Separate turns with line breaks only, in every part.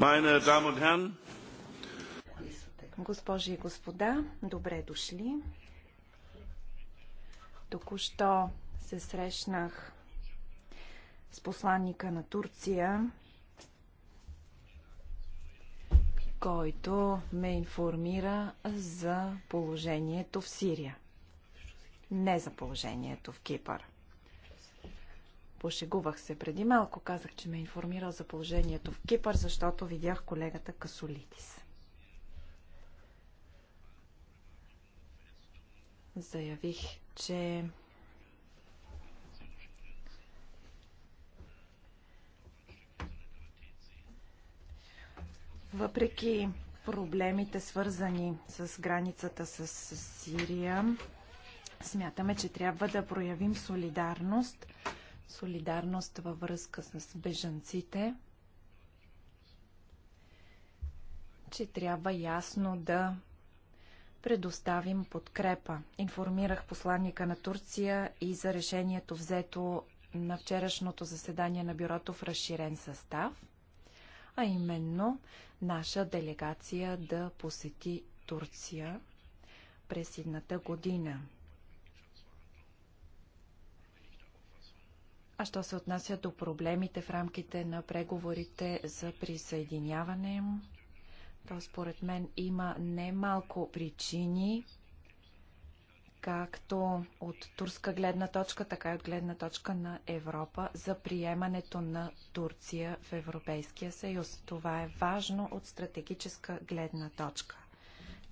Meine Damen und Herren,
Госпожи и господа, добре дошли. Току-що се срещнах с посланника на Турция, който ме информира за положението в Сирия. Не за положението в Кипър. Пошегувах се преди малко, казах, че ме е информирал за положението в Кипър, защото видях колегата Касолитис. Заявих, че въпреки проблемите, свързани с границата с Сирия, смятаме, че трябва да проявим солидарност – солидарност във връзка с бежанците, че трябва ясно да предоставим подкрепа. Информирах посланника на Турция и за решението взето на вчерашното заседание на бюрото в разширен състав, а именно наша делегация да посети Турция през едната година. А що се отнася до проблемите в рамките на преговорите за присъединяване, то според мен има немалко причини, както от турска гледна точка, така и от гледна точка на Европа за приемането на Турция в Европейския съюз. Това е важно от стратегическа гледна точка.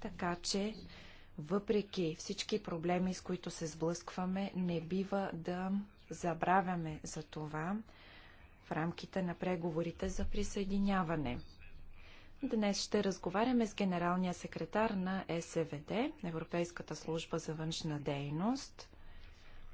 Така че, въпреки всички проблеми, с които се сблъскваме, не бива да Забравяме за това в рамките на преговорите за присъединяване. Днес ще разговаряме с генералния секретар на СВД, Европейската служба за външна дейност.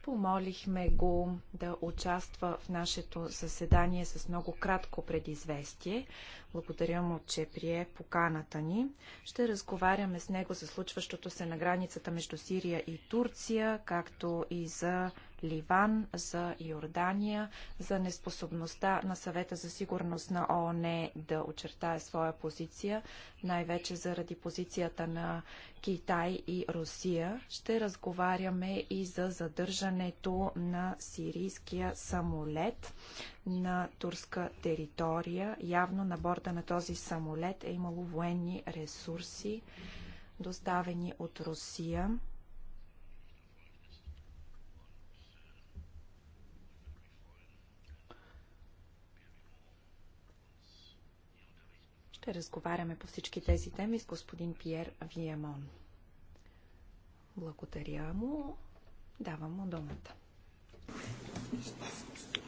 Помолихме го да участва в нашето заседание с много кратко предизвестие. Благодаря му, че прие поканата ни. Ще разговаряме с него за случващото се на границата между Сирия и Турция, както и за Ливан, за Йордания, за неспособността на съвета за сигурност на ООН да очертае своя позиция, най-вече заради позицията на Китай и Русия. Ще разговаряме и за задържането на сирийския самолет на турска територия. Явно на борда на този самолет е имало военни ресурси, доставени от Русия. Ще разговаряме по всички тези теми с господин Пьер Виемон. Благодаря му. Давам му думата.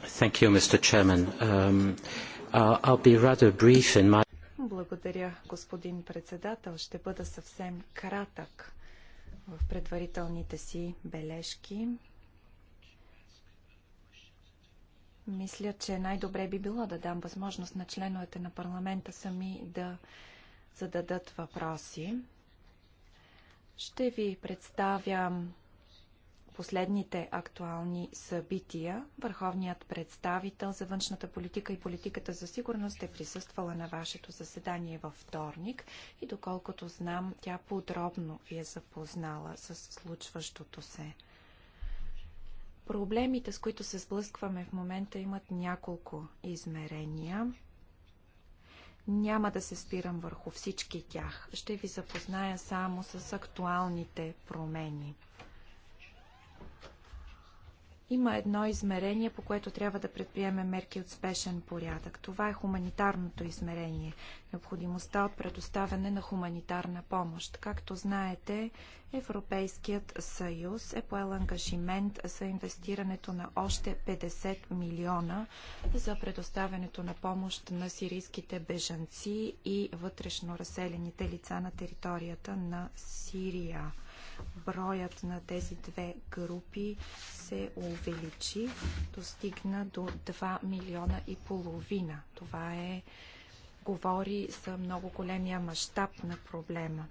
Thank you, Mr. Chairman. Um, uh, I'll be rather brief in my...
Благодаря, господин председател. Ще бъда съвсем кратък в предварителните си бележки. Мисля, че най-добре би било да дам възможност на членовете на парламента сами да зададат въпроси. Ще ви представя последните актуални събития. Върховният представител за външната политика и политиката за сигурност е присъствала на вашето заседание във вторник и доколкото знам, тя подробно ви е запознала с случващото се. Проблемите, с които се сблъскваме в момента, имат няколко измерения. Няма да се спирам върху всички тях. Ще ви запозная само с актуалните промени. Има едно измерение, по което трябва да предприеме мерки от спешен порядък. Това е хуманитарното измерение. Необходимостта от предоставяне на хуманитарна помощ. Както знаете, Европейският съюз е поел ангажимент за инвестирането на още 50 милиона за предоставянето на помощ на сирийските бежанци и вътрешно разселените лица на територията на Сирия броят на тези две групи се увеличи, достигна до 2 милиона и половина. Това е говори за много големия мащаб на проблема.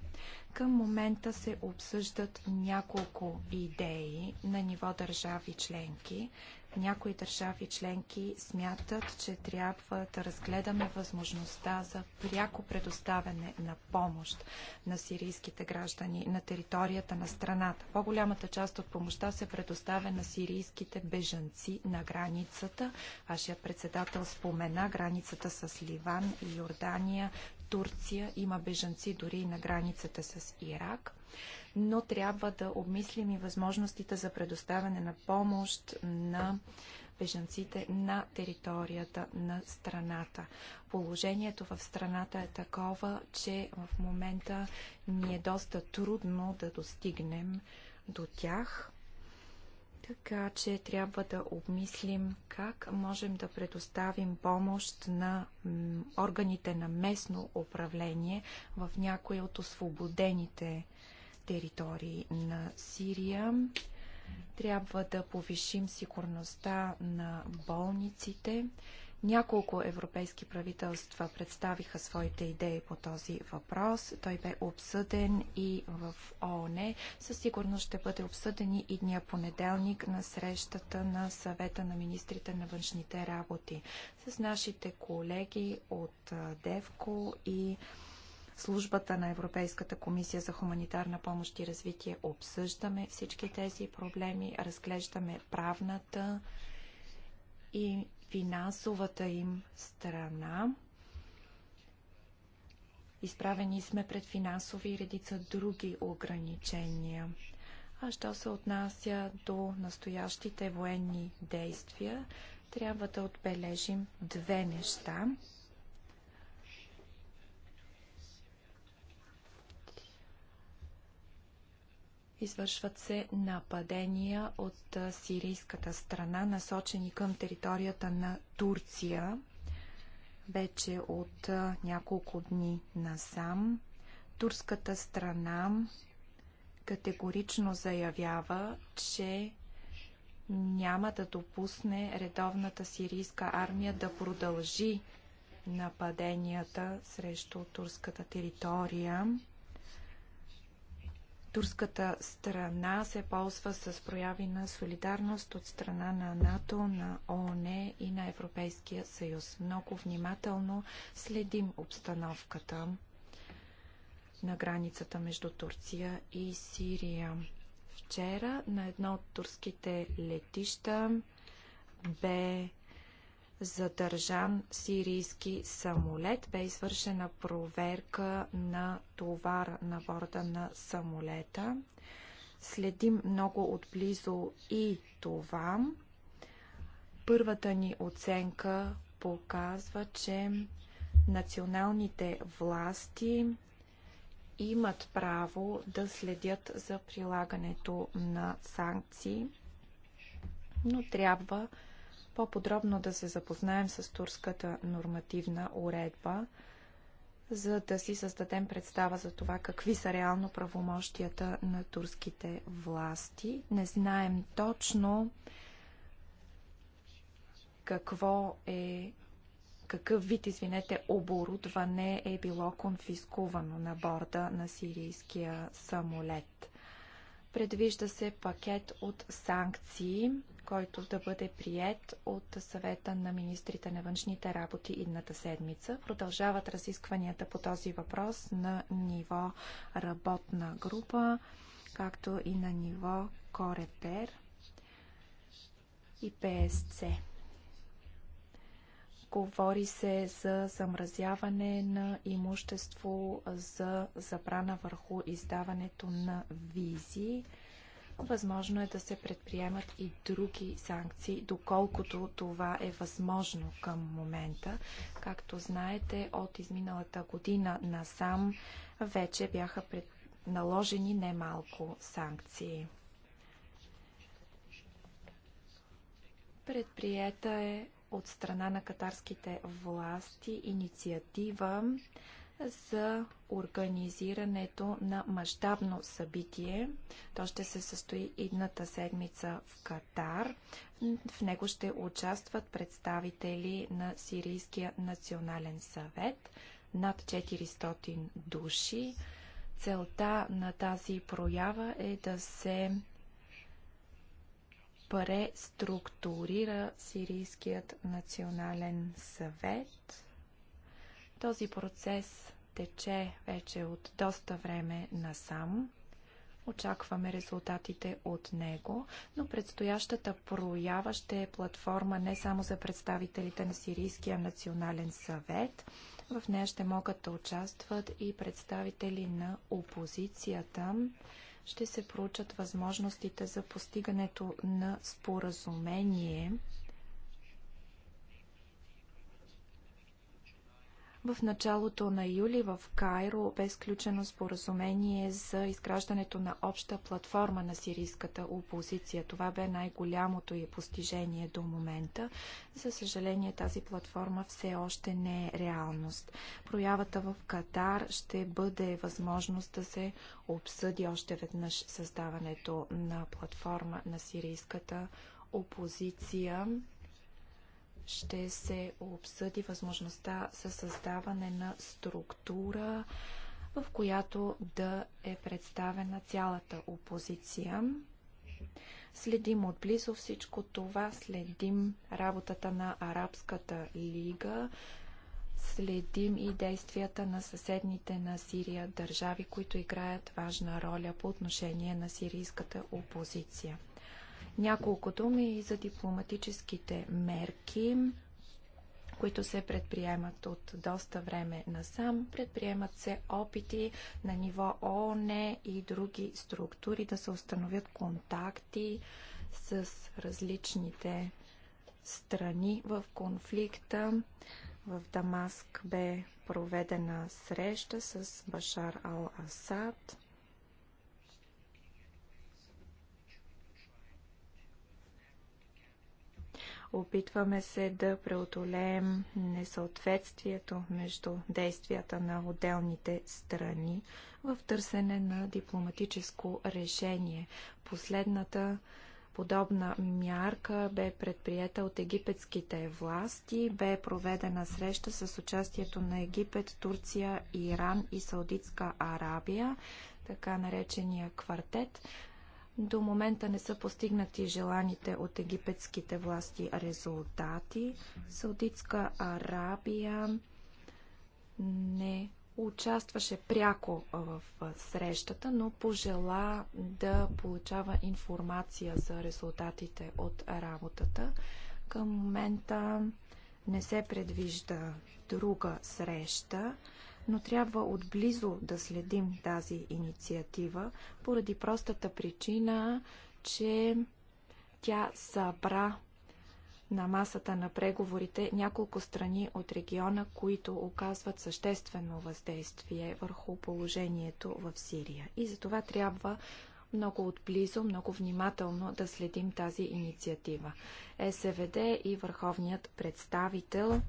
Към момента се обсъждат няколко идеи на ниво държави членки някои държави членки смятат, че трябва да разгледаме възможността за пряко предоставяне на помощ на сирийските граждани на територията на страната. По-голямата част от помощта се предоставя на сирийските бежанци на границата. Вашият председател спомена границата с Ливан и Йордания, Турция. Има бежанци дори и на границата с Ирак но трябва да обмислим и възможностите за предоставяне на помощ на бежанците на територията на страната. Положението в страната е такова, че в момента ни е доста трудно да достигнем до тях. Така че трябва да обмислим как можем да предоставим помощ на органите на местно управление в някои от освободените територии на Сирия. Трябва да повишим сигурността на болниците. Няколко европейски правителства представиха своите идеи по този въпрос. Той бе обсъден и в ООН. Със сигурност ще бъде обсъден и дния понеделник на срещата на съвета на министрите на външните работи с нашите колеги от ДЕВКО и службата на Европейската комисия за хуманитарна помощ и развитие обсъждаме всички тези проблеми, разглеждаме правната и финансовата им страна. Изправени сме пред финансови и редица други ограничения. А що се отнася до настоящите военни действия, трябва да отбележим две неща. Извършват се нападения от сирийската страна, насочени към територията на Турция. Вече от няколко дни насам турската страна категорично заявява, че няма да допусне редовната сирийска армия да продължи нападенията срещу турската територия. Турската страна се ползва с прояви на солидарност от страна на НАТО, на ООН и на Европейския съюз. Много внимателно следим обстановката на границата между Турция и Сирия. Вчера на едно от турските летища бе задържан сирийски самолет. Бе извършена проверка на товар на борда на самолета. Следим много отблизо и това. Първата ни оценка показва, че националните власти имат право да следят за прилагането на санкции, но трябва по-подробно да се запознаем с турската нормативна уредба, за да си създадем представа за това какви са реално правомощията на турските власти. Не знаем точно какво е какъв вид, извинете, оборудване е било конфискувано на борда на сирийския самолет. Предвижда се пакет от санкции, който да бъде прият от съвета на министрите на външните работи идната седмица. Продължават разискванията по този въпрос на ниво работна група, както и на ниво Корепер и ПСЦ. Говори се за замразяване на имущество, за забрана върху издаването на визи Възможно е да се предприемат и други санкции, доколкото това е възможно към момента. Както знаете, от изминалата година насам вече бяха пред... наложени немалко санкции. Предприета е от страна на катарските власти инициатива за организирането на мащабно събитие. То ще се състои идната седмица в Катар. В него ще участват представители на Сирийския национален съвет, над 400 души. Целта на тази проява е да се преструктурира Сирийският национален съвет – този процес тече вече от доста време насам. Очакваме резултатите от него, но предстоящата проява ще е платформа не само за представителите на Сирийския национален съвет. В нея ще могат да участват и представители на опозицията. Ще се проучат възможностите за постигането на споразумение В началото на юли в Кайро бе сключено споразумение за изграждането на обща платформа на сирийската опозиция. Това бе най-голямото и постижение до момента. За съжаление тази платформа все още не е реалност. Проявата в Катар ще бъде възможност да се обсъди още веднъж създаването на платформа на сирийската опозиция ще се обсъди възможността за създаване на структура, в която да е представена цялата опозиция. Следим отблизо всичко това, следим работата на Арабската лига, следим и действията на съседните на Сирия държави, които играят важна роля по отношение на сирийската опозиция. Няколко думи и за дипломатическите мерки, които се предприемат от доста време насам. Предприемат се опити на ниво ООН и други структури да се установят контакти с различните страни в конфликта. В Дамаск бе проведена среща с Башар Ал-Асад. Опитваме се да преодолеем несъответствието между действията на отделните страни в търсене на дипломатическо решение. Последната подобна мярка бе предприета от египетските власти. Бе проведена среща с участието на Египет, Турция, Иран и Саудитска Арабия, така наречения квартет. До момента не са постигнати желаните от египетските власти резултати. Саудитска Арабия не участваше пряко в срещата, но пожела да получава информация за резултатите от работата. Към момента не се предвижда друга среща но трябва отблизо да следим тази инициатива, поради простата причина, че тя събра на масата на преговорите няколко страни от региона, които оказват съществено въздействие върху положението в Сирия. И за това трябва много отблизо, много внимателно да следим тази инициатива. СВД и върховният представител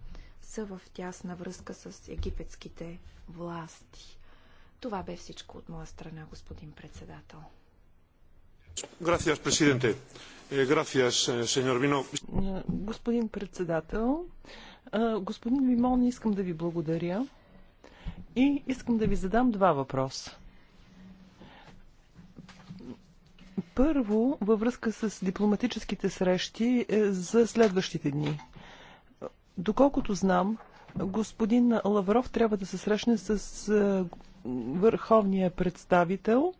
са в тясна връзка с египетските власти. Това бе всичко от моя страна, господин председател.
Gracias, presidente. Eh, gracias, eh, señor Vino.
Господин председател,
господин Вимон, искам да ви благодаря и искам да ви задам два въпроса. Първо, във връзка с дипломатическите срещи е, за следващите дни – Доколкото знам, господин Лавров трябва да се срещне с е, върховния представител.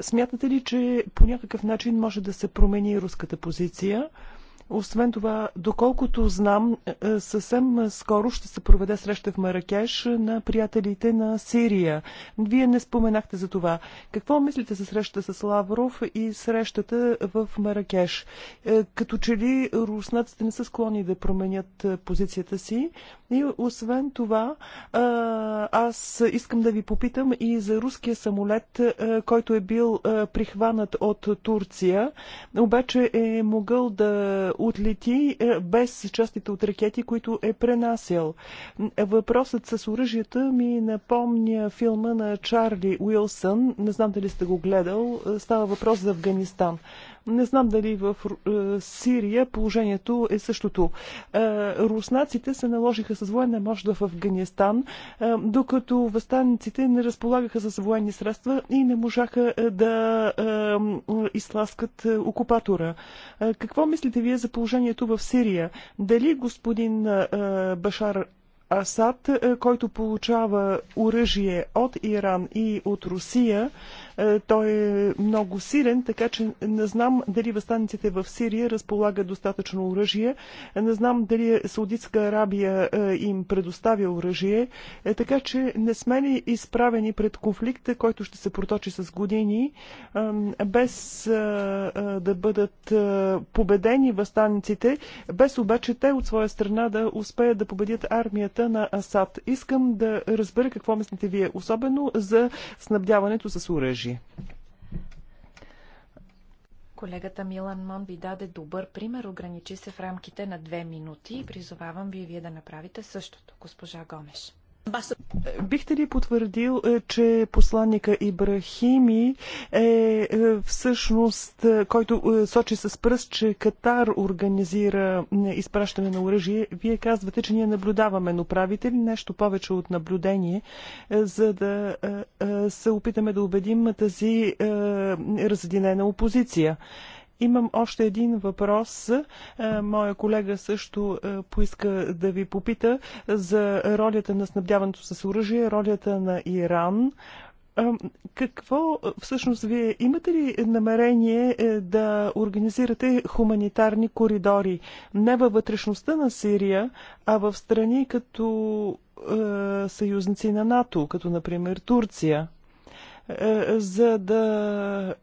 Смятате ли, че по някакъв начин може да се промени руската позиция? Освен това, доколкото знам, е, е, съвсем скоро ще се проведе среща в Маракеш на приятелите на Сирия. Вие не споменахте за това. Какво мислите за среща с Лавров и срещата в Маракеш? Е, като че ли руснаците не са склонни да променят позицията си, и освен това, аз искам да ви попитам и за руския самолет, който е бил прихванат от Турция, обаче е могъл да отлети без частите от ракети, които е пренасял. Въпросът с оръжията ми напомня филма на Чарли Уилсън. Не знам дали сте го гледал. Става въпрос за Афганистан. Не знам дали в е, Сирия положението е същото. Е, руснаците се наложиха с военна мощ в Афганистан, е, докато възстанниците не разполагаха с военни средства и не можаха да изласкат окупатора. Какво мислите вие за положението в Сирия? Дали господин Башар Асад, който получава оръжие от Иран и от Русия, е, той е много силен, така че не знам дали възстаниците в Сирия разполагат достатъчно оръжие. Е, не знам дали Саудитска Арабия е, им предоставя оръжие. Така че не сме ли изправени пред конфликта, който ще се проточи с години, без да бъдат победени възстаниците, без обаче те от своя страна да успеят да победят армията на Асад. Искам да разбера какво мислите вие, особено за снабдяването с оръжие случи.
Колегата Милан Мон ви даде добър пример, ограничи се в рамките на две минути и призовавам ви вие да направите същото, госпожа Гомеш.
Бихте ли потвърдил, е, че посланника Ибрахими е, е всъщност, е, който сочи с пръст, че Катар организира изпращане на оръжие? Вие казвате, че ние наблюдаваме, но правите ли нещо повече от наблюдение, за да се опитаме да убедим тази разединена опозиция? Имам още един въпрос. Е, моя колега също е, поиска да ви попита за ролята на снабдяването с оръжие, ролята на Иран. Е, какво всъщност вие имате ли намерение да организирате хуманитарни коридори не във вътрешността на Сирия, а в страни като е, съюзници на НАТО, като например Турция, е, за да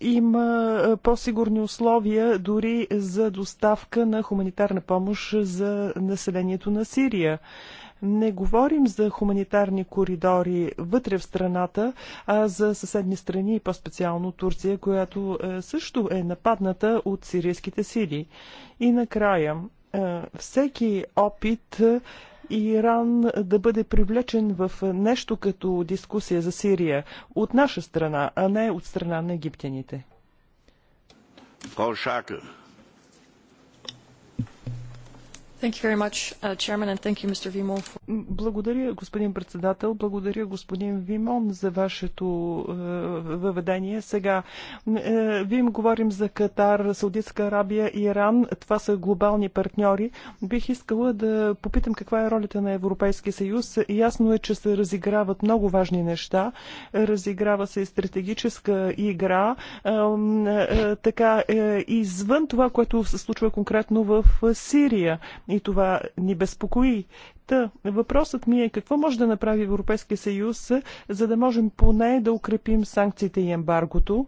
има е, по-сигурни условия дори за доставка на хуманитарна помощ за населението на Сирия. Не говорим за хуманитарни коридори вътре в страната, а за съседни страни и по-специално Турция, която е, също е нападната от сирийските сили. И накрая, е, всеки опит Иран да бъде привлечен в нещо като дискусия за Сирия от наша страна, а не от страна на египтяните.
Frau Schakel.
Uh, Благодаря, господин председател. Благодаря, господин Вимон, за вашето е, въведение. Сега, е, вие им говорим за Катар, Саудитска Арабия и Иран. Това са глобални партньори. Бих искала да попитам каква е ролята на Европейския съюз. Ясно е, че се разиграват много важни неща. Разиграва се и стратегическа игра. Е, така, извън това, което се случва конкретно в Сирия. И това ни безпокои. Та, въпросът ми е какво може да направи Европейския съюз, за да можем поне да укрепим санкциите и ембаргото,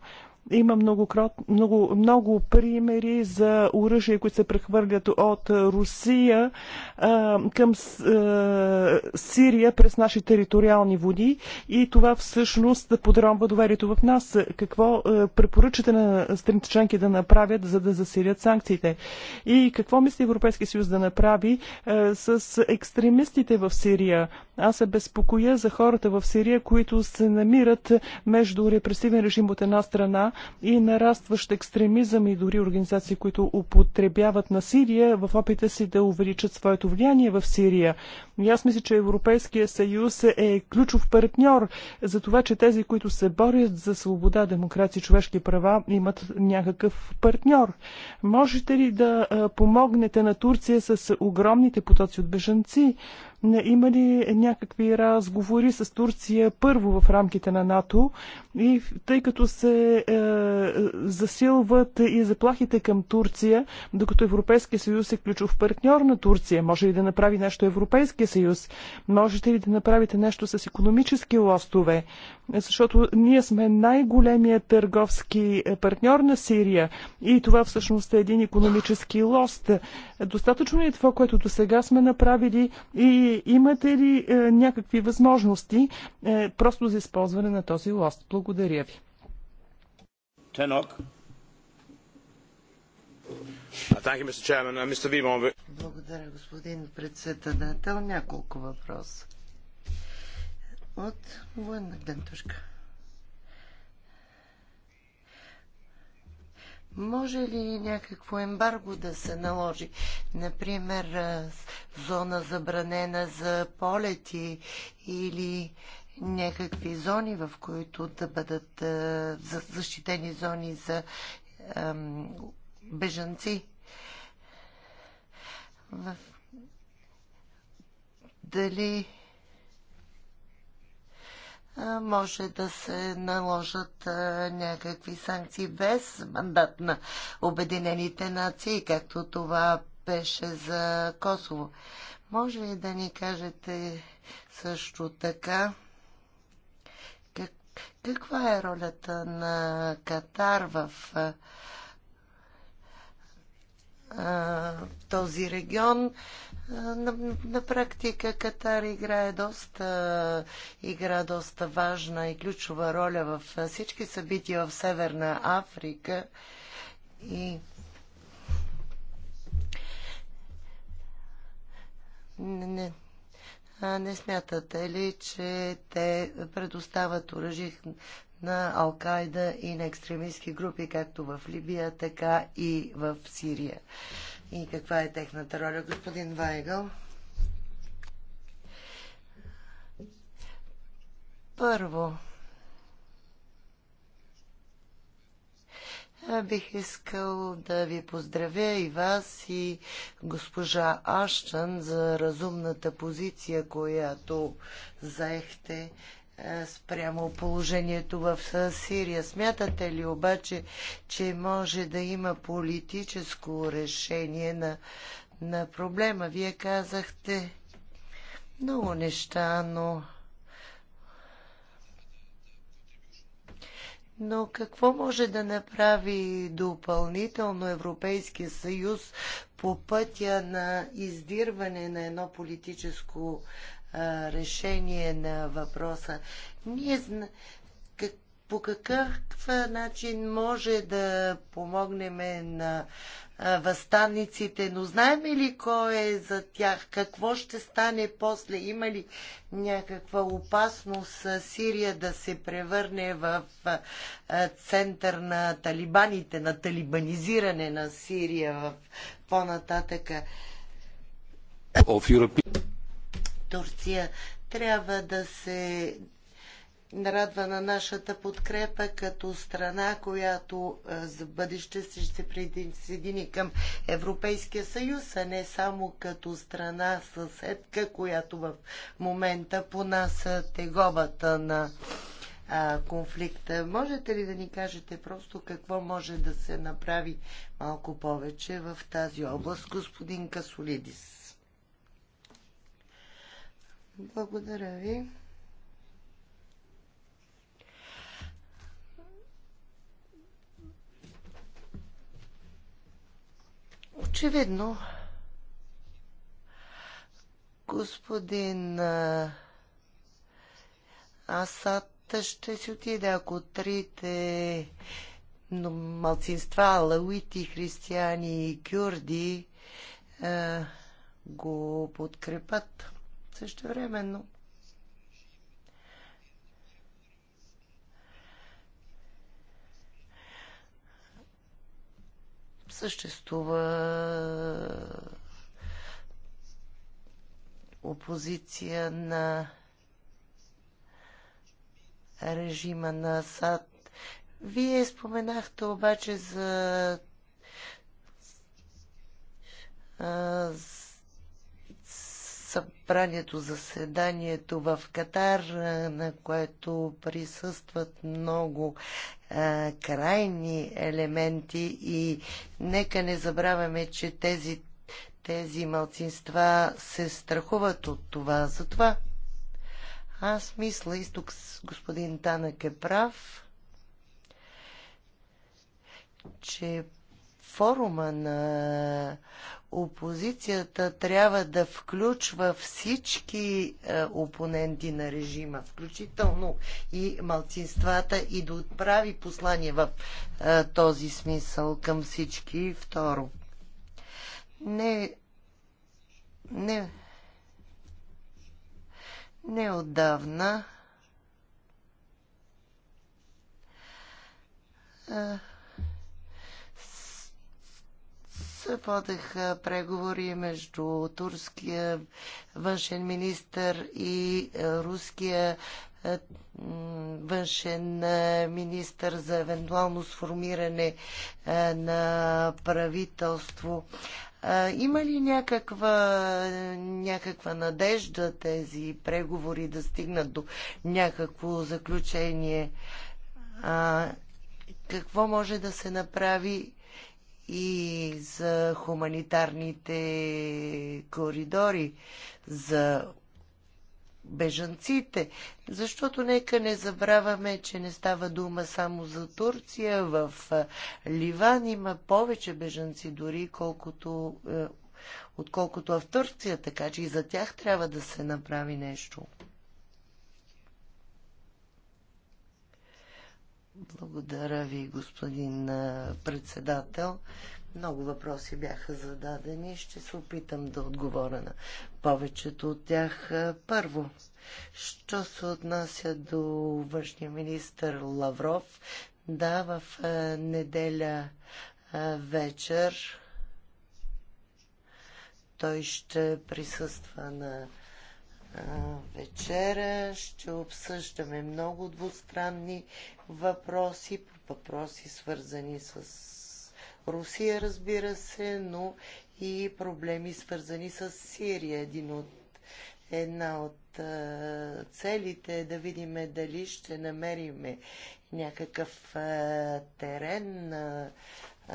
има много, много, много примери за оръжия, които се прехвърлят от Русия а, към а, Сирия през наши териториални води и това всъщност подромва доверието в нас. Какво а, препоръчате на страните членки да направят, за да засилят санкциите? И какво мисли Европейския съюз да направи а, с екстремистите в Сирия? Аз се безпокоя за хората в Сирия, които се намират между репресивен режим от една страна и нарастващ екстремизъм и дори организации, които употребяват на Сирия, в опита си да увеличат своето влияние в Сирия. И аз мисля, че Европейския съюз е ключов партньор за това, че тези, които се борят за свобода, демокрация и човешки права, имат някакъв партньор. Можете ли да помогнете на Турция с огромните потоци от бежанци? Не, има ли някакви разговори с Турция първо в рамките на НАТО и тъй като се е, засилват и заплахите към Турция, докато Европейския съюз е ключов партньор на Турция, може ли да направи нещо Европейския съюз? Можете ли да направите нещо с економически лостове? Защото ние сме най-големия търговски е, партньор на Сирия и това всъщност е един економически лост. Достатъчно ли е това, което до сега сме направили и имате ли е, някакви възможности е, просто за използване на този лост? Благодаря ви.
Uh, Благодаря, господин председател. Няколко въпроса. От военна гледна точка. Може ли някакво ембарго да се наложи? Например, зона забранена за полети или някакви зони, в които да бъдат защитени зони за бежанци? Дали може да се наложат някакви санкции без мандат на Обединените нации, както това беше за Косово. Може ли да ни кажете също така как, каква е ролята на Катар в в този регион. на, на практика Катар играе доста, игра доста важна и ключова роля в всички събития в Северна Африка. И не, не, не смятате ли, че те предоставят оръжие на Алкайда и на екстремистски групи, както в Либия, така и в Сирия. И каква е техната роля, господин Вайгъл? Първо, Бих искал да ви поздравя и вас и госпожа Аштън за разумната позиция, която заехте е, спрямо положението в е, Сирия. Смятате ли обаче, че може да има политическо решение на, на проблема? Вие казахте много неща, но. Но какво може да направи допълнително Европейския съюз по пътя на издирване на едно политическо решение на въпроса. Ние зна... как... по какъв начин може да помогнем на възстанниците, но знаем ли кой е за тях? Какво ще стане после? Има ли някаква опасност Сирия да се превърне в център на талибаните, на талибанизиране на Сирия в по-нататъка? Турция трябва да се нарадва на нашата подкрепа като страна, която за бъдеще ще се присъедини към Европейския съюз, а не само като страна съседка, която в момента понася тегобата на конфликта. Можете ли да ни кажете просто какво може да се направи малко повече в тази област, господин Касолидис? Благодаря ви. Очевидно, господин Асад ще си отиде, ако трите малцинства, лауити, християни и кюрди, го подкрепят. Също времено съществува опозиция на режима на Сад. Вие споменахте обаче за събранието, заседанието в Катар, на което присъстват много а, крайни елементи и нека не забравяме, че тези, тези малцинства се страхуват от това. Затова аз мисля, и тук господин Танък е прав, че форума на опозицията трябва да включва всички е, опоненти на режима, включително и малцинствата, и да отправи послание в е, този смисъл към всички. Второ, не, не, не отдавна. Е, се водеха преговори между турския външен министр и е, руския е, външен е, министр за евентуално сформиране на правителство. Има ли някаква, някаква надежда тези преговори да стигнат до някакво заключение? какво може да се направи и за хуманитарните коридори, за бежанците, защото нека не забравяме, че не става дума само за Турция. В Ливан има повече бежанци, дори колкото, е, отколкото в Турция, така че и за тях трябва да се направи нещо. Благодаря ви, господин председател. Много въпроси бяха зададени. Ще се опитам да отговоря на повечето от тях. Първо, що се отнася до външния министр Лавров, да, в неделя вечер той ще присъства на вчера ще обсъждаме много двустранни въпроси, въпроси свързани с Русия, разбира се, но и проблеми свързани с Сирия. Един от, една от а, целите е да видим дали ще намериме някакъв а, терен на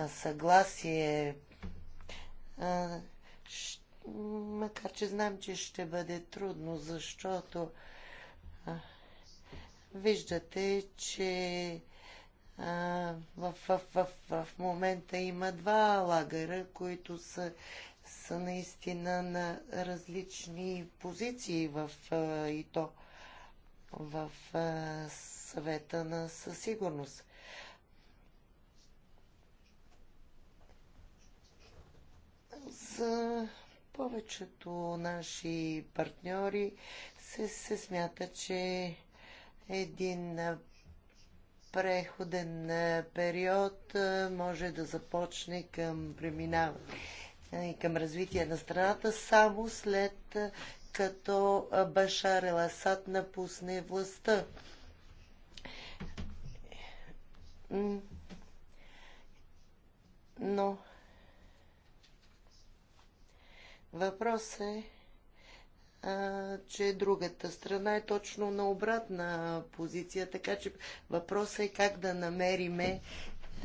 съгласие. А, ще макар че знам, че ще бъде трудно, защото а, виждате, че а, в, в, в, в момента има два лагера, които са, са наистина на различни позиции в, а, и то в а, съвета на със сигурност. За повечето наши партньори се, се смята, че един преходен период може да започне към преминаване и към развитие на страната само след като Башар реласат, напусне властта. Но Въпрос е, а, че другата страна е точно на обратна позиция, така че въпросът е как да намериме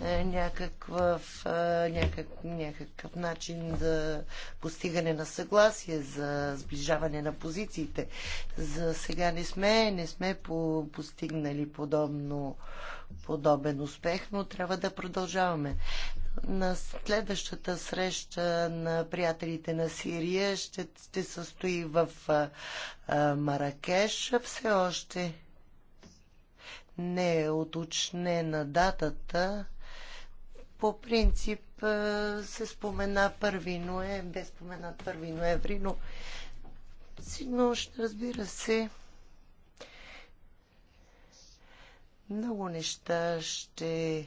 е, някакъв, някак, някакъв начин за постигане на съгласие, за сближаване на позициите. За сега не сме, не сме по, постигнали подобно, подобен успех, но трябва да продължаваме на следващата среща на приятелите на Сирия ще, ще състои в а, Маракеш. Все още не е уточнена датата. По принцип се спомена 1 ноември, без споменат 1 ноември, но сигурно ще разбира се. Много неща ще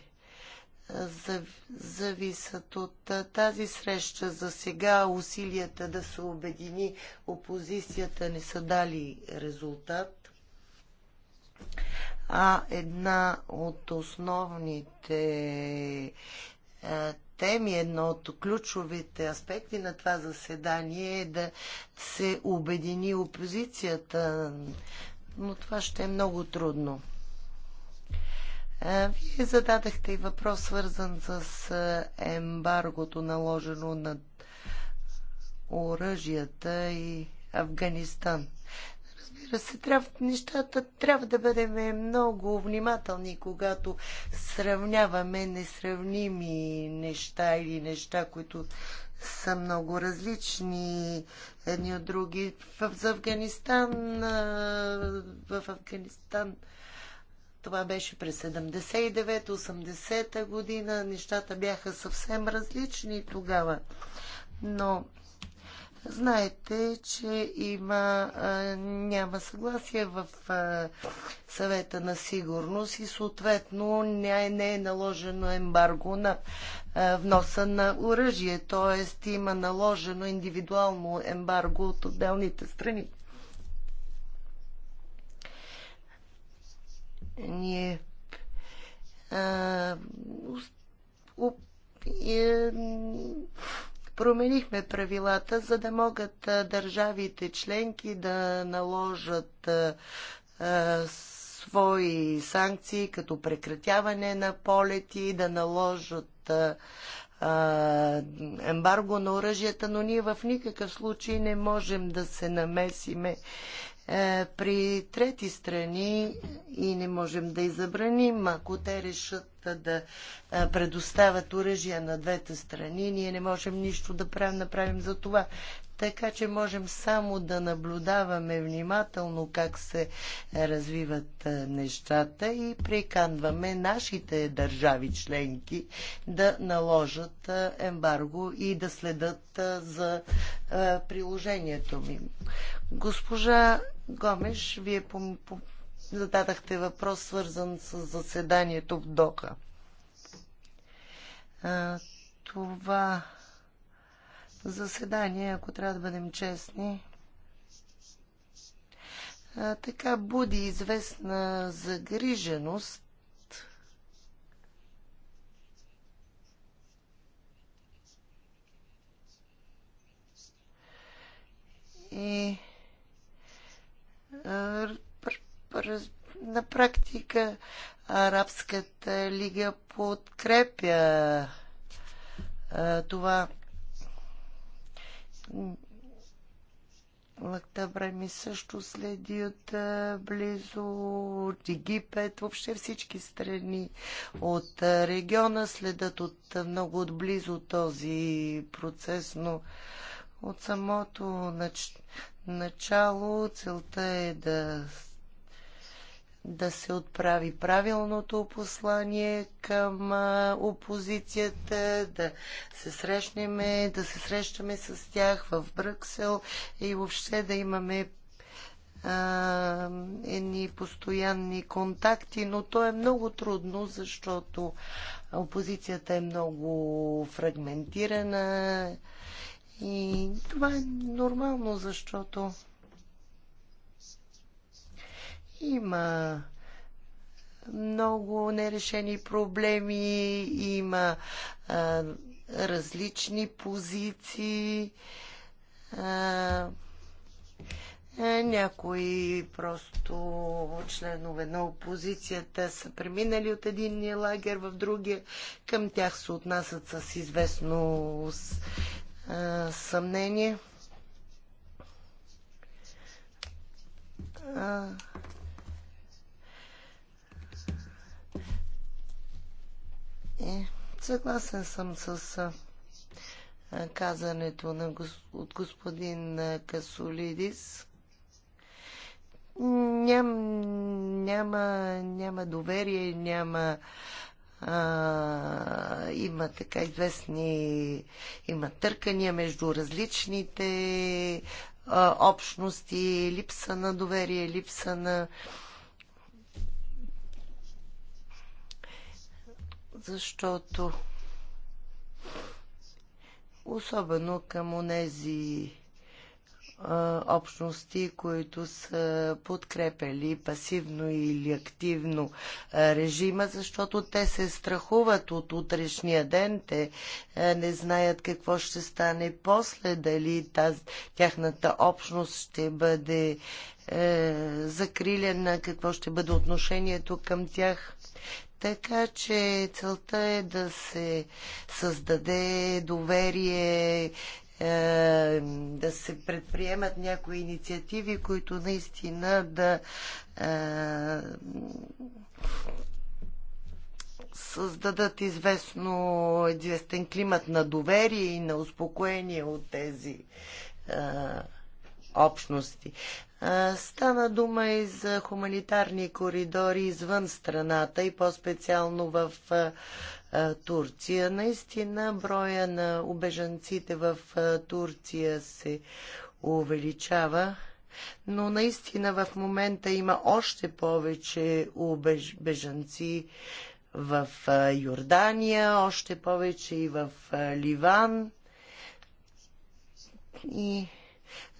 зависят от тази среща. За сега усилията да се обедини опозицията не са дали резултат. А една от основните теми, едно от ключовите аспекти на това заседание е да се обедини опозицията. Но това ще е много трудно. Вие зададахте и въпрос, свързан с ембаргото, наложено над оръжията и Афганистан. Разбира се, трябва, нещата трябва да бъдем много внимателни, когато сравняваме несравними неща или неща, които са много различни едни от други. В, Афганистан, в Афганистан това беше през 79-80-та година. Нещата бяха съвсем различни тогава. Но знаете, че има, а, няма съгласие в а, съвета на сигурност и съответно не, не е наложено ембарго на а, вноса на оръжие. Тоест има наложено индивидуално ембарго от отделните страни. ние променихме правилата, за да могат държавите членки да наложат свои санкции, като прекратяване на полети, да наложат ембарго на оръжията, но ние в никакъв случай не можем да се намесиме е, при трети страни и не можем да и забраним, ако те решат да е, предоставят оръжия на двете страни, ние не можем нищо да направим за това така че можем само да наблюдаваме внимателно как се развиват е, нещата и приканваме нашите държави членки да наложат е, ембарго и да следат е, за приложението ми. Госпожа Гомеш, вие зададахте въпрос, свързан с заседанието в Доха. Това заседание, ако трябва да бъдем честни, така буди известна загриженост и на практика Арабската лига подкрепя това време също следи от близо от Египет, въобще всички страни от региона следят от много отблизо този процес, но от самото начало целта е да да се отправи правилното послание към опозицията, да се срещнеме, да се срещаме с тях в Брюксел и въобще да имаме едни постоянни контакти, но то е много трудно, защото опозицията е много фрагментирана и това е нормално, защото има много нерешени проблеми, има а, различни позиции. А, е, някои просто членове на опозицията са преминали от единния лагер в другия. Към тях се отнасят с известно а, съмнение. А, Е, съгласен съм с казането на от господин Касолидис. Ням, няма, няма доверие, няма а, има така известни, има търкания между различните а, общности, липса на доверие, липса на а, защото особено към онези общности, които са подкрепели пасивно или активно режима, защото те се страхуват от утрешния ден, те не знаят какво ще стане после, дали таз, тяхната общност ще бъде е, закрилена, какво ще бъде отношението към тях. Така че целта е да се създаде доверие, е, да се предприемат някои инициативи, които наистина да е, създадат известно, известен климат на доверие и на успокоение от тези е, общности. Стана дума и за хуманитарни коридори извън страната и по-специално в Турция. Наистина броя на обежанците в Турция се увеличава, но наистина в момента има още повече убежанци в Йордания, още повече и в Ливан. И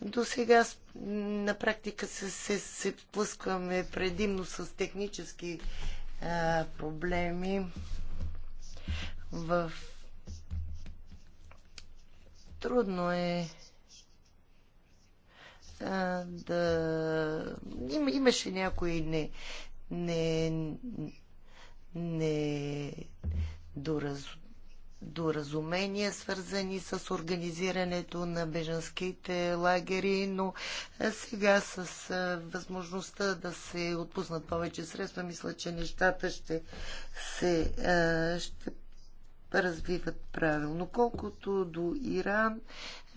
до сега на практика се, се, се плъскваме предимно с технически а, проблеми в трудно е а, да... Им, имаше някои не... не... не... Дораз, доразумения, свързани с организирането на бежанските лагери, но е, сега с е, възможността да се отпуснат повече средства, мисля, че нещата ще се е, ще развиват правилно. Колкото до Иран,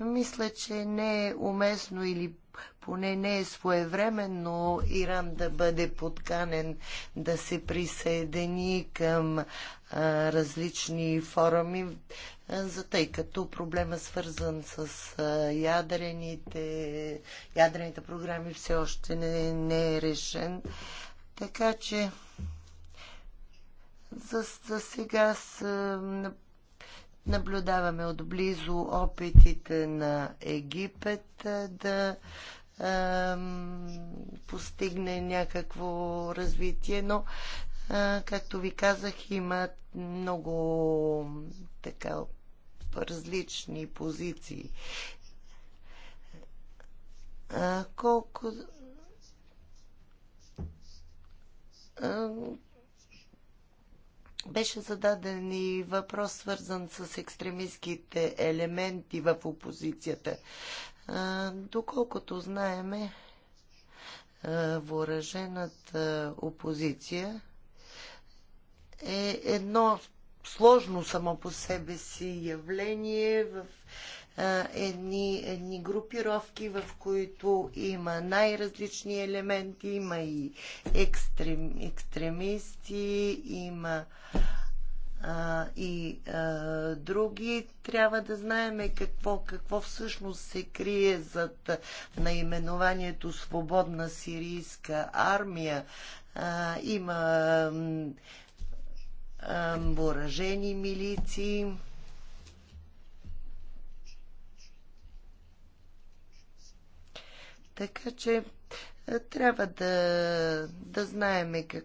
мисля, че не е уместно или поне не е своевременно Иран да бъде подканен да се присъедини към различни форуми, за тъй като проблема е свързан с ядрените, ядрените програми все още не, не е решен. Така че за, за сега с, наблюдаваме отблизо опитите на Египет да постигне някакво развитие, но Както ви казах, има много така различни позиции. Колко беше зададен и въпрос, свързан с екстремистските елементи в опозицията. Доколкото знаеме, въоръжената опозиция е едно сложно само по себе си явление в едни, едни групировки, в които има най-различни елементи, има и екстрем, екстремисти, има а, и а, други. Трябва да знаеме какво, какво всъщност се крие зад наименованието Свободна сирийска армия. А, има въоръжени милиции. Така че е, трябва да, да знаем как,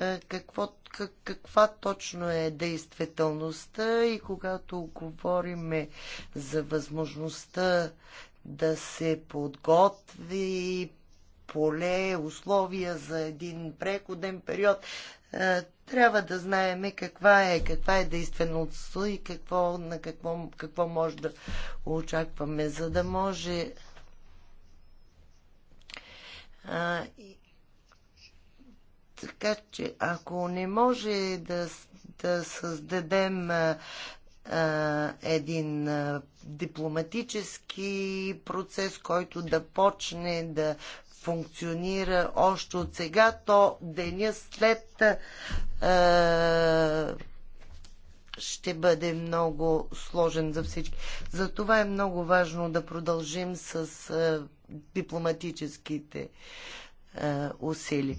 е, какво, как, каква точно е действителността и когато говорим за възможността да се подготви поле, условия за един преходен период, е, трябва да знаеме каква е, каква е действеността и какво, на какво, какво може да очакваме, за да може а, и, така че, ако не може да, да създадем а, един дипломатически процес, който да почне да функционира още от сега, то деня след а, е, ще бъде много сложен за всички. Затова е много важно да продължим с а, е, дипломатическите а, е, усилия.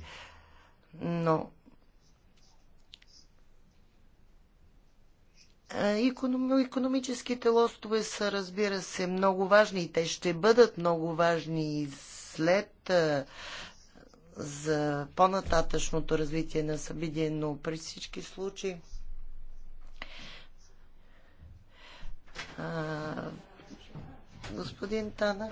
Но Економическите лостове са, разбира се, много важни и те ще бъдат много важни и след за по-нататъчното развитие на събитие, но при всички случаи а, господин Тана,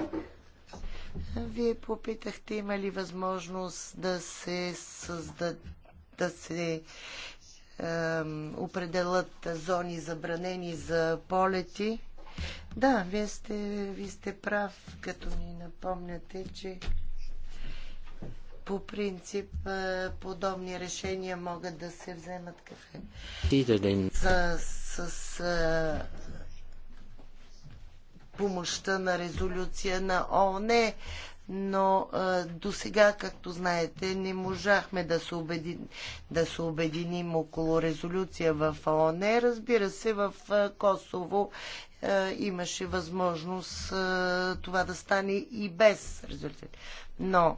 вие попитахте има ли възможност да се създад, да се е, определят зони забранени за полети. Да, вие сте, вие сте прав, като ни напомняте, че по принцип е, подобни решения могат да се вземат кафе. С, с, е, с помощта на резолюция на ОНЕ но до сега, както знаете, не можахме да се, убеди, да се обединим около резолюция в ООН. Разбира се, в Косово имаше възможност това да стане и без резолюция. Но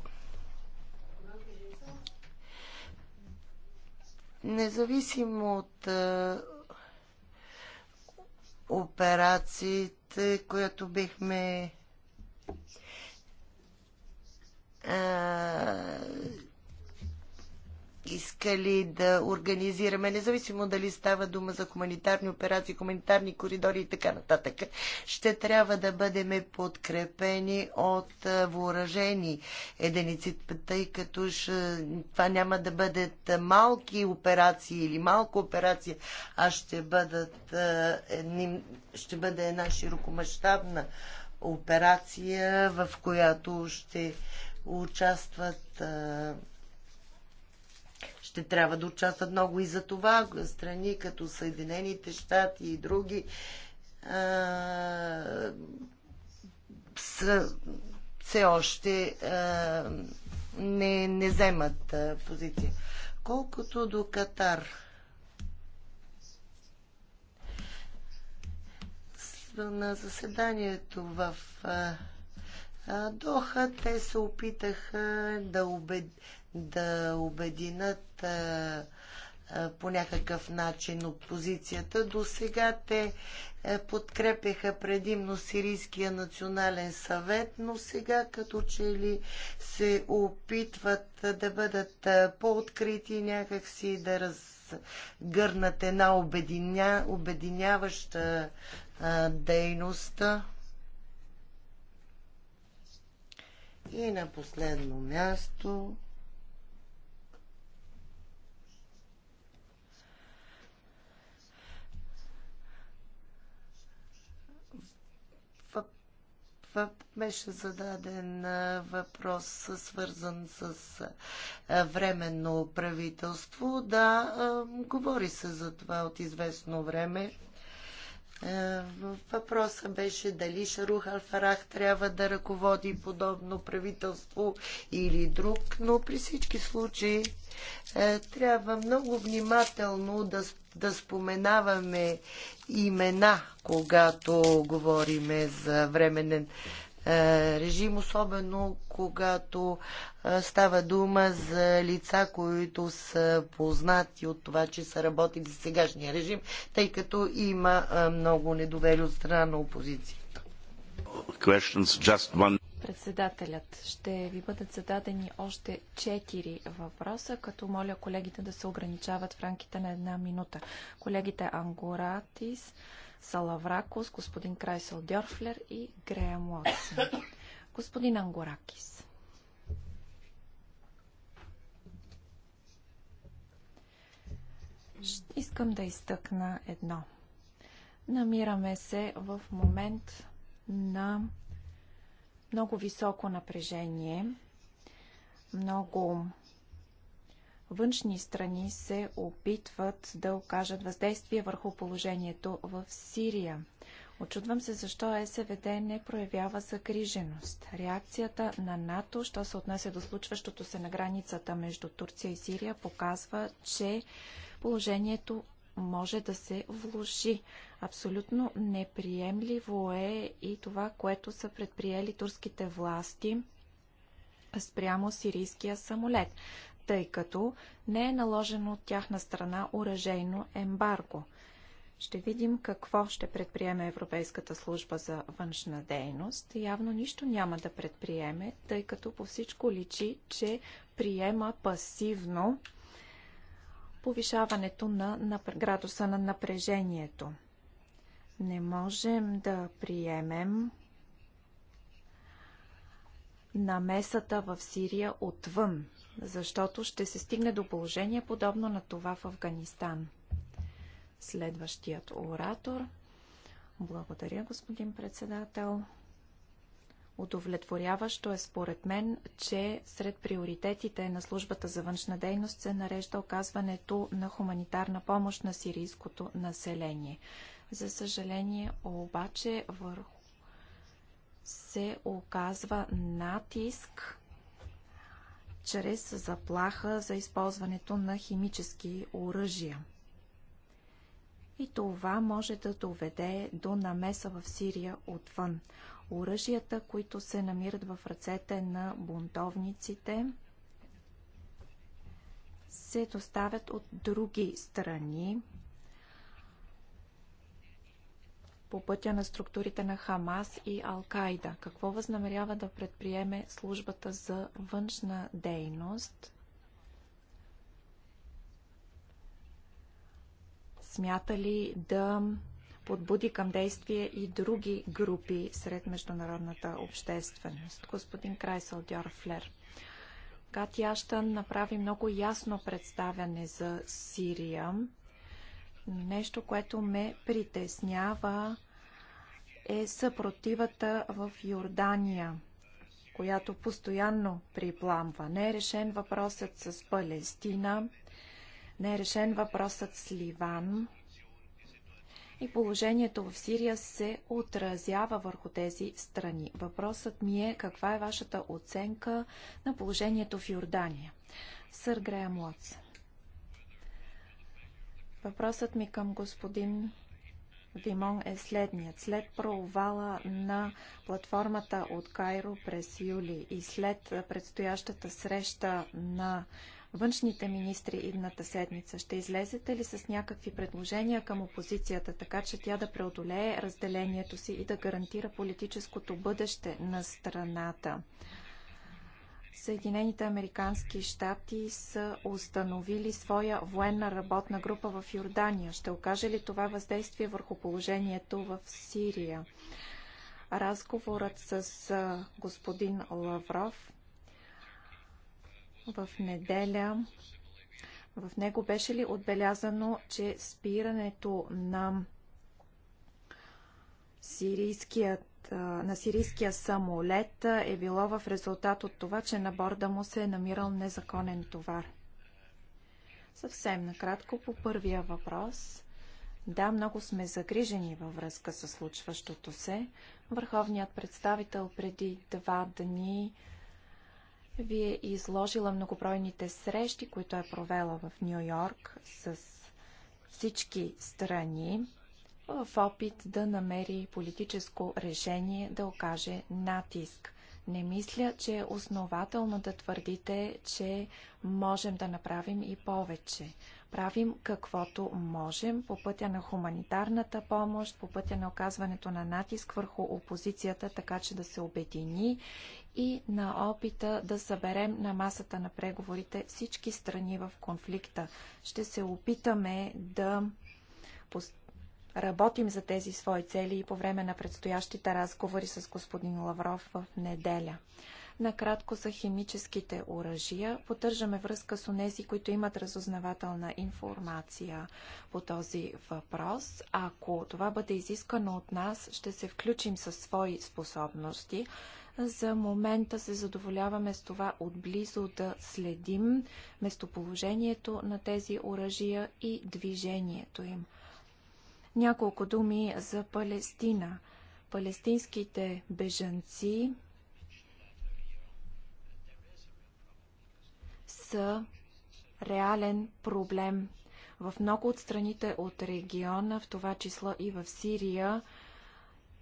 независимо от операциите, която бихме искали да организираме, независимо дали става дума за хуманитарни операции, хуманитарни коридори и така нататък, ще трябва да бъдем подкрепени от въоръжени единици, тъй като ще, това няма да бъдат малки операции или малко операция, а ще, бъдат, ще бъде една широкомащабна операция, в която ще участват ще трябва да участват много и за това страни като Съединените щати и други са, все още не, не вземат позиция. Колкото до Катар, на заседанието в а, Доха те се опитаха да, убед, да обединат а, а, по някакъв начин опозицията. До сега те а, подкрепяха предимно Сирийския национален съвет, но сега като че ли се опитват да бъдат по-открити някакси да разгърнат една обединя, обединяваща дейност. И на последно място беше зададен въпрос, свързан с временно правителство. Да, говори се за това от известно време. Е, въпросът беше дали Шарух Алфарах трябва да ръководи подобно правителство или друг, но при всички случаи е, трябва много внимателно да, да споменаваме имена, когато говориме за временен е, режим, особено когато е, става дума за лица, които са познати от това, че са работили с сегашния режим, тъй като има е, много
недоверие от страна на
опозицията.
Председателят, ще ви бъдат зададени още четири въпроса, като моля колегите да се ограничават в рамките на една минута. Колегите Ангуратис, Салавракос, господин Крайсел Дьорфлер и Грея Уотсън. Господин Ангоракис. Искам да изтъкна едно. Намираме се в момент на много високо напрежение, много външни страни се опитват да окажат въздействие върху положението в Сирия. Очудвам се защо СВД не проявява загриженост. Реакцията на НАТО, що се отнася до случващото се на границата между Турция и Сирия, показва, че положението може да се влуши. Абсолютно неприемливо е и това, което са предприели турските власти спрямо сирийския самолет тъй като не е наложено от тяхна страна оръжейно ембарго. Ще видим какво ще предприеме Европейската служба за външна дейност. Явно нищо няма да предприеме, тъй като по всичко личи, че приема пасивно повишаването на, на градуса на напрежението. Не можем да приемем намесата в Сирия отвън, защото ще се стигне до положение подобно на това в Афганистан. Следващият оратор. Благодаря, господин председател. Удовлетворяващо е според мен, че сред приоритетите на службата за външна дейност се нарежда оказването на хуманитарна помощ на сирийското население. За съжаление, обаче, върху се оказва натиск чрез заплаха за използването на химически оръжия. И това може да доведе до намеса в Сирия отвън. Оръжията, които се намират в ръцете на бунтовниците, се доставят от други страни, по пътя на структурите на Хамас и Ал-Кайда. Какво възнамерява да предприеме службата за външна дейност? Смята ли да подбуди към действие и други групи сред международната общественост? Господин Крайсел Дьорфлер. Катя Аштън направи много ясно представяне за Сирия но нещо, което ме притеснява е съпротивата в Йордания, която постоянно припламва. Не е решен въпросът с Палестина, не е решен въпросът с Ливан. И положението в Сирия се отразява върху тези страни. Въпросът ми е каква е вашата оценка на положението в Йордания? Сър Грея Уотсън. Въпросът ми към господин Димон е следният. След провала на платформата от Кайро през юли и след предстоящата среща на външните министри идната седмица, ще излезете ли с някакви предложения към опозицията, така че тя да преодолее разделението си и да гарантира политическото бъдеще на страната? Съединените американски щати са установили своя военна работна група в Йордания. Ще окаже ли това въздействие върху положението в Сирия? Разговорът с господин Лавров в неделя. В него беше ли отбелязано, че спирането на сирийският на сирийския самолет е било в резултат от това, че на борда му се е намирал незаконен товар. Съвсем накратко по първия въпрос. Да, много сме загрижени във връзка с случващото се. Върховният представител преди два дни ви е изложила многобройните срещи, които е провела в Нью Йорк с всички страни в опит да намери политическо решение да окаже натиск. Не мисля, че е основателно да твърдите, че можем да направим и повече. Правим каквото можем по пътя на хуманитарната помощ, по пътя на оказването на натиск върху опозицията, така че да се обедини и на опита да съберем на масата на преговорите всички страни в конфликта. Ще се опитаме да Работим за тези свои цели и по време на предстоящите разговори с господин Лавров в неделя. Накратко за химическите оръжия. Поддържаме връзка с онези, които имат разузнавателна информация по този въпрос. Ако това бъде изискано от нас, ще се включим със свои способности. За момента се задоволяваме с това отблизо да следим местоположението на тези оръжия и движението им. Няколко думи за Палестина. Палестинските бежанци са реален проблем. В много от страните от региона, в това число и в Сирия,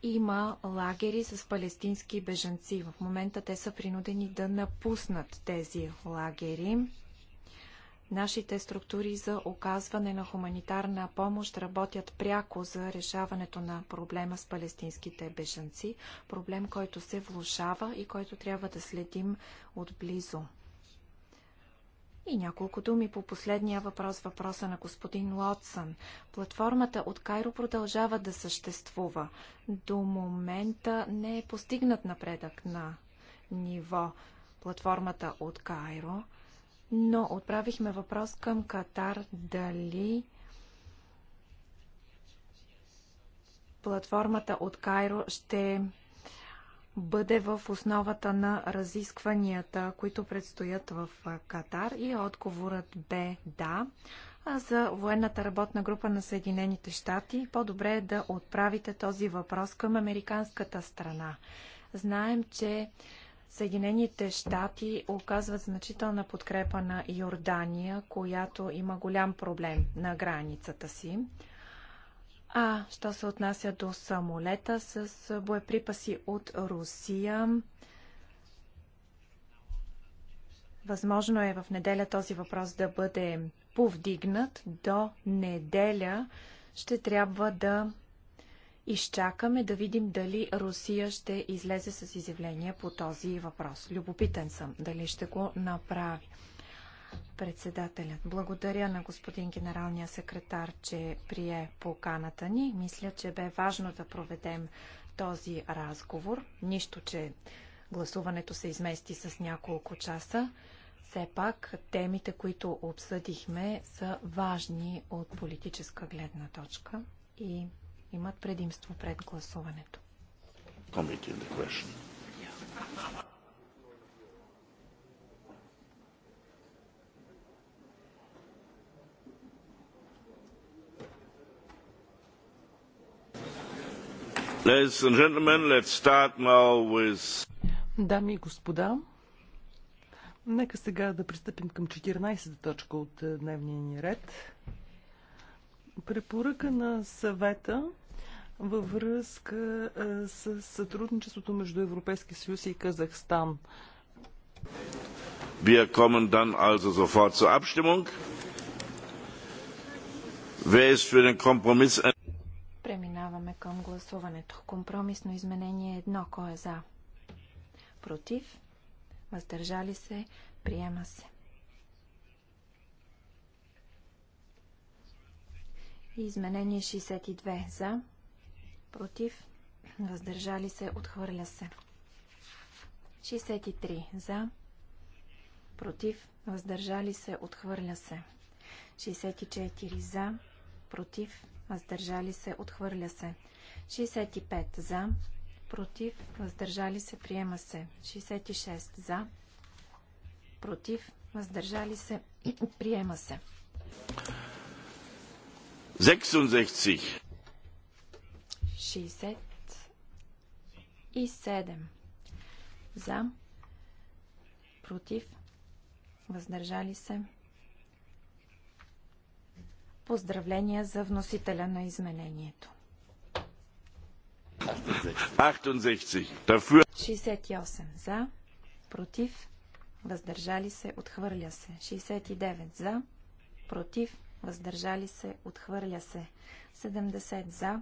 има лагери с палестински бежанци. В момента те са принудени да напуснат тези лагери. Нашите структури за оказване на хуманитарна помощ работят пряко за решаването на проблема с палестинските бежанци, проблем, който се влушава и който трябва да следим отблизо. И няколко думи по последния въпрос, въпроса на господин Лотсън. Платформата от Кайро продължава да съществува. До момента не е постигнат напредък на ниво платформата от Кайро но отправихме въпрос към Катар дали платформата от Кайро ще бъде в основата на разискванията, които предстоят в Катар и отговорът бе да. А за военната работна група на Съединените щати по-добре е да отправите този въпрос към американската страна. Знаем, че Съединените щати оказват значителна подкрепа на Йордания, която има голям проблем на границата си. А, що се отнася до самолета с боеприпаси от Русия, възможно е в неделя този въпрос да бъде повдигнат. До неделя ще трябва да изчакаме да видим дали Русия ще излезе с изявление по този въпрос. Любопитен съм дали ще го направи. Председателят, благодаря на господин генералния секретар, че прие поканата ни. Мисля, че бе важно да проведем този разговор. Нищо, че гласуването се измести с няколко часа. Все пак темите, които обсъдихме, са важни от политическа гледна точка и имат предимство пред гласуването.
With...
Дами и господа, нека сега да пристъпим към 14-та точка от е, дневния ни ред. Препоръка на съвета във връзка с сътрудничеството между Европейския съюз и Казахстан.
Wir kommen dann also sofort zur Abstimmung. Wer ist für den Kompromiss?
Преминаваме към гласуването. Компромисно изменение едно. Кой е за? Против? Въздържали се? Приема се. Изменение 62 за против, въздържали се, отхвърля се. 63 за, против, въздържали се, отхвърля се. 64 за, против, въздържали се, отхвърля се. 65 за, против, въздържали се, приема се. 66 за, против, въздържали се, приема се.
66
60 за, против, въздържали се. Поздравления за вносителя на изменението.
68
за, против, въздържали се, отхвърля се. 69 за, против, въздържали се, отхвърля се. 70 за,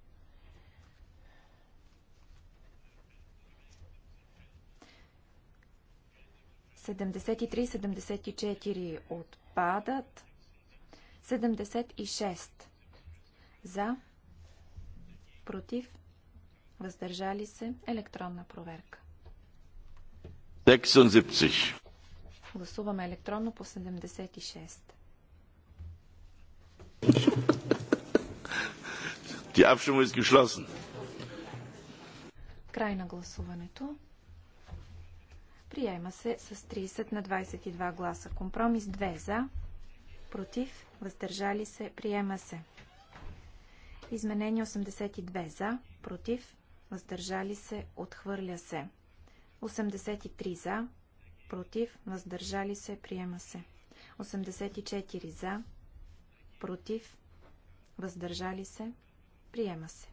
73 74 отпадат. 76 за, против, въздържали се, електронна проверка.
76.
Гласуваме електронно по 76.
Die Abstimmung ist geschlossen.
Край на гласуването. Приема се с 30 на 22 гласа. Компромис 2 за, против, въздържали се, приема се. Изменение 82 за, против, въздържали се, отхвърля се. 83 за, против, въздържали се, приема се. 84 за, против, въздържали се, приема се.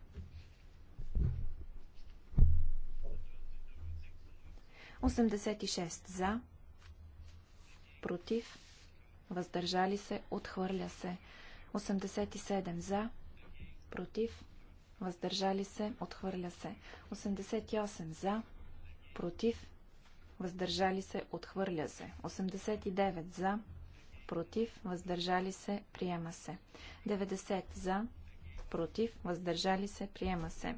86 за, против, въздържали се, отхвърля се. 87 за, против, въздържали се, отхвърля се. 88 за, против, въздържали се, отхвърля се. 89 за, против, въздържали се, приема се. 90 за, против, въздържали се, приема се.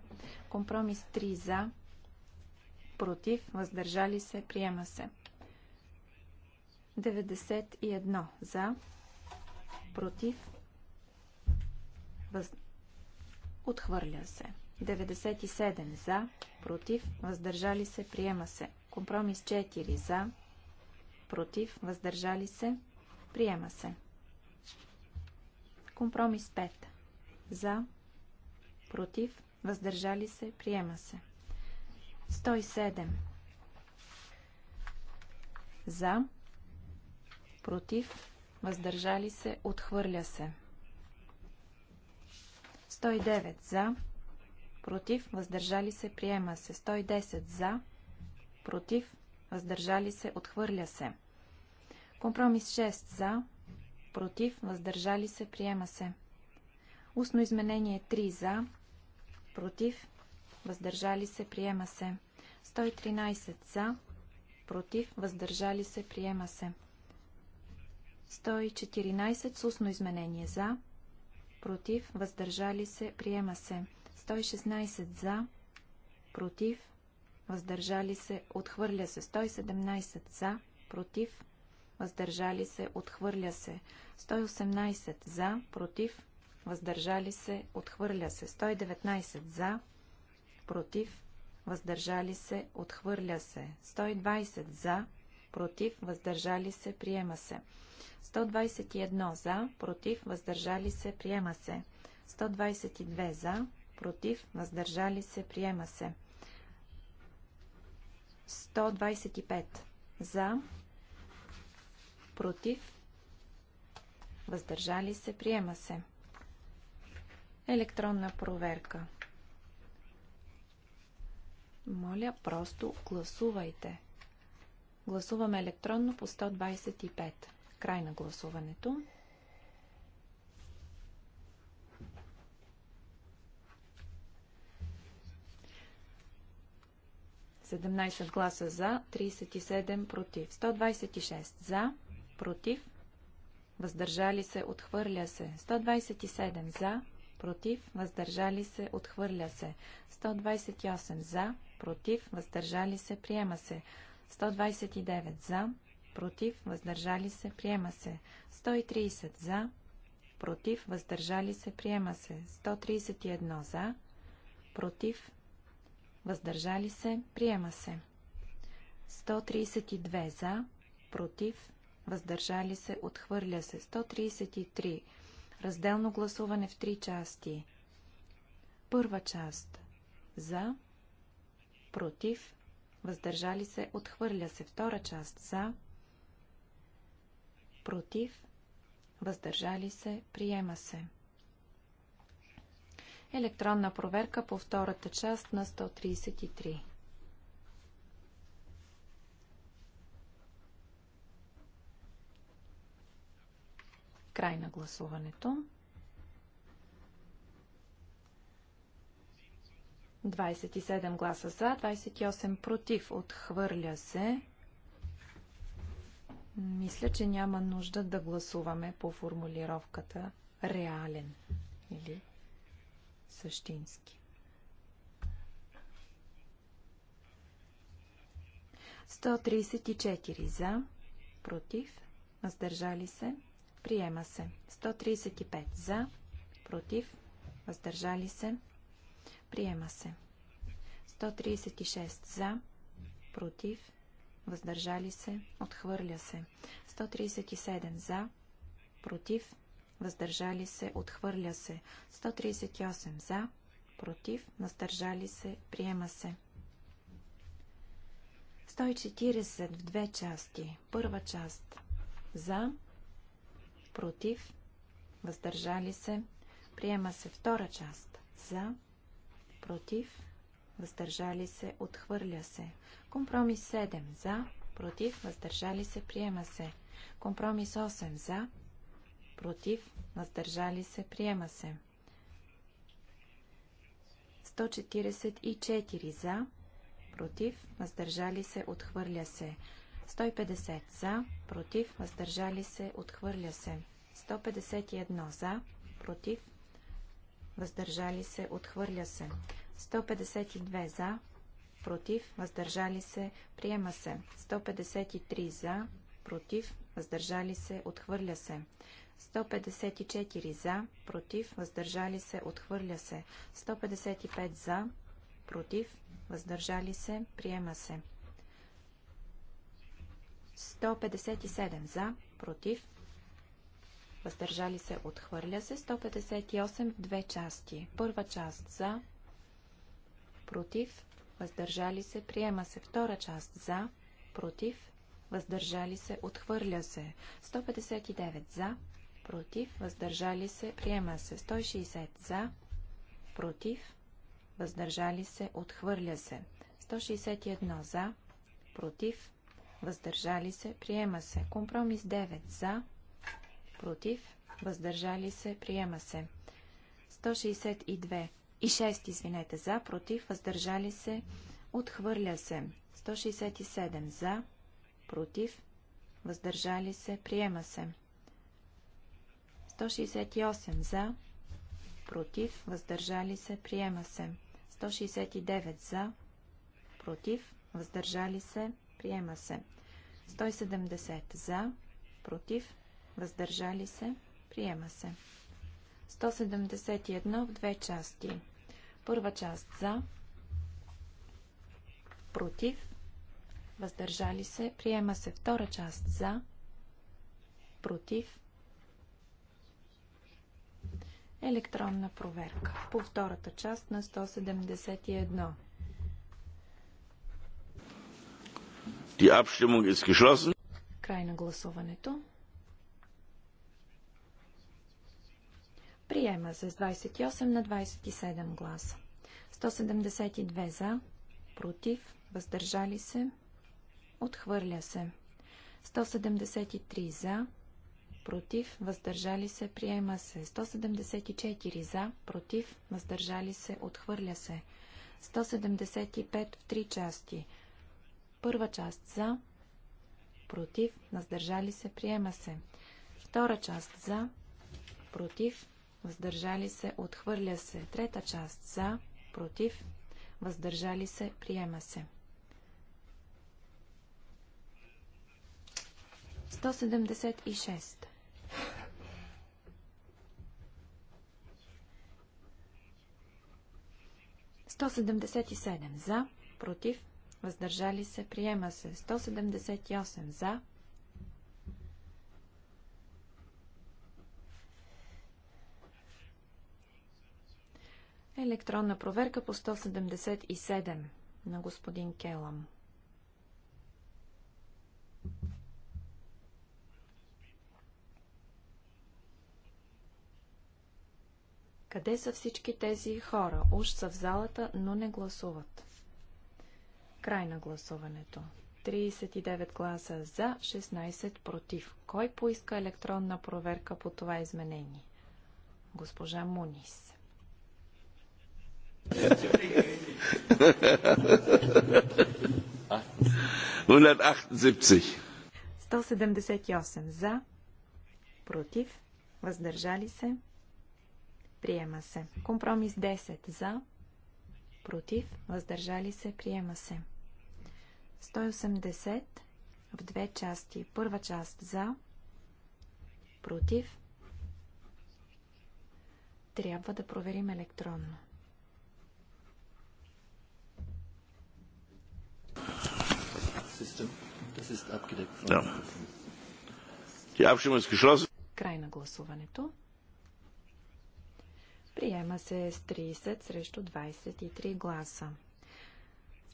Компромис 3 за, против, въздържали се, приема се. 91 за, против, въз... отхвърля се. 97 за, против, въздържали се, приема се. Компромис 4 за, против, въздържали се, приема се. Компромис 5 за, против, въздържали се, приема се. 107. За. Против. Въздържали се. Отхвърля се. 109. За. Против. Въздържали се. Приема се. 110. За. Против. Въздържали се. Отхвърля се. Компромис 6. За. Против. Въздържали се. Приема се. Устно изменение 3. За. Против въздържали се, приема се. 113 за, против, въздържали се, приема се. 114 с устно изменение за, против, въздържали се, приема се. 116 за, против, въздържали се, отхвърля се. 117 за, против, въздържали се, отхвърля се. 118 за, против, въздържали се, отхвърля се. 119 за, против, въздържали се, отхвърля се. 120 за, против, въздържали се, приема се. 121 за, против, въздържали се, приема се. 122 за, против, въздържали се, приема се. 125 за, против, въздържали се, приема се. Електронна проверка. Моля, просто гласувайте. Гласуваме електронно по 125. Край на гласуването. Седемнайсет гласа за, 37 против. 126 за, против, въздържали се, отхвърля се. 127 за, против, въздържали се, отхвърля се. 128 за, против, въздържали се, приема се. 129 за, против, въздържали се, приема се. 130 за, против, въздържали се, приема се. 131 за, против, въздържали се, приема се. 132 за, против, въздържали се, отхвърля се. 133 за, Разделно гласуване в три части. Първа част. За. Против. Въздържали се. Отхвърля се. Втора част. За. Против. Въздържали се. Приема се. Електронна проверка по втората част на 133. Край на гласуването. 27 гласа за, 28 против. Отхвърля се. Мисля, че няма нужда да гласуваме по формулировката реален или същински. 134 за, против, въздържали се, Приема се. 135 за, против, въздържали се. Приема се. 136 за, против, въздържали се, отхвърля се. 137 за, против, въздържали се, отхвърля се. 138 за, против, въздържали се, приема се. 140 в две части. Първа част за, против, въздържали се, приема се втора част, за, против, въздържали се, отхвърля се. Компромис 7 за, против, въздържали се, приема се. Компромис 8 за, против, въздържали се, приема се. 144 за, против, въздържали се, отхвърля се. 150 за, против, въздържали се, отхвърля се. 151 за, против, въздържали се, отхвърля се. 152 за, против, въздържали се, приема се. 153 за, против, въздържали се, отхвърля се. 154 за, против, въздържали се, отхвърля се. 155 за, против, въздържали се, приема се. 157 за, против, въздържали се, отхвърля се. 158 в две части. Първа част за, против, въздържали се, приема се. Втора част за, против, въздържали се, отхвърля се. 159 за, против, въздържали се, приема се. 160 за, против, въздържали се, отхвърля се. 161 за, против, въздържали се, приема се. Компромис 9 за, против, въздържали се, приема се. 162 и 6, извинете, за, против, въздържали се, отхвърля се. 167 за, против, въздържали се, приема се. 168 за, против, въздържали се, приема се. 169 за, против, въздържали се, Приема се. 170 за, против, въздържали се. Приема се. 171 в две части. Първа част за, против, въздържали се. Приема се втора част за, против. Електронна проверка по втората част на 171.
Die Abstimmung ist geschlossen.
Край на гласуването. Приема се с 28 на 27 гласа. 172 за, против, въздържали се, отхвърля се. 173 за, против, въздържали се, приема се. 174 за, против, въздържали се, отхвърля се. 175 в три части – Първа част за, против, въздържали се, приема се. Втора част за, против, въздържали се, отхвърля се. Трета част за, против, въздържали се, приема се. 176. 177 за, против, въздържали се, приема се. 178 за, Електронна проверка по 177 на господин Келам. Къде са всички тези хора? Уж са в залата, но не гласуват. Край на гласуването. 39 гласа за, 16 против. Кой поиска електронна проверка по това изменение? Госпожа Мунис.
178
за, против, въздържали се, приема се. Компромис 10 за, против, въздържали се, приема се. 180 в две части. Първа част за, против. Трябва да проверим електронно. Е Край на гласуването. Приема се с 30 срещу 23 гласа.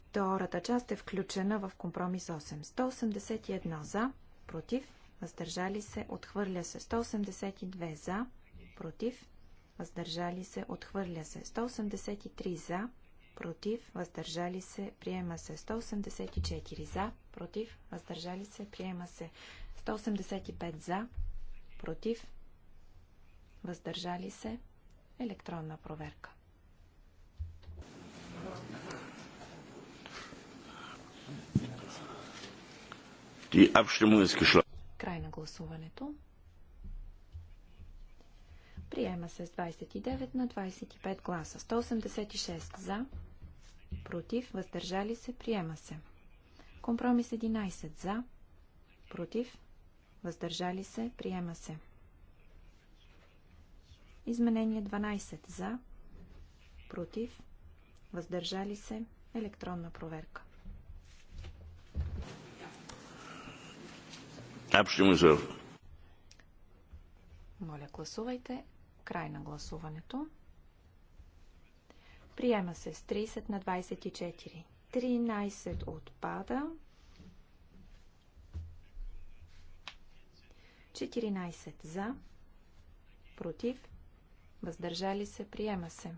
Втората част е включена в компромис 8. 181 за, против, въздържали се, отхвърля се. 182 за, против, въздържали се, отхвърля се. 183 за, против, въздържали се, приема се. 184 за, против, въздържали се, приема се. 185 за, против, въздържали се, електронна проверка. Край на гласуването. Приема се с 29 на 25 гласа. 186 за, против, въздържали се, приема се. Компромис 11 за, против, въздържали се, приема се. Изменение 12 за, против, въздържали се, електронна проверка. Abstimmung ist Моля, гласувайте. Край на гласуването. Приема се с 30 на 24. 13 отпада. 14 за. Против. Въздържали се. Приема се.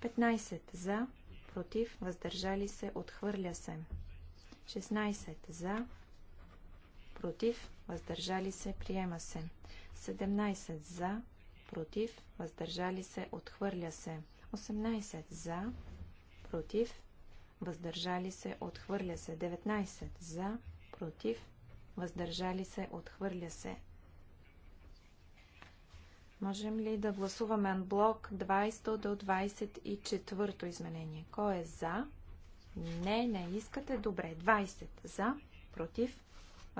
15 за. Против. Въздържали се. Отхвърля се. 16 за против, въздържали се, приема се. 17 за, против, въздържали се, отхвърля се. 18 за, против, въздържали се, отхвърля се. 19 за, против, въздържали се, отхвърля се. Можем ли да гласуваме анблок 20 до 24 изменение? Кой е за? Не, не искате. Добре. 20 за, против,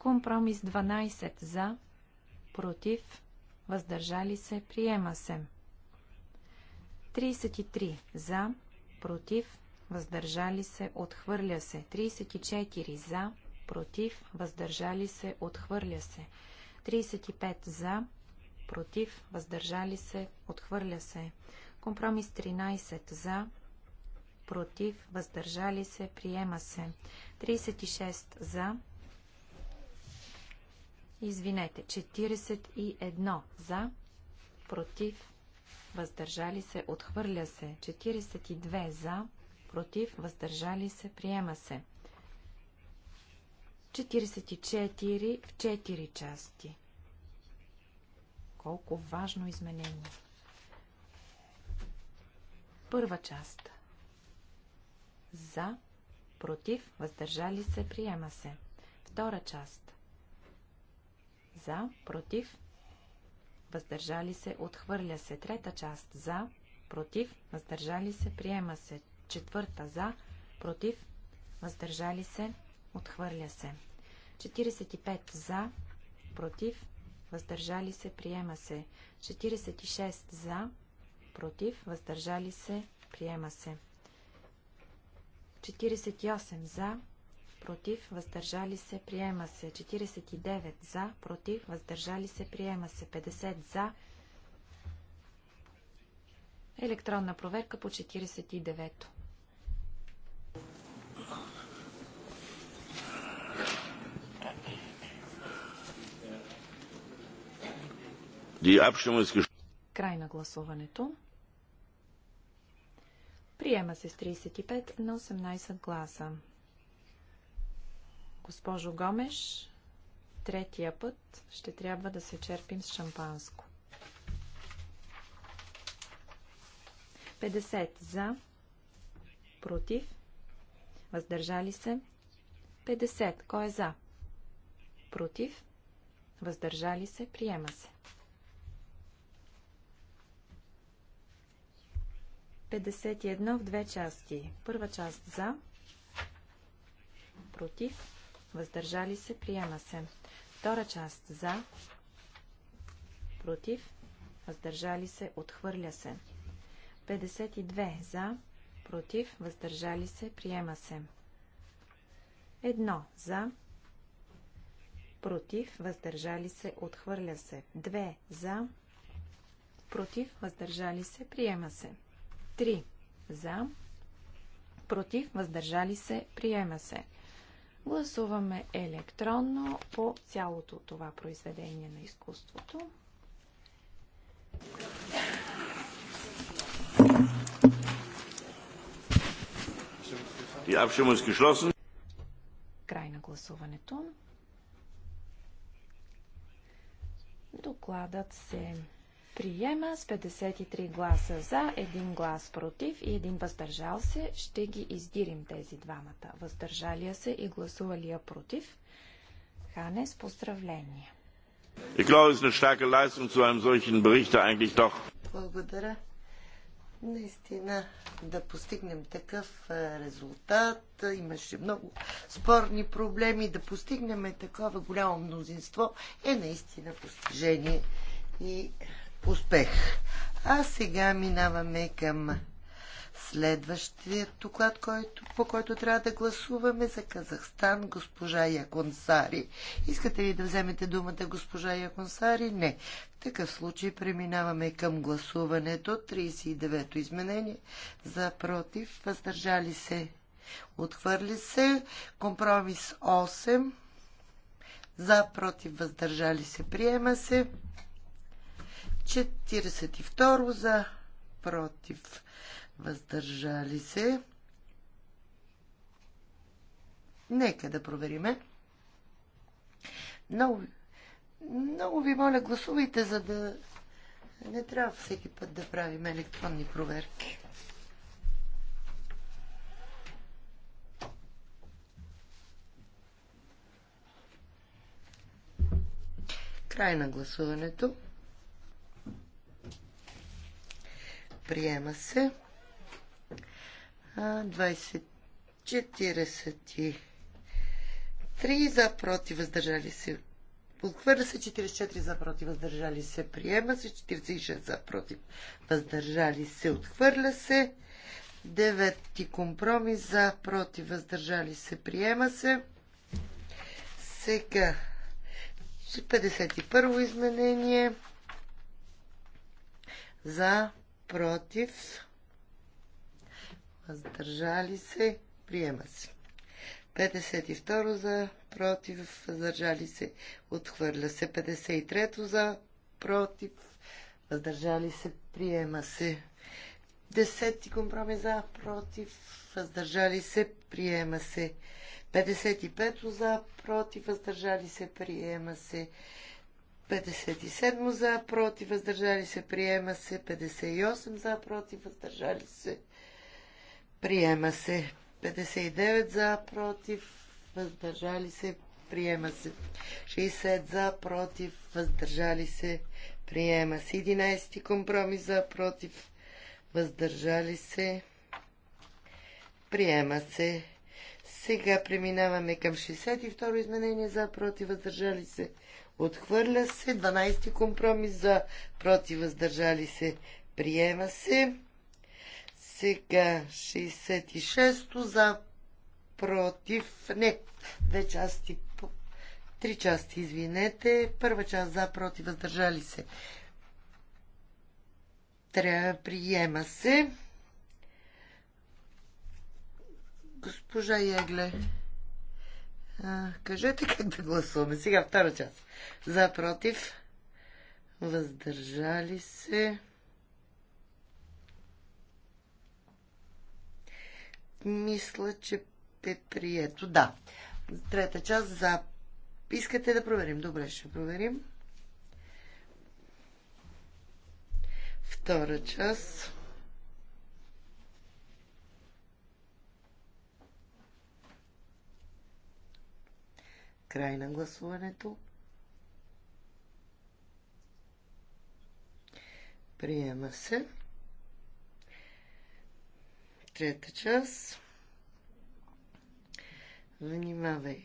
Компромис 12 за, против, въздържали се, приема се. 33 за, против, въздържали се, отхвърля се. 34 за, против, въздържали се, отхвърля се. 35 за, против, въздържали се, отхвърля се. Компромис 13 за, против, въздържали се, приема се. 36 за, Извинете, 41 за, против, въздържали се, отхвърля се. 42 за, против, въздържали се, приема се. 44 в 4 части. Колко важно изменение. Първа част. За, против, въздържали се, приема се. Втора част. За, против, въздържали се, отхвърля се. Трета част за, против, въздържали се, приема се. Четвърта за, против, въздържали се, отхвърля се. 45 за, против, въздържали се, приема се. 46 за, против, въздържали се, приема се. 48 за, против, въздържали се, приема се. 49 за, против, въздържали се, приема се. 50 за. Електронна проверка по 49-то. Край на гласуването. Приема се с 35 на 18 гласа. Госпожо Гомеш, третия път ще трябва да се черпим с шампанско. 50 за, против, въздържали се. 50. Кой е за? Против, въздържали се, приема се. 51 в две части. Първа част за, против, въздържали се, приема се. Втора част за, против, въздържали се, отхвърля се. 52 за, против, въздържали се, приема се. Едно за, против, въздържали се, отхвърля се. Две за, против, въздържали се, приема се. Три за, против, въздържали се, приема се. Гласуваме електронно по цялото това произведение на изкуството. Край на гласуването. Докладът се приема с 53 гласа за, един глас против и един въздържал се. Ще ги издирим тези двамата. Въздържалия се и гласувалия против. Ханес, поздравления.
Ich glaube, es ist eine starke Leistung zu einem solchen Bericht eigentlich doch.
Благодаря. Наистина да постигнем такъв резултат. Имаше много спорни проблеми. Да постигнем такова голямо мнозинство е наистина постижение и успех. А сега минаваме към следващия доклад, който, по който трябва да гласуваме за Казахстан, госпожа Яконсари. Искате ли да вземете думата госпожа Яконсари? Не. В такъв случай преминаваме към гласуването. 39-то изменение за против, въздържали се, отхвърли се. Компромис 8 за против, въздържали се, приема се. 42 за, против, въздържали се. Нека да провериме. Много, много ви моля, гласувайте, за да не трябва всеки път да правим електронни проверки. Край на гласуването. Приема се. 20, 43 за против въздържали се. Отхвърля се 44 за против въздържали се. Приема се 46 за против въздържали се. Отхвърля се. Девети компромис за против въздържали се. Приема се. Сега 51 изменение за против, въздържали се, приема се. 52 за, против, въздържали се, отхвърля се. 53 за, против, въздържали се, приема се. Десети компромис за, против, въздържали се, приема се. 55 за, против, въздържали се, приема се. 57 за, против, въздържали се, приема се. 58 за, против, въздържали се, приема се. 59 за, против, въздържали се, приема се. 60 за, против, въздържали се, приема се. 11 компромис за, против, въздържали се, приема се. Сега преминаваме към 62 изменение за, против, въздържали се, Отхвърля се. 12 компромис за против въздържали се. Приема се. Сега 66-то за против. Не, две части. Три части, извинете. Първа част за против въздържали се. Трябва приема се. Госпожа Ягле, а, кажете как да гласуваме. Сега втора част за против, въздържали се. Мисля, че е прието. Да. Трета част за... Искате да проверим? Добре, ще проверим. Втора част. Край на гласуването. Приема се. Трета част. Внимавай,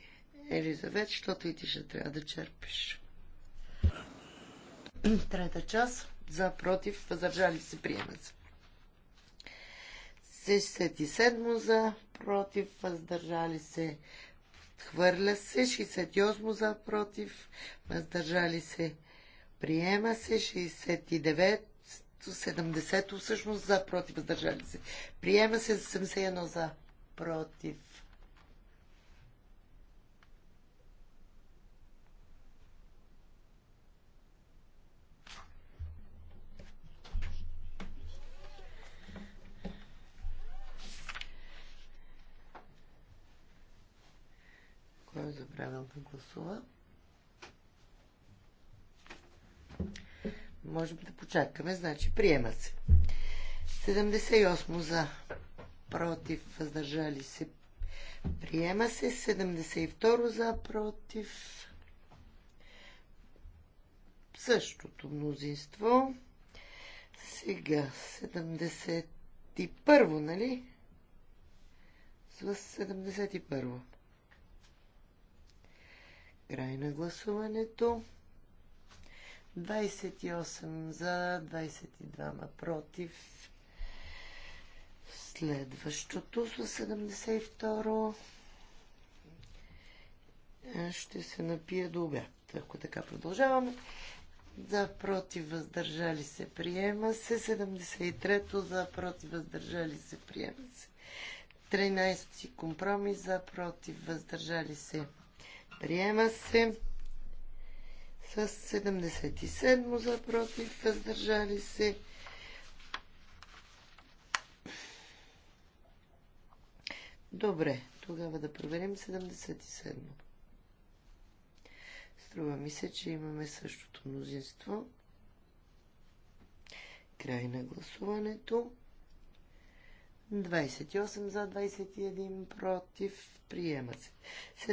Елизавет, защото и ти ще трябва да черпиш. Трета част. За, против, въздържали се, приема се. 67 за, против, въздържали се, хвърля се, 68 за, против, въздържали се, приема се, 69 70 всъщност за, против, въздържали се. Приема се 71 за, против. Кой е забравил да гласува? Може би да почакаме, значи приема се. 78 за, против, въздържали се. Приема се. 72 за, против. Същото мнозинство. Сега 71, нали? С 71. Край на гласуването. 28 за, 22 против. Следващото за 72 е, ще се напия до обяд, ако така продължаваме. За против въздържали се приема се. 73-то за против въздържали се приема се. 13 компромис за против въздържали се приема се с 77 за против, въздържали се. Добре, тогава да проверим 77. Струва ми се, че имаме същото мнозинство. Край на гласуването. 28 за 21 против приема се.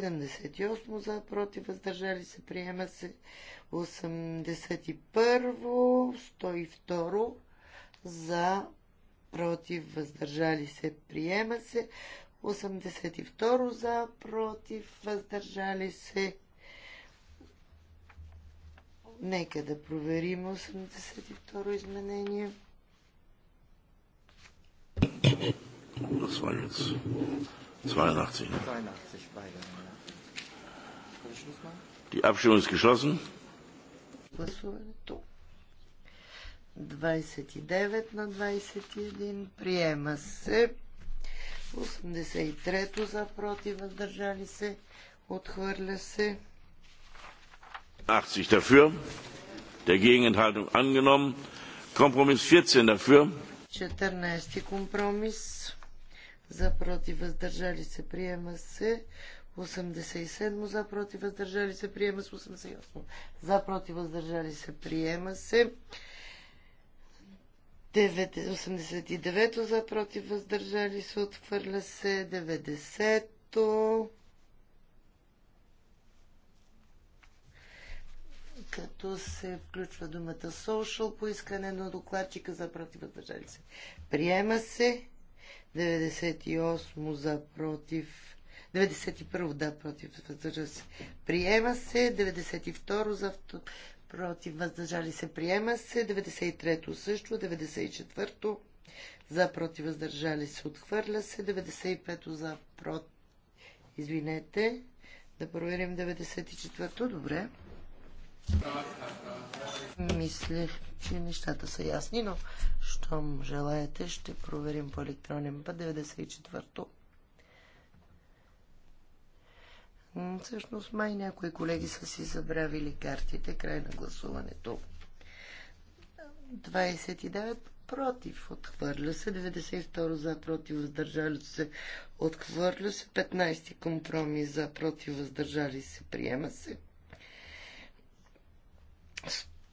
78 за против въздържали се приема се. 81 102 за против въздържали се приема се. 82 за против въздържали се. Нека да проверим 82 изменение.
Das war jetzt 82. Ne?
82 beide.
Die Abstimmung ist geschlossen.
29 на 21 приема се. 83-то за против, въздържали се, отхвърля се.
80 dafür, der Gegenenthaltung angenommen. Kompromiss 14 dafür.
14 компромис. За против въздържали се приема се. 87 за против въздържали се приема се. 88 за против въздържали се приема се. 89 за против въздържали се отхвърля се. 90-то като се включва думата social по искане на докладчика за против въздържали се. Приема се 98 за против 91 да против въздържали се. Приема се 92 за против въздържали се. Приема се 93 също 94 за против въздържали се. Отхвърля се 95 за против Извинете, да проверим 94-то. Добре. Мислех, че нещата са ясни, но щом желаете, ще проверим по електронен път 94-то. Всъщност май някои колеги са си забравили картите, край на гласуването. 29 против, отхвърля се, 92 за, против, въздържали се, отхвърля се, 15 компромис за, против, въздържали се, приема се.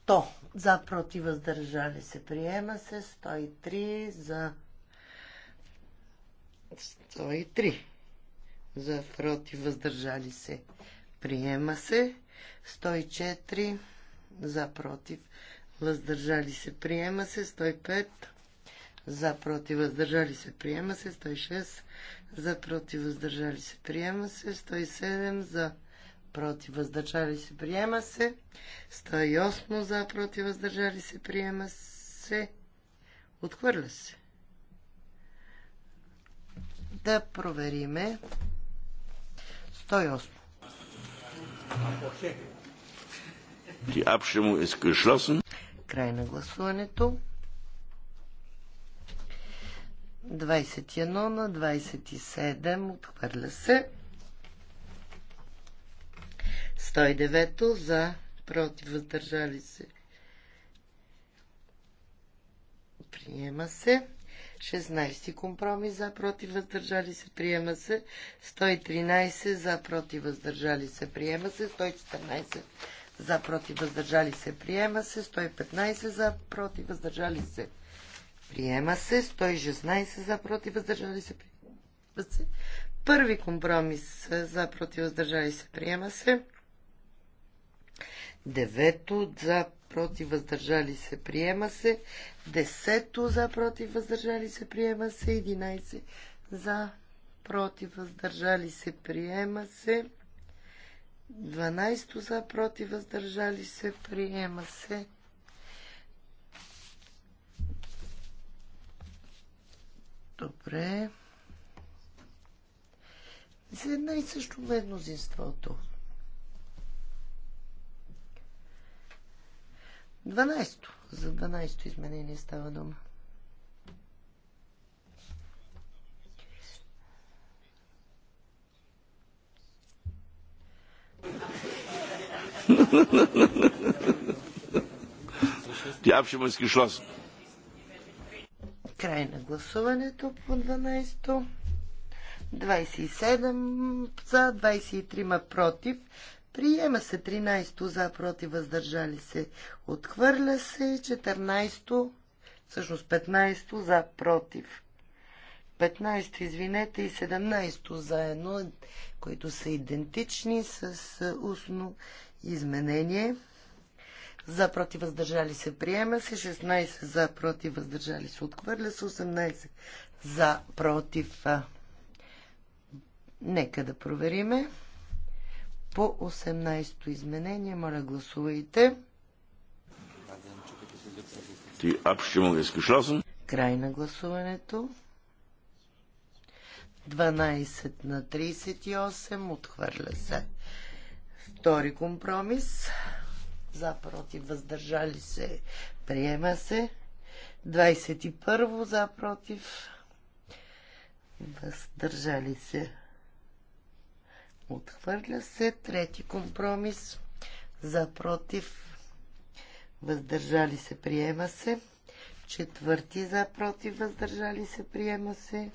100 за против въздържали се приема се 103 за 103 за против въздържали се приема се 104 за против въздържали се приема се 105 за против въздържали се приема се 106 за против въздържали се приема се 107 за против въздържали се, приема се. 108 за, против въздържали се, приема се. Отхвърля се. Да провериме. 108.
Die Abstimmung ist geschlossen.
Край на гласуването. 21 на 27 отхвърля се. 109 за, против, въздържали се. Приема се. 16 компромис за, против, въздържали се, приема се. 113 за, против, въздържали се, приема се. 114 за, против, въздържали се, приема се. 115 за, против, въздържали се, приема се. 116 за, против, въздържали се, приема се. Първи компромис за, против, въздържали се, приема се. Девето за против въздържали се приема се. Десето за против въздържали се приема се. Единайсе за против въздържали се приема се. 12 за против въздържали се приема се. Добре. За една и също мнозинството. 12-то. За 12-то изменение става дума.
Die му ist geschlossen.
Край на гласуването по 12-то. 27 за, 23 против. Приема се 13-то за, против, въздържали се. Отхвърля се 14-то, всъщност 15-то за, против. 15-то, извинете, и 17-то заедно, които са идентични с устно изменение. За, против, въздържали се. Приема се 16 за, против, въздържали се. Отхвърля се 18 за, против. Нека да провериме по 18-то изменение. Моля, гласувайте. Ти Край на гласуването. 12 на 38. Отхвърля се. Втори компромис. За, против, въздържали се. Приема се. 21 за, против. Въздържали се. Отхвърля се. Трети компромис. За против. Въздържали се. Приема се. Четвърти за против. Въздържали се. Приема се.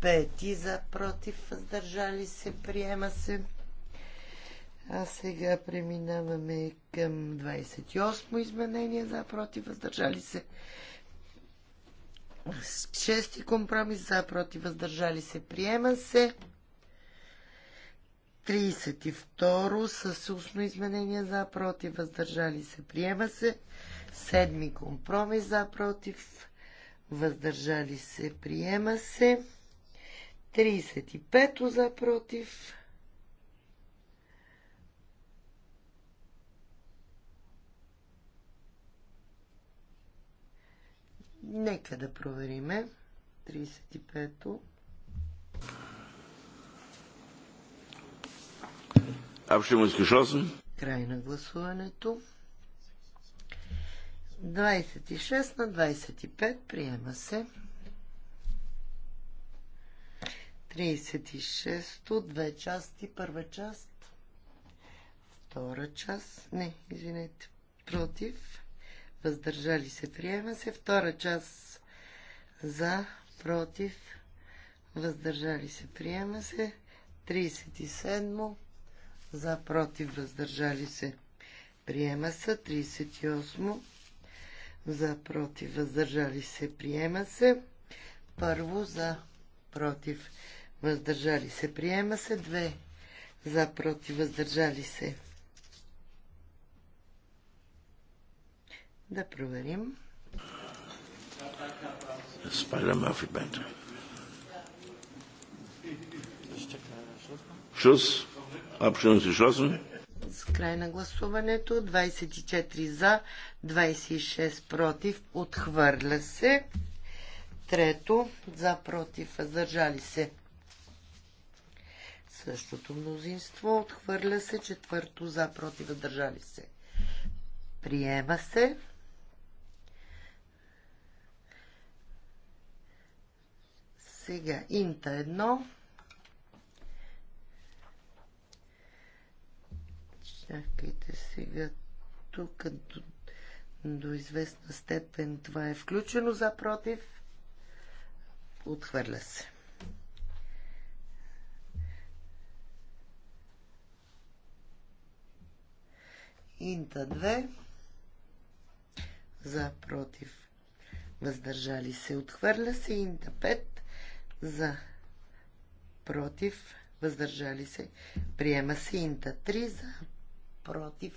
Пети за против. Въздържали се. Приема се. А сега преминаваме към 28 изменение за против. Въздържали се. Шести компромис за против въздържали се. Приема се. 32 с устно изменение за, против, въздържали се, приема се. Седми компромис за, против, въздържали се, приема се. 35 за, против. Нека да провериме. 35-то. Край на гласуването. 26 на 25 приема се. 36-то, две части, първа част, втора част, не, извинете, против, въздържали се, приема се, втора част за, против, въздържали се, приема се, 37-мо, за против въздържали се. Приема се 38 за против въздържали се. Приема се първо за против въздържали се. Приема се 2 за против въздържали се. Да проверим.
Спайда Мафи Шус. Абшен се
С край на гласуването 24 за, 26 против, отхвърля се. Трето, за, против, въздържали се. Същото мнозинство отхвърля се. Четвърто, за, против, въздържали се. Приема се. Сега, инта едно, Чакайте сега. Тук до, до известна степен това е включено запротив. Отхвърля се. Инта 2 за против въздържали се. Отхвърля се Инта 5 за против въздържали се. Приема се Инта 3 за против,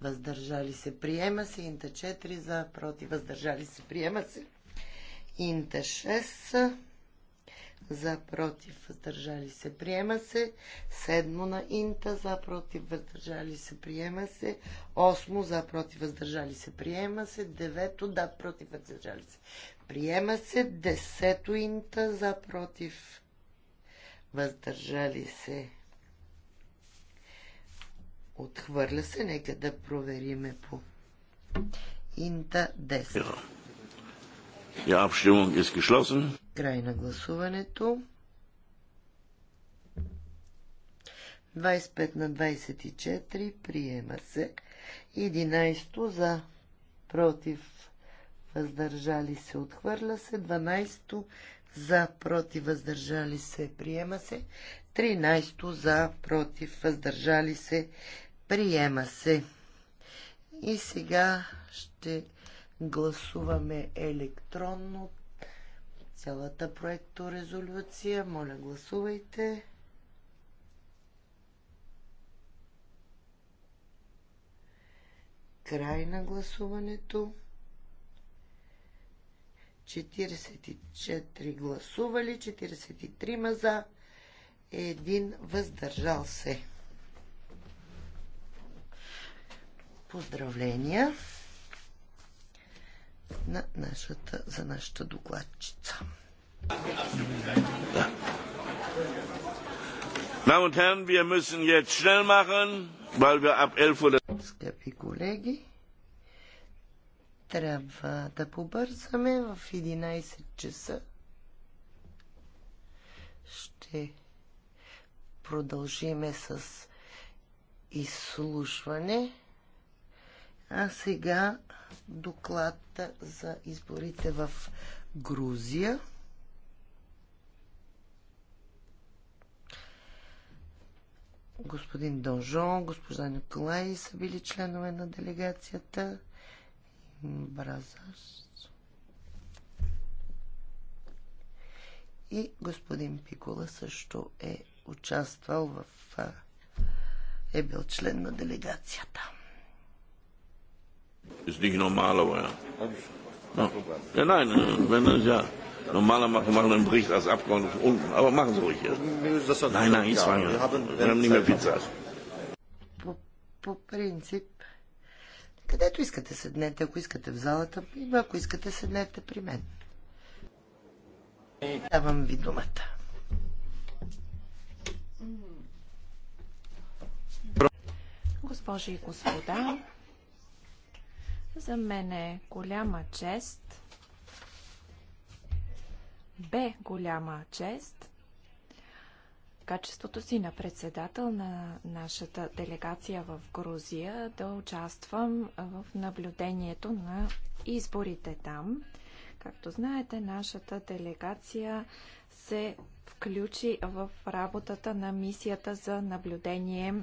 въздържали се, приема се. Инта 4 за, против, въздържали се, приема се. Инта 6 за, против, въздържали се, приема се. Седмо на Инта за, против, въздържали се, приема се. Осмо за, против, въздържали се, приема се. Девето да, против, въздържали се, приема се. Десето Инта за, против, въздържали се, Отхвърля се. Нека да провериме по Инта 10.
Die Abstimmung е geschlossen.
Край на гласуването. 25 на 24 приема се. 11 за против въздържали се отхвърля се. 12 за против въздържали се приема се. 13 за против въздържали се приема се. И сега ще гласуваме електронно цялата проекторезолюция. Моля, гласувайте. Край на гласуването. 44 гласували, 43 ма за, един въздържал се. Поздравления на нашата, за нашата докладчица.
Damen und Herren, wir müssen jetzt schnell machen, weil wir ab 11 Uhr... Скъпи колеги,
трябва да побързаме в 11 часа. Ще продължиме с изслушване. А сега доклад за изборите в Грузия. Господин Донжон, госпожа Николай са били членове на делегацията. Бразас и господин Пикола също е участвал в е бил член на делегацията.
Ist nicht normal, aber ja. No. Ja, nein, wenn es ja normaler machen, machen einen Bericht als Abgeordneter von unten. Aber machen Sie ruhig jetzt. Nein, nein, ich fange. Wir haben nicht mehr viel Zeit.
По принцип, където искате седнете, ако искате в залата, или ако искате седнете при мен. Давам ви думата.
Госпожи и господа, за мен е голяма чест, бе голяма чест качеството си на председател на нашата делегация в Грузия да участвам в наблюдението на изборите там. Както знаете, нашата делегация се включи в работата на мисията за наблюдение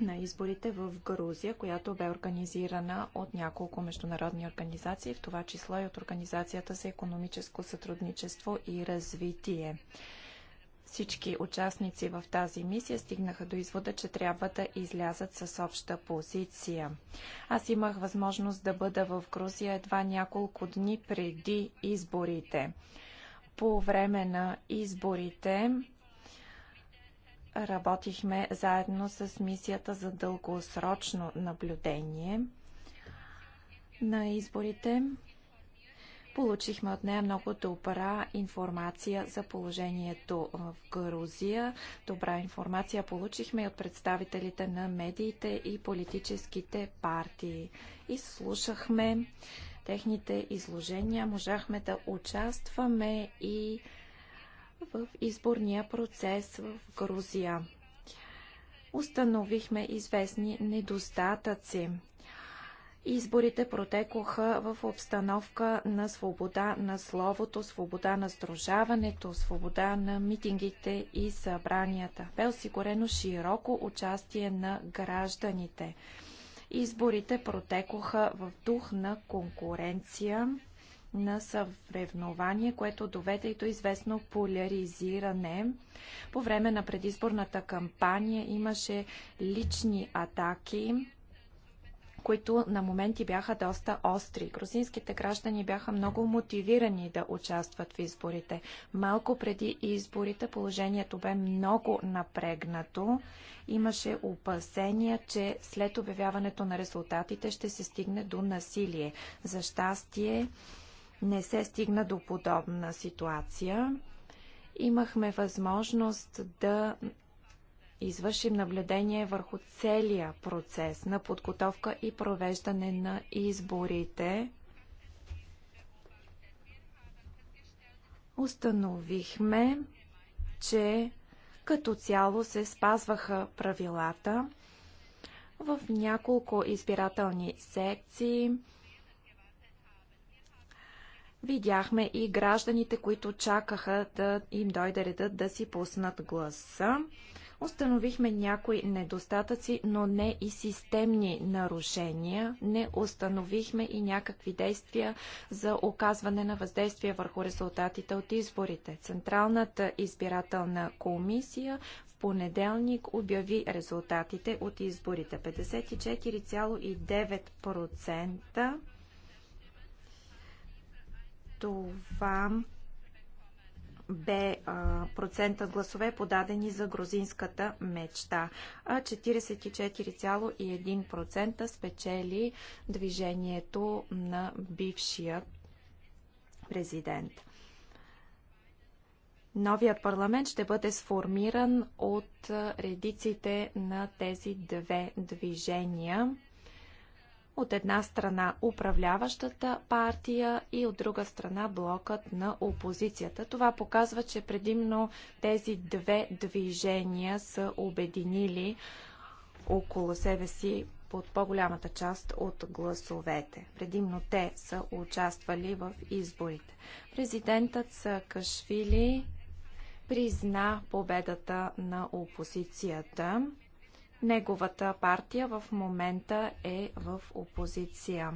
на изборите в Грузия, която бе организирана от няколко международни организации, в това число и от Организацията за економическо сътрудничество и развитие. Всички участници в тази мисия стигнаха до извода, че трябва да излязат с обща позиция. Аз имах възможност да бъда в Грузия едва няколко дни преди изборите. По време на изборите работихме заедно с мисията за дългосрочно наблюдение на изборите. Получихме от нея много добра информация за положението в Грузия. Добра информация получихме и от представителите на медиите и политическите партии. И слушахме техните изложения. Можахме да участваме и в изборния процес в Грузия. Установихме известни недостатъци Изборите протекоха в обстановка на свобода на словото, свобода на сдружаването, свобода на митингите и събранията. Бе осигурено широко участие на гражданите. Изборите протекоха в дух на конкуренция, на съвревнование, което доведе и до известно поляризиране. По време на предизборната кампания имаше лични атаки които на моменти бяха доста остри. Грузинските граждани бяха много мотивирани да участват в изборите. Малко преди изборите положението бе много напрегнато. Имаше опасения, че след обявяването на резултатите ще се стигне до насилие. За щастие не се стигна до подобна ситуация имахме възможност да извършим наблюдение върху целия процес на подготовка и провеждане на изборите. Установихме, че като цяло се спазваха правилата в няколко избирателни секции. Видяхме и гражданите, които чакаха да им дойде редът да си пуснат гласа. Установихме някои недостатъци, но не и системни нарушения. Не установихме и някакви действия за оказване на въздействие върху резултатите от изборите. Централната избирателна комисия в понеделник обяви резултатите от изборите. 54,9% това бе процента гласове подадени за грузинската мечта, а 44,1% спечели движението на бившия президент. Новият парламент ще бъде сформиран от редиците на тези две движения. От една страна управляващата партия и от друга страна блокът на опозицията. Това показва, че предимно тези две движения са обединили около себе си под по-голямата част от гласовете. Предимно те са участвали в изборите. Президентът Кашвили призна победата на опозицията. Неговата партия в момента е в опозиция.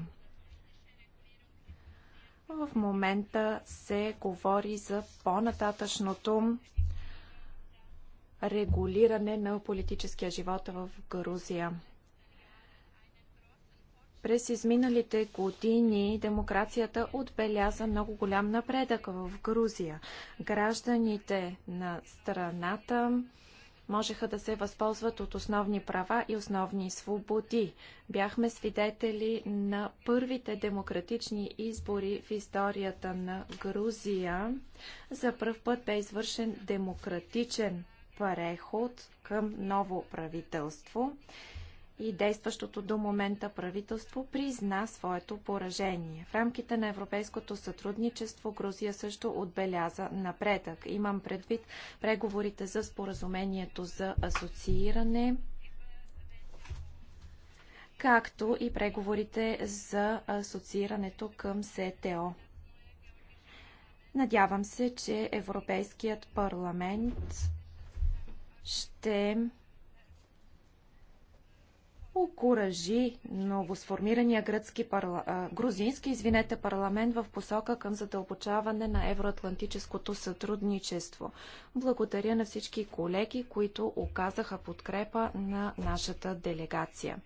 В момента се говори за по-нататъчното регулиране на политическия живот в Грузия. През изминалите години демокрацията отбеляза много голям напредък в Грузия. Гражданите на страната можеха да се възползват от основни права и основни свободи. Бяхме свидетели на първите демократични избори в историята на Грузия. За първ път бе извършен демократичен преход към ново правителство и действащото до момента правителство призна своето поражение. В рамките на европейското сътрудничество Грузия също отбеляза напредък. Имам предвид преговорите за споразумението за асоцииране, както и преговорите за асоциирането към СТО. Надявам се, че Европейският парламент ще окоръжи новосформирания гръцки парла... грузински извинете, парламент в посока към задълбочаване на евроатлантическото сътрудничество. Благодаря на всички колеги, които оказаха подкрепа на нашата делегация.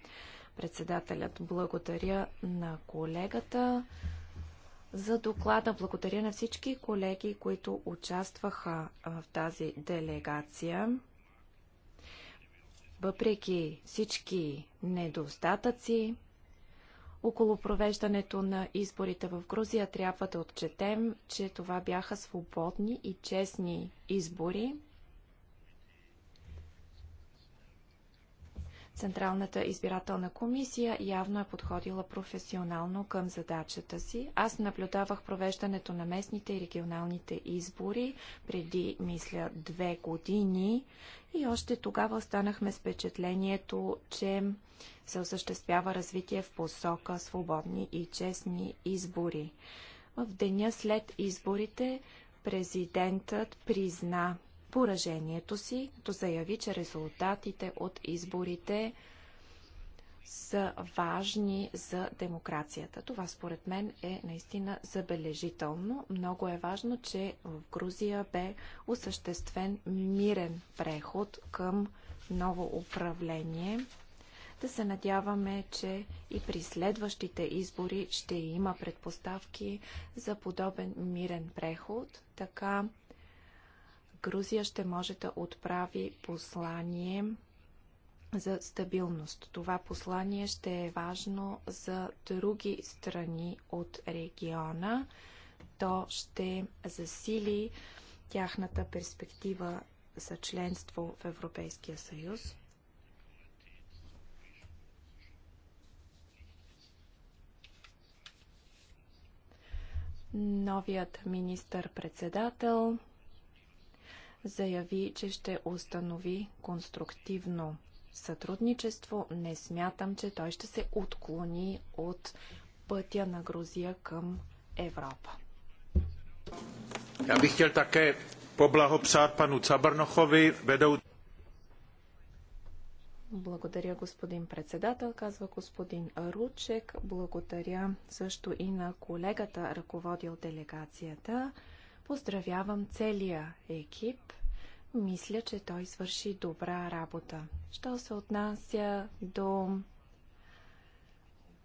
Председателят благодаря на колегата за доклада. Благодаря на всички колеги, които участваха в тази делегация въпреки всички недостатъци, около провеждането на изборите в Грузия трябва да отчетем, че това бяха свободни и честни избори. Централната избирателна комисия явно е подходила професионално към задачата си. Аз наблюдавах провеждането на местните и регионалните избори преди, мисля, две години и още тогава останахме с впечатлението, че се осъществява развитие в посока свободни и честни избори. В деня след изборите президентът призна поражението си, като заяви, че резултатите от изборите са важни за демокрацията. Това според мен е наистина забележително. Много е важно, че в Грузия бе осъществен мирен преход към ново управление. Да се надяваме, че и при следващите избори ще има предпоставки за подобен мирен преход. Така Грузия ще може да отправи послание за стабилност. Това послание ще е важно за други страни от региона. То ще засили тяхната перспектива за членство в Европейския съюз. Новият министър-председател заяви, че ще установи конструктивно сътрудничество. Не смятам, че той ще се отклони от пътя на Грузия към Европа.
Я бих chtěl také poblahopřát panu Cabrnochovi, vedou...
Благодаря, господин председател, казва господин Ручек. Благодаря също и на колегата, ръководил делегацията. Поздравявам целия екип. Мисля, че той свърши добра работа. Що се отнася до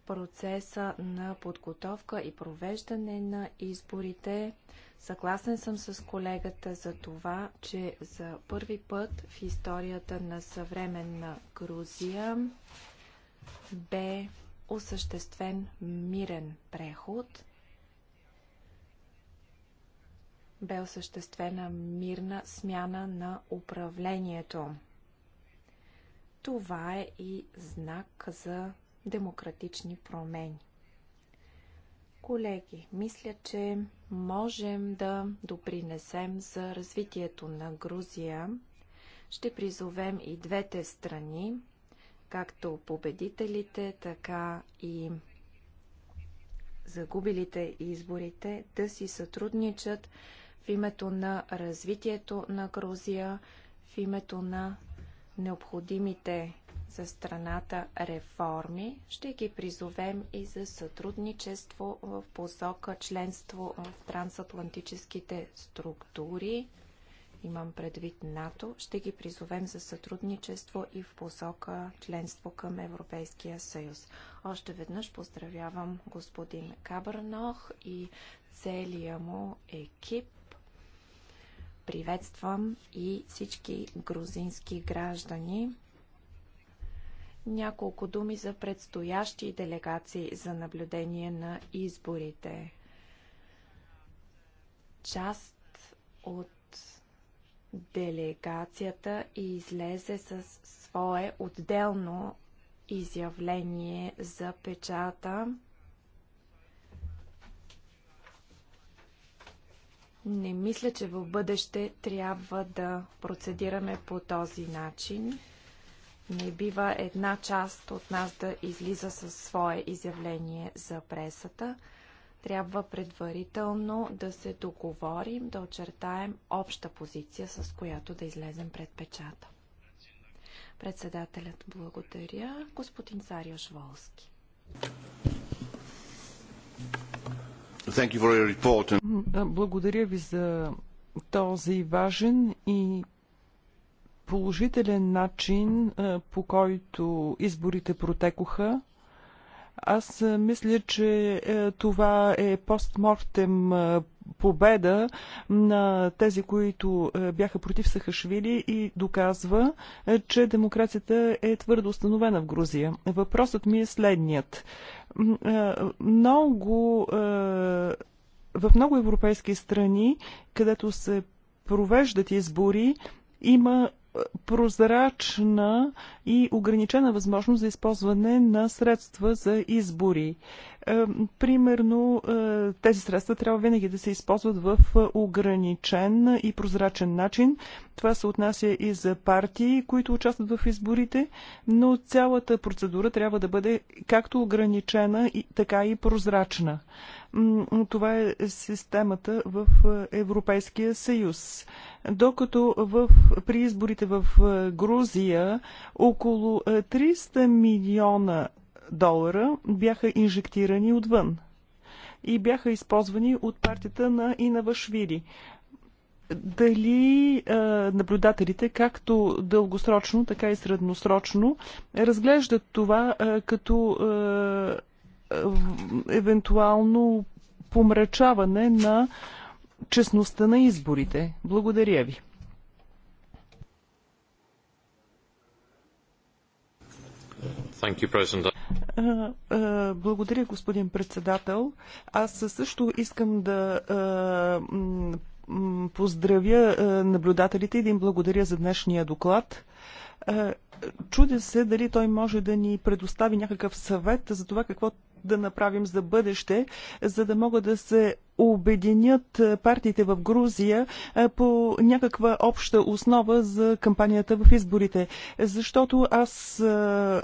процеса на подготовка и провеждане на изборите. Съгласен съм с колегата за това, че за първи път в историята на съвременна Грузия бе осъществен мирен преход. бе осъществена мирна смяна на управлението. Това е и знак за демократични промени. Колеги, мисля, че можем да допринесем за развитието на Грузия. Ще призовем и двете страни, както победителите, така и загубилите изборите, да си сътрудничат в името на развитието на Грузия, в името на необходимите за страната реформи, ще ги призовем и за сътрудничество в посока членство в трансатлантическите структури, имам предвид НАТО, ще ги призовем за сътрудничество и в посока членство към Европейския съюз. Още веднъж поздравявам господин Кабърнох и целия му екип. Приветствам и всички грузински граждани. Няколко думи за предстоящи делегации за наблюдение на изборите. Част от делегацията и излезе с свое отделно изявление за печата. Не мисля, че в бъдеще трябва да процедираме по този начин. Не бива една част от нас да излиза със свое изявление за пресата. Трябва предварително да се договорим, да очертаем обща позиция, с която да излезем пред печата. Председателят благодаря. Господин Сариош Волски.
Благодаря ви за този важен и положителен начин, по който изборите протекоха. Аз мисля, че това е постмортем победа на тези, които е, бяха против Сахашвили и доказва, е, че демокрацията е твърдо установена в Грузия. Въпросът ми е следният. Е, много, в много европейски страни, където се провеждат избори, има прозрачна и ограничена възможност за използване на средства за избори. Е, примерно, е, тези средства трябва винаги да се използват в е, ограничен и прозрачен начин. Това се отнася и за партии, които участват в изборите, но цялата процедура трябва да бъде както ограничена, така и прозрачна. Това е системата в е, Европейския съюз. Докато в, при изборите в е, Грузия около 300 е, милиона долара бяха инжектирани отвън и бяха използвани от партията на Инавашвили. Дали е, наблюдателите, както дългосрочно, така и средносрочно, разглеждат това е, като е, евентуално помрачаване на честността на изборите. Благодаря ви. You, е, е, Благодаря, господин председател. Аз също искам да поздравя наблюдателите и да им благодаря за днешния доклад. Чудя се дали той може да ни предостави някакъв съвет за това какво да направим за бъдеще, за да могат да се обединят партиите в Грузия по някаква обща основа за кампанията в изборите. Защото аз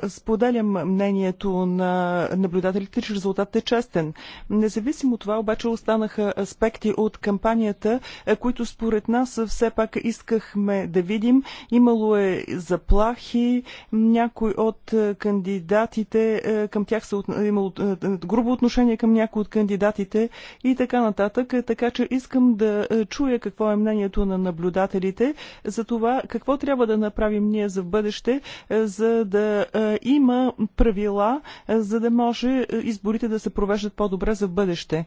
споделям мнението на наблюдателите, че резултатът е честен. Независимо това, обаче останаха аспекти от кампанията, които според нас все пак искахме да видим. Имало е заплахи, някой от кандидатите към тях са имало грубо отношение към някои от кандидатите и така нататък, така че искам да е, чуя какво е мнението на наблюдателите за това какво трябва да направим ние за бъдеще, е, за да е, има правила, за да може изборите да се провеждат по-добре за бъдеще.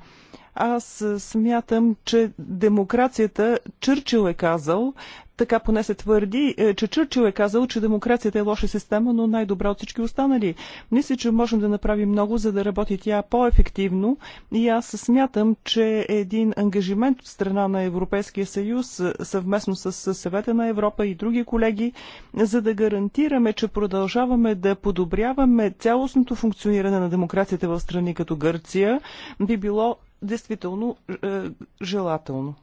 Аз смятам, че демокрацията, Чърчил е казал, така поне се твърди, е, че Чърчил е казал, че демокрацията е лоша система, но най-добра от всички останали. Мисля, че можем да направим много, за да работи тя по-ефективно и аз смятам, че един ангажимент от страна на Европейския съюз е, съвместно с Съвета на Европа и други колеги, за да гарантираме, че продължаваме да подобряваме цялостното функциониране на демокрацията в страни като Гърция, би било действително е, желателно.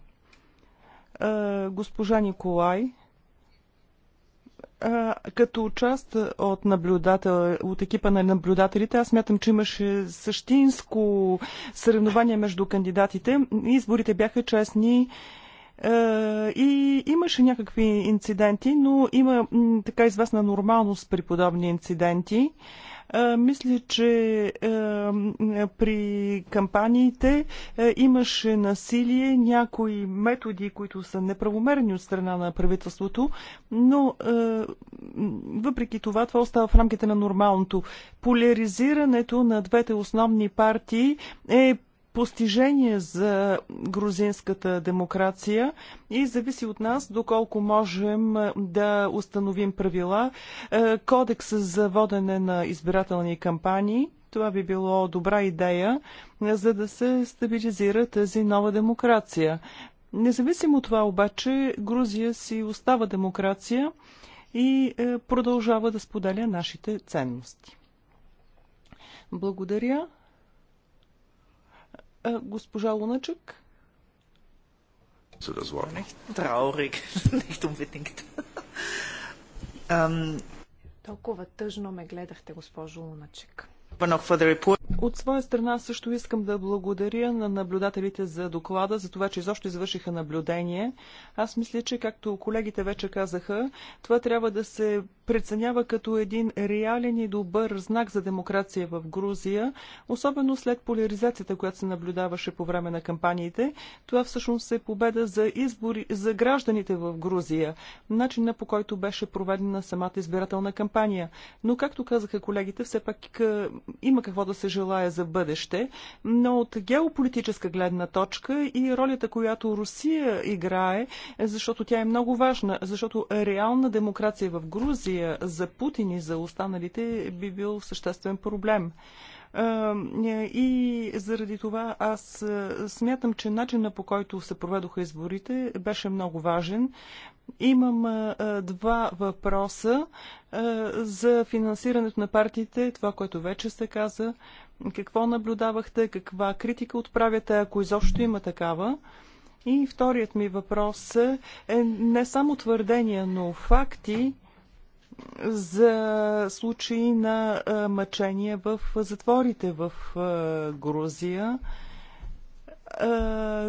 Е, госпожа Николай, е, като част от наблюдател, от екипа на наблюдателите, аз мятам, че имаше същинско съревнование между кандидатите. Изборите бяха честни е, и имаше някакви инциденти, но има така известна нормалност при подобни инциденти. Е, мисля, че е, при кампаниите е, имаше насилие, някои методи, които са неправомерни от страна на правителството, но въпреки това това остава в рамките на нормалното. Поляризирането на двете основни партии е постижение за грузинската демокрация и зависи от нас доколко можем да установим правила, кодекс за водене на избирателни кампании. Това би било добра идея, за да се стабилизира тази нова демокрация. Независимо от това обаче, Грузия си остава демокрация и продължава да споделя нашите ценности. Благодаря. Госпожа Луначък? Траурик, нещо unbedingt.
Толкова тъжно ме гледахте, госпожо Луначек.
От своя страна също искам да благодаря на наблюдателите за доклада, за това, че изобщо извършиха наблюдение. Аз мисля, че, както колегите вече казаха, това трябва да се преценява като един реален и добър знак за демокрация в Грузия, особено след поляризацията, която се наблюдаваше по време на кампаниите. Това всъщност е победа за избори за гражданите в Грузия, начина по който беше проведена самата избирателна кампания. Но, както казаха колегите, все пак е, има какво да се желая за бъдеще, но от геополитическа гледна точка и ролята, която Русия играе, защото тя е много важна, защото реална демокрация в Грузия за Путин и за останалите би бил съществен проблем. И заради това аз смятам, че начина по който се проведоха изборите беше много важен. Имам а, два въпроса а, за финансирането на партиите, това, което вече се каза. Какво наблюдавахте, каква критика отправяте, ако изобщо има такава? И вторият ми въпрос е не само твърдения, но факти за случаи на мъчения в затворите в Грузия.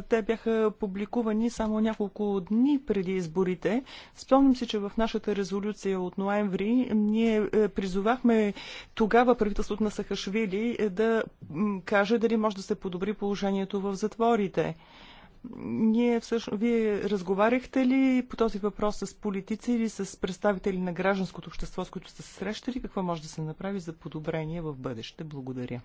Те бяха публикувани само няколко дни преди изборите. Спомням си, че в нашата резолюция от ноември ние е, призовахме тогава правителството на Сахашвили е, да каже дали може да се подобри положението в затворите. Ние всъщност, вие разговаряхте ли по този въпрос с политици или с представители на гражданското общество, с които сте се срещали? Какво може да се направи за подобрение в бъдеще? Благодаря.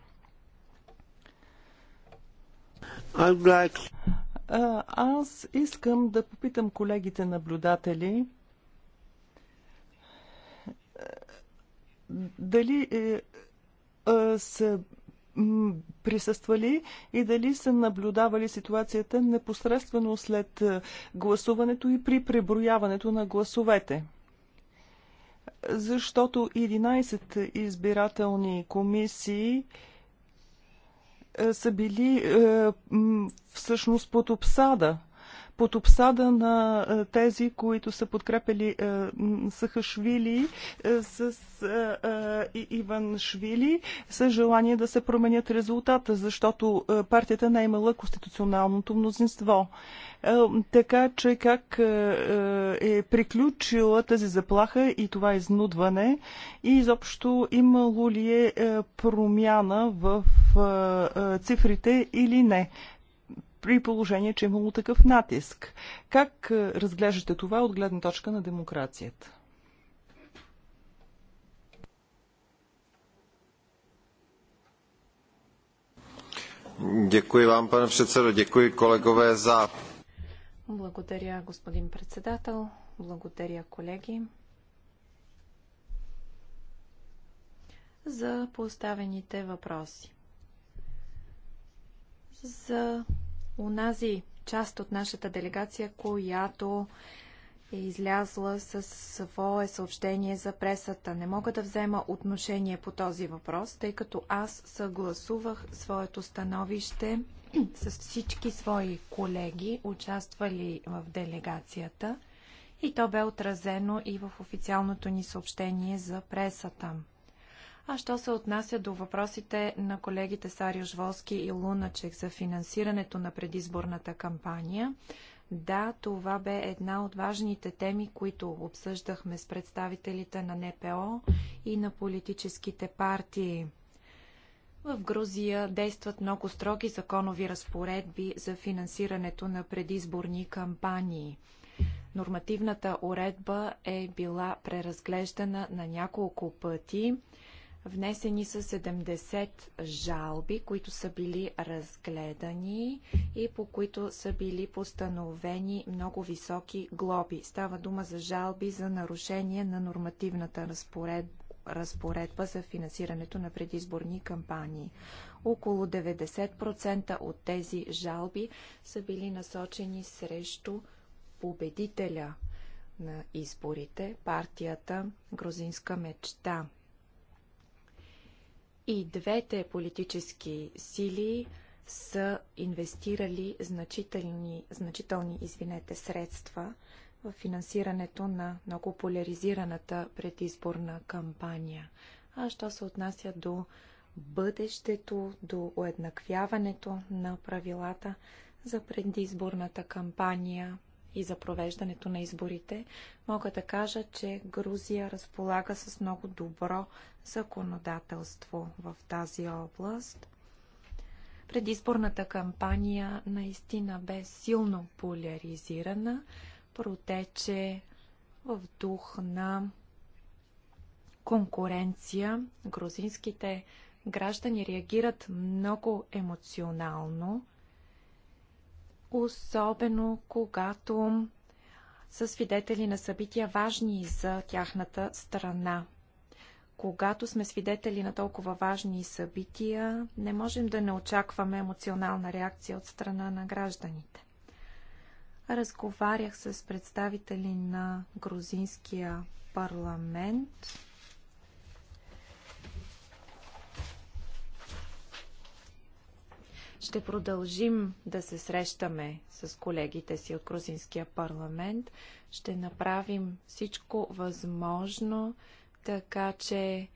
Аз искам да попитам колегите наблюдатели е, дали е, е, са присъствали и дали са наблюдавали ситуацията непосредствено след гласуването и при преброяването на гласовете. Защото 11 избирателни комисии е, са били е, всъщност под обсада под обсада на е, тези, които са подкрепили Сахашвили с Иван Швили, с желание да се променят резултата, защото партията не е имала конституционалното мнозинство. Така че как е приключила тази заплаха и това изнудване и изобщо имало ли е промяна в цифрите или не при положение, че е имало такъв натиск. Как разглеждате това от гледна точка на демокрацията? Děkuji vám, pane předsedo, děkuji kolegové
za... Благодаря, господин председател. Благодаря, колеги. За поставените въпроси за унази част от нашата делегация, която е излязла с свое съобщение за пресата. Не мога да взема отношение по този въпрос, тъй като аз съгласувах своето становище с всички свои колеги, участвали в делегацията, и то бе отразено и в официалното ни съобщение за пресата. А що се отнася до въпросите на колегите Сарио Жволски и Луначек за финансирането на предизборната кампания, да, това бе една от важните теми, които обсъждахме с представителите на НПО и на политическите партии. В Грузия действат много строги законови разпоредби за финансирането на предизборни кампании. Нормативната уредба е била преразглеждана на няколко пъти. Внесени са 70 жалби, които са били разгледани и по които са били постановени много високи глоби. Става дума за жалби за нарушение на нормативната разпоредба разпоредба за финансирането на предизборни кампании. Около 90% от тези жалби са били насочени срещу победителя на изборите, партията Грузинска мечта. И двете политически сили са инвестирали значителни, значителни извинете, средства в финансирането на много поляризираната предизборна кампания. А що се отнася до бъдещето, до уеднаквяването на правилата за предизборната кампания, и за провеждането на изборите, мога да кажа, че Грузия разполага с много добро законодателство в тази област. Предизборната кампания наистина бе силно поляризирана, протече в дух на конкуренция. Грузинските граждани реагират много емоционално особено когато са свидетели на събития важни за тяхната страна. Когато сме свидетели на толкова важни събития, не можем да не очакваме емоционална реакция от страна на гражданите. Разговарях с представители на грузинския парламент Ще продължим да се срещаме с колегите си от Грузинския парламент. Ще направим всичко възможно, така че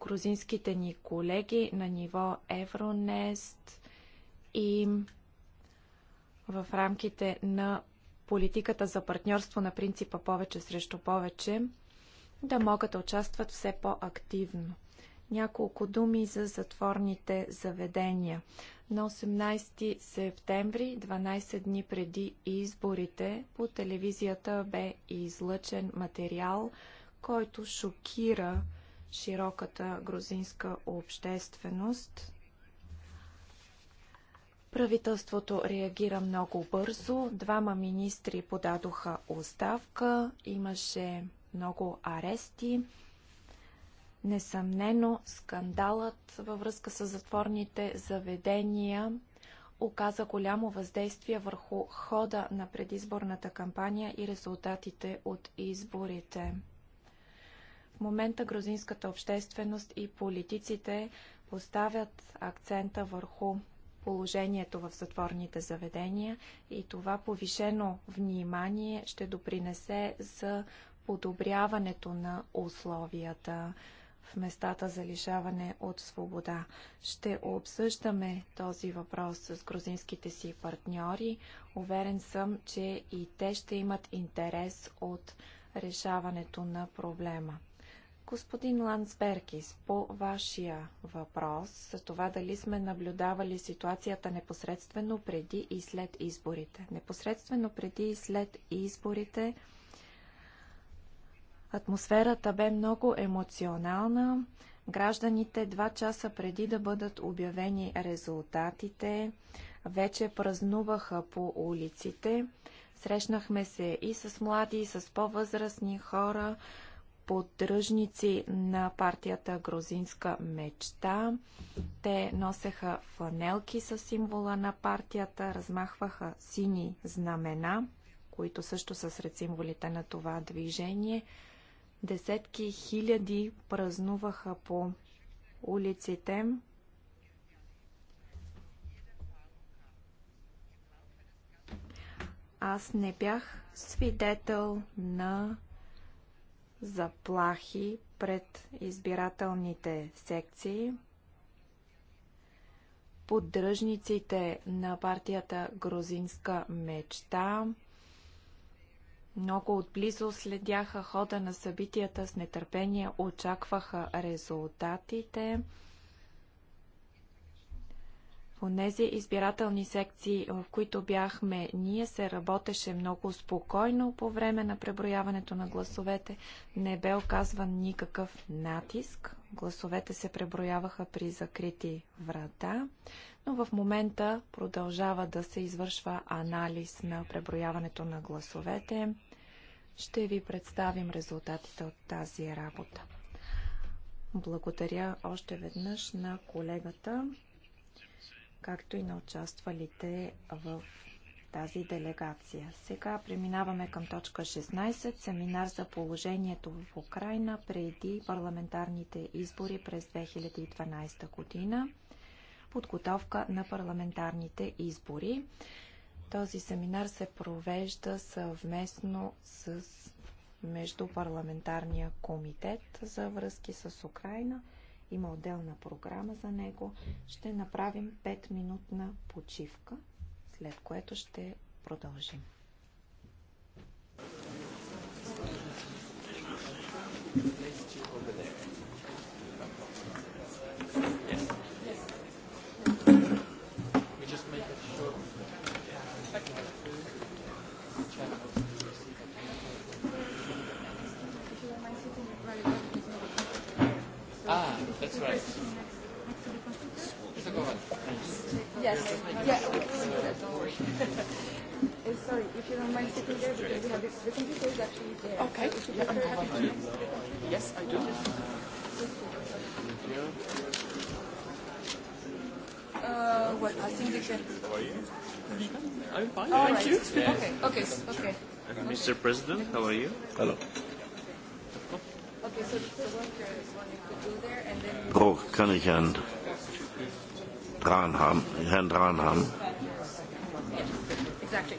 грузинските ни колеги на ниво Евронест и в рамките на политиката за партньорство на принципа повече срещу повече да могат да участват все по-активно. Няколко думи за затворните заведения. На 18 септември, 12 дни преди изборите, по телевизията бе излъчен материал, който шокира широката грузинска общественост. Правителството реагира много бързо. Двама министри подадоха оставка. Имаше много арести. Несъмнено, скандалът във връзка с затворните заведения оказа голямо въздействие върху хода на предизборната кампания и резултатите от изборите. В момента грузинската общественост и политиците поставят акцента върху положението в затворните заведения и това повишено внимание ще допринесе за подобряването на условията в местата за лишаване от свобода. Ще обсъждаме този въпрос с грузинските си партньори. Уверен съм, че и те ще имат интерес от решаването на проблема. Господин Лансберкис, по вашия въпрос за това дали сме наблюдавали ситуацията непосредствено преди и след изборите. Непосредствено преди и след изборите – Атмосферата бе много емоционална. Гражданите два часа преди да бъдат обявени резултатите вече празнуваха по улиците. Срещнахме се и с млади, и с по-възрастни хора, поддръжници на партията Грузинска мечта. Те носеха фанелки с символа на партията, размахваха сини знамена, които също са сред символите на това движение – Десетки хиляди празнуваха по улиците. Аз не бях свидетел на заплахи пред избирателните секции. Поддръжниците на партията Грузинска мечта много отблизо следяха хода на събитията с нетърпение, очакваха резултатите. В тези избирателни секции, в които бяхме, ние се работеше много спокойно по време на преброяването на гласовете. Не бе оказван никакъв натиск. Гласовете се преброяваха при закрити врата, но в момента продължава да се извършва анализ на преброяването на гласовете ще ви представим резултатите от тази работа. Благодаря още веднъж на колегата, както и на участвалите в тази делегация. Сега преминаваме към точка 16, семинар за положението в Украина преди парламентарните избори през 2012 година, подготовка на парламентарните избори. Този семинар се провежда съвместно с Междупарламентарния комитет за връзки с Украина. Има отделна програма за него. Ще направим 5-минутна почивка, след което ще продължим. Thank you.
Ah, that's right.
Yes. Yeah.
uh, sorry, if you don't mind sitting there, because we have the, computer is actually there. Okay. So if you prefer, happy to. Yes, I do. Thank you. Uh, what? I think you can.
I'm fine, thank you. Okay, okay, okay. Mr. President, how are you? Hello.
Okay, so the worker is one you there, and then. Oh,
kann ich Herrn Dran haben? Herrn Dran haben? Exactly.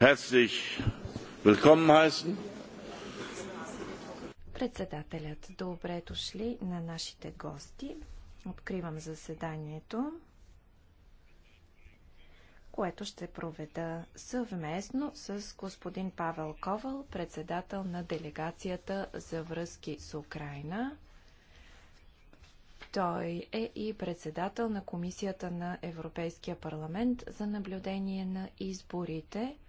herzlich willkommen heißen.
Председателят, добре дошли на нашите гости. Откривам заседанието, което ще проведа съвместно с господин Павел Ковал, председател на делегацията за връзки с Украина. Той е и председател на Комисията на Европейския парламент за наблюдение на изборите –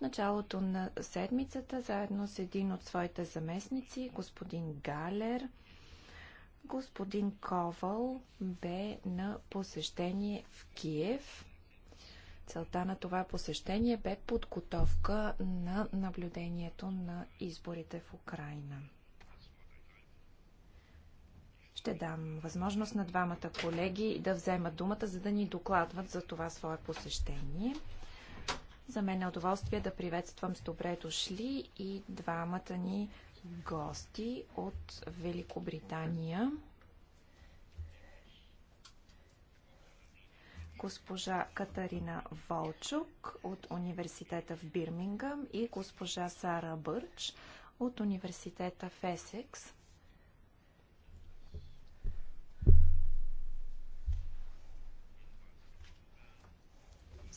началото на седмицата, заедно с един от своите заместници, господин Галер, господин Ковал бе на посещение в Киев. Целта на това посещение бе подготовка на наблюдението на изборите в Украина. Ще дам възможност на двамата колеги да вземат думата, за да ни докладват за това свое посещение. За мен е удоволствие да приветствам с добре дошли и двамата ни гости от Великобритания. Госпожа Катарина Волчук от университета в Бирмингъм и госпожа Сара Бърч от университета в Есекс.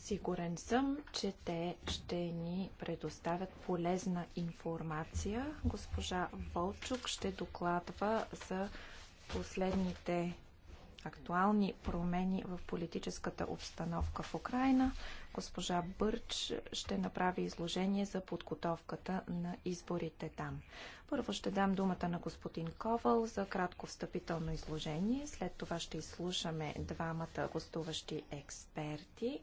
Сигурен съм, че те ще ни предоставят полезна информация. Госпожа Волчук ще докладва за последните актуални промени в политическата обстановка в Украина. Госпожа Бърч ще направи изложение за подготовката на изборите там. Първо ще дам думата на господин Ковал за кратко встъпително изложение. След това ще изслушаме двамата гостуващи експерти.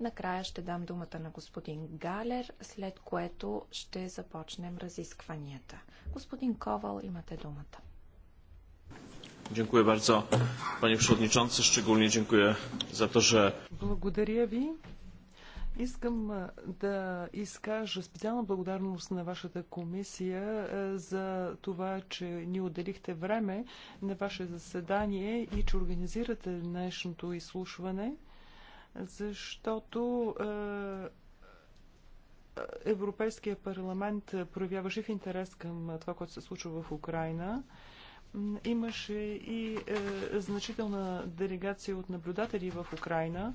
Накрая ще дам думата на господин Галер, след което ще започнем разискванията. Господин Ковал, имате думата.
Dziękuję bardzo, panie przewodniczący. Szczególnie dziękuję za to, że...
Благодаря ви. Искам да изкажа специална благодарност на вашата комисия за това, че ни отделихте време на ваше заседание и че организирате днешното изслушване защото е, е, Европейския парламент проявяваше в интерес към е, това, което се случва в Украина. Имаше и е, значителна делегация от наблюдатели в Украина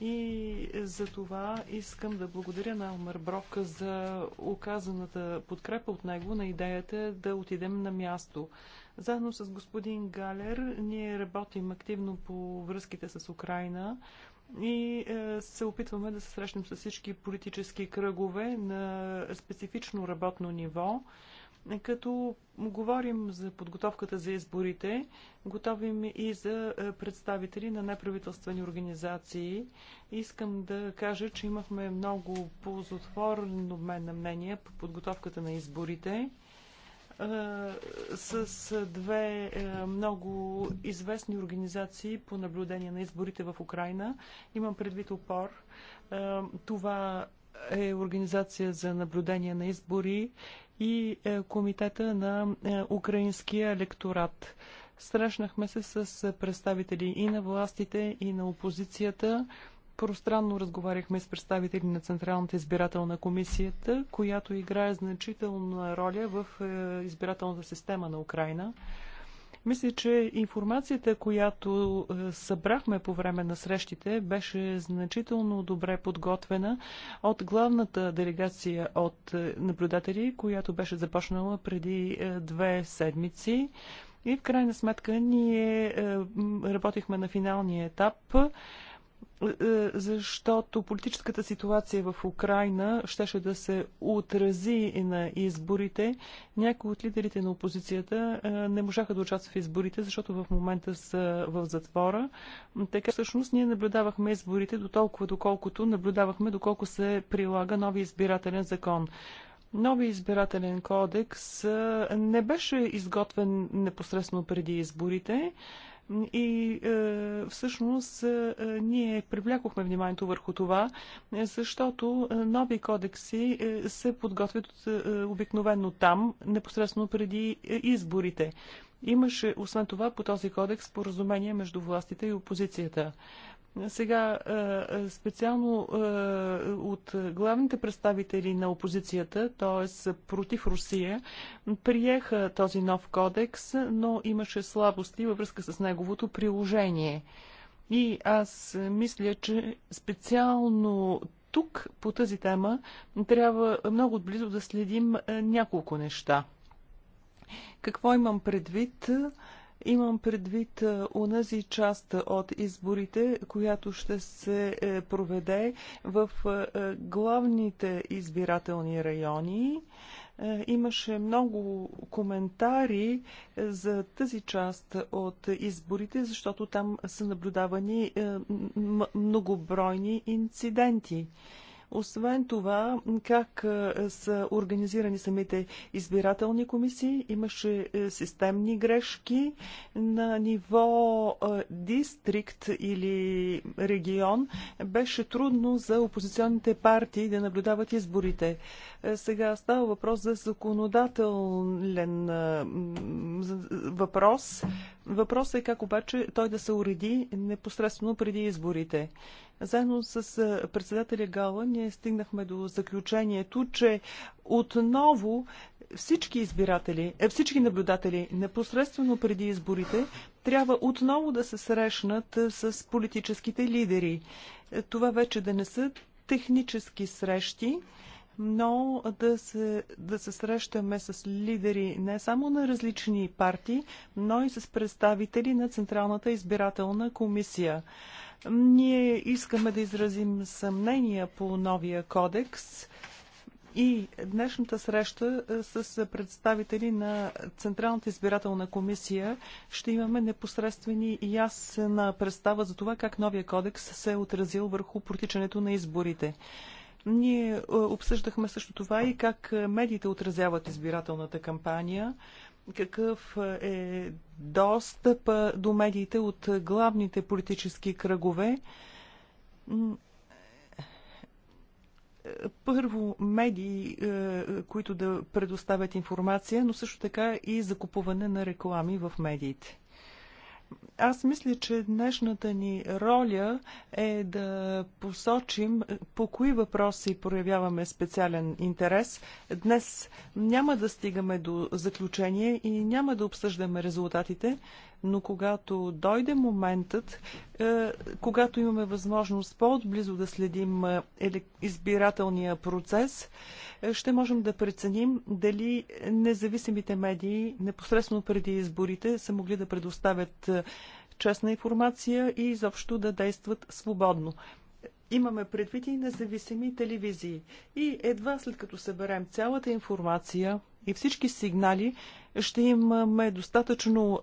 и за това искам да благодаря на Алмар Брок за оказаната подкрепа от него на идеята да отидем на място. Заедно с господин Галер ние работим активно по връзките с Украина и е, се опитваме да се срещнем с всички политически кръгове на специфично работно ниво. Като говорим за подготовката за изборите, готовим и за е, представители на неправителствени организации. Искам да кажа, че имахме много ползотворен обмен на мнения по подготовката на изборите. Е, с е, две е, много известни организации по наблюдение на изборите в Украина. Имам предвид опор. Това е Организация за наблюдение на избори и Комитета на Украинския електорат. Срещнахме се с представители и на властите, и на опозицията. Пространно разговаряхме с представители на Централната избирателна комисията, която играе значителна роля в е, избирателната система на Украина. Мисля, че информацията, която е, събрахме по време на срещите, беше значително добре подготвена от главната делегация от е, наблюдатели, която беше започнала преди две седмици. И в крайна сметка ние работихме на финалния етап. Е, е, защото политическата ситуация в Украина щеше да се отрази на изборите. Някои от лидерите на опозицията е, не можаха да участват в изборите, защото в момента са в затвора. Така всъщност ние наблюдавахме изборите до толкова, доколкото наблюдавахме доколко се прилага нови избирателен закон. Нови избирателен кодекс не беше изготвен непосредствено преди изборите. И е, всъщност е, ние привлякохме вниманието върху това, е, защото нови кодекси се подготвят обикновено там, непосредствено преди изборите. Имаше, освен това, по този кодекс споразумение между властите и опозицията. Сега, е, е, специално е, от главните представители на опозицията, т.е. против Русия, приеха този нов кодекс, но имаше слабости във връзка с неговото приложение. И аз мисля, че специално тук по тази тема трябва много отблизо да следим няколко неща. Какво имам предвид? Имам предвид е, унази част от изборите, която ще се е, проведе в е, главните избирателни райони. Имаше много коментари за тази част от изборите, защото там са наблюдавани многобройни инциденти. Освен това, как са организирани самите избирателни комисии, имаше е, системни грешки на ниво дистрикт или регион. Беше трудно за опозиционните партии да наблюдават изборите. Е, сега става въпрос за законодателен въпрос. Въпросът е как обаче той да се уреди непосредствено преди изборите. Заедно с председателя Гала ние стигнахме до заключението, че отново всички избиратели, е, всички наблюдатели непосредствено преди изборите трябва отново да се срещнат с политическите лидери. Е, това вече да не са технически срещи, но да се, да се срещаме с лидери не само на различни партии, но и с представители на Централната избирателна комисия. Ние искаме да изразим съмнения по новия кодекс и днешната среща е, с представители на Централната избирателна комисия ще имаме непосредствени и ясна представа за това как новия кодекс се е отразил върху протичането на изборите. Ние е, обсъждахме също това и как е, медиите отразяват избирателната кампания, какъв е достъп до медиите от главните политически кръгове. Е, първо, медии, които да предоставят информация, но също така и закупуване на реклами в медиите. Аз мисля, че днешната ни роля е да посочим е, по кои въпроси проявяваме специален интерес. Днес няма да стигаме до заключение и няма да обсъждаме резултатите но когато дойде моментът, е, когато имаме възможност по-отблизо да следим е, избирателния процес, е, ще можем да преценим дали независимите медии непосредствено преди изборите са могли да предоставят честна информация и изобщо да действат свободно. Имаме предвид и независими телевизии. И едва след като съберем цялата информация и всички сигнали, ще имаме достатъчно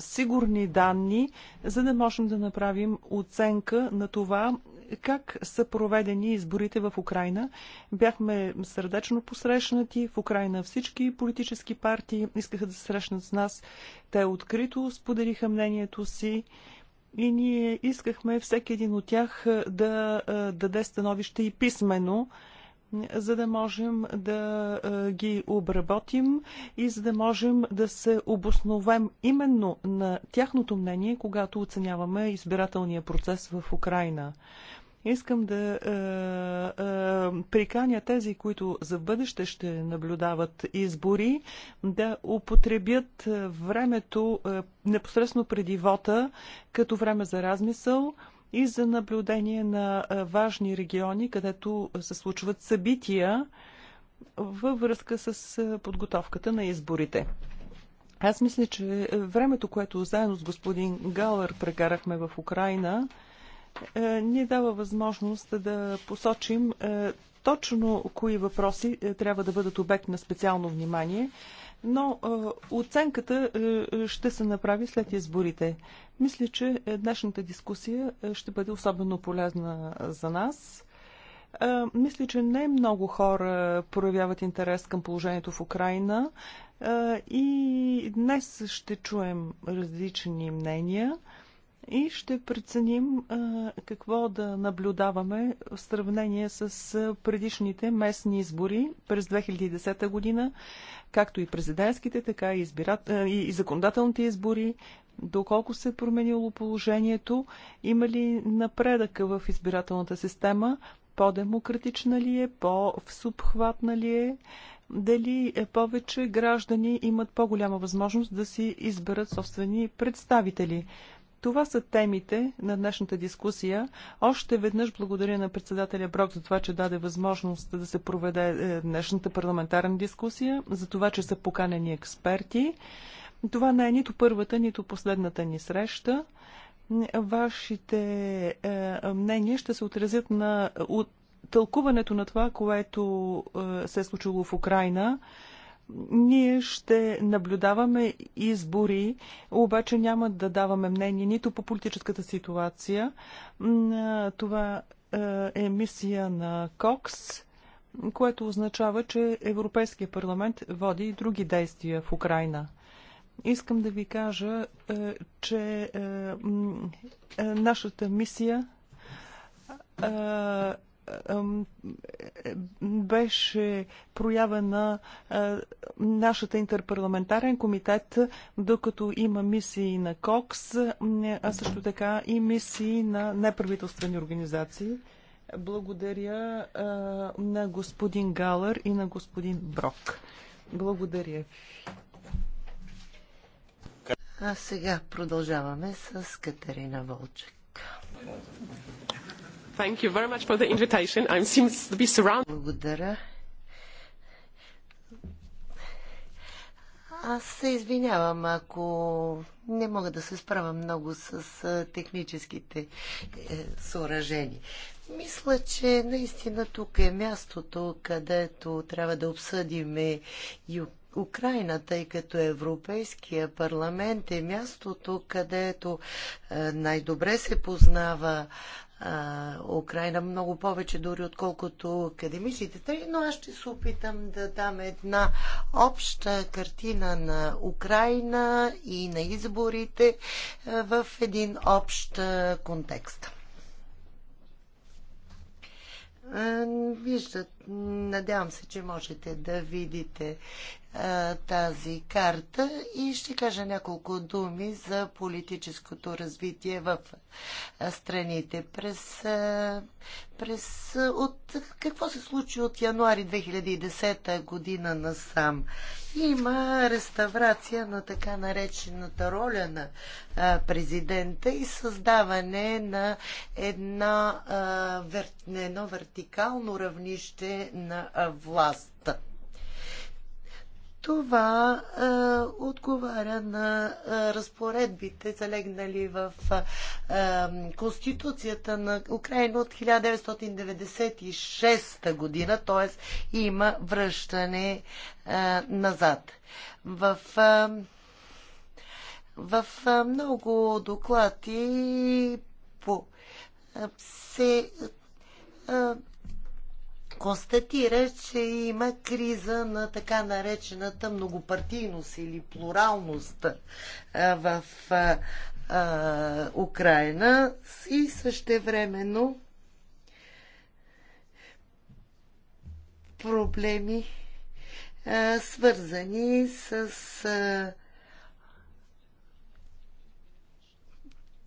сигурни данни, за да можем да направим оценка на това как са проведени изборите в Украина. Бяхме сърдечно посрещнати. В Украина всички политически партии искаха да се срещнат с нас. Те открито споделиха мнението си и ние искахме всеки един от тях да даде становище и писмено за да можем да ги обработим и за да можем да се обосновем именно на тяхното мнение, когато оценяваме избирателния процес в Украина. Искам да е, е, приканя тези, които за бъдеще ще наблюдават избори, да употребят времето е, непосредствено преди вота като време за размисъл, и за наблюдение на важни региони, където се случват събития във връзка с подготовката на изборите. Аз мисля, че времето, което заедно с господин Галър прекарахме в Украина, е, ни дава възможност да посочим е, точно кои въпроси е, трябва да бъдат обект на специално внимание но оценката ще се направи след изборите. Мисля, че е, днешната дискусия е, ще бъде особено полезна за нас. Мисля, че не много хора проявяват интерес към положението в Украина и днес ще чуем различни мнения и ще преценим какво да наблюдаваме в сравнение с предишните местни избори през 2010 година, както и президентските, така и, избират... и законодателните избори, доколко се е променило положението, има ли напредък в избирателната система, по-демократична ли е, по всубхватна ли е, дали е, повече граждани имат по-голяма възможност да си изберат собствени представители. Това са темите на днешната дискусия. Още веднъж благодаря на председателя Брок за това, че даде възможност да се проведе е, днешната парламентарна дискусия, за това, че са поканени експерти. Това не е нито първата, нито последната ни среща. Вашите е, мнения ще се отразят на тълкуването на това, което е, се е случило в Украина ние ще наблюдаваме избори, обаче няма да даваме мнение нито по политическата ситуация. Това е мисия на Кокс, което означава, че Европейския парламент води и други действия в Украина. Искам да ви кажа, че нашата мисия беше проява на нашата интерпарламентарен комитет, докато има мисии на КОКС, а също така и мисии на неправителствени организации. Благодаря на господин Галър и на господин Брок. Благодаря ви.
А сега продължаваме с Катерина Волчек. Благодаря. Аз се извинявам, ако не мога да се справя много с техническите е, съоръжения. Мисля, че наистина тук е мястото, където трябва да обсъдиме и Украина, тъй като Европейския парламент е мястото, където е, най-добре се познава Украина много повече дори отколкото академиците. Но аз ще се опитам да дам една обща картина на Украина и на изборите в един общ контекст. Виждат, надявам се, че можете да видите тази карта и ще кажа няколко думи за политическото развитие в страните. През, през от, какво се случи от януари 2010 година насам? Има реставрация на така наречената роля на президента и създаване на една, едно вертикално равнище на власт. Това е, отговаря на е, разпоредбите, залегнали в е, Конституцията на Украина от 1996 година, т.е. има връщане е, назад. В, е, в е, много доклади по, е, се е, констатира, че има криза на така наречената многопартийност или плуралност в Украина и същевременно проблеми свързани с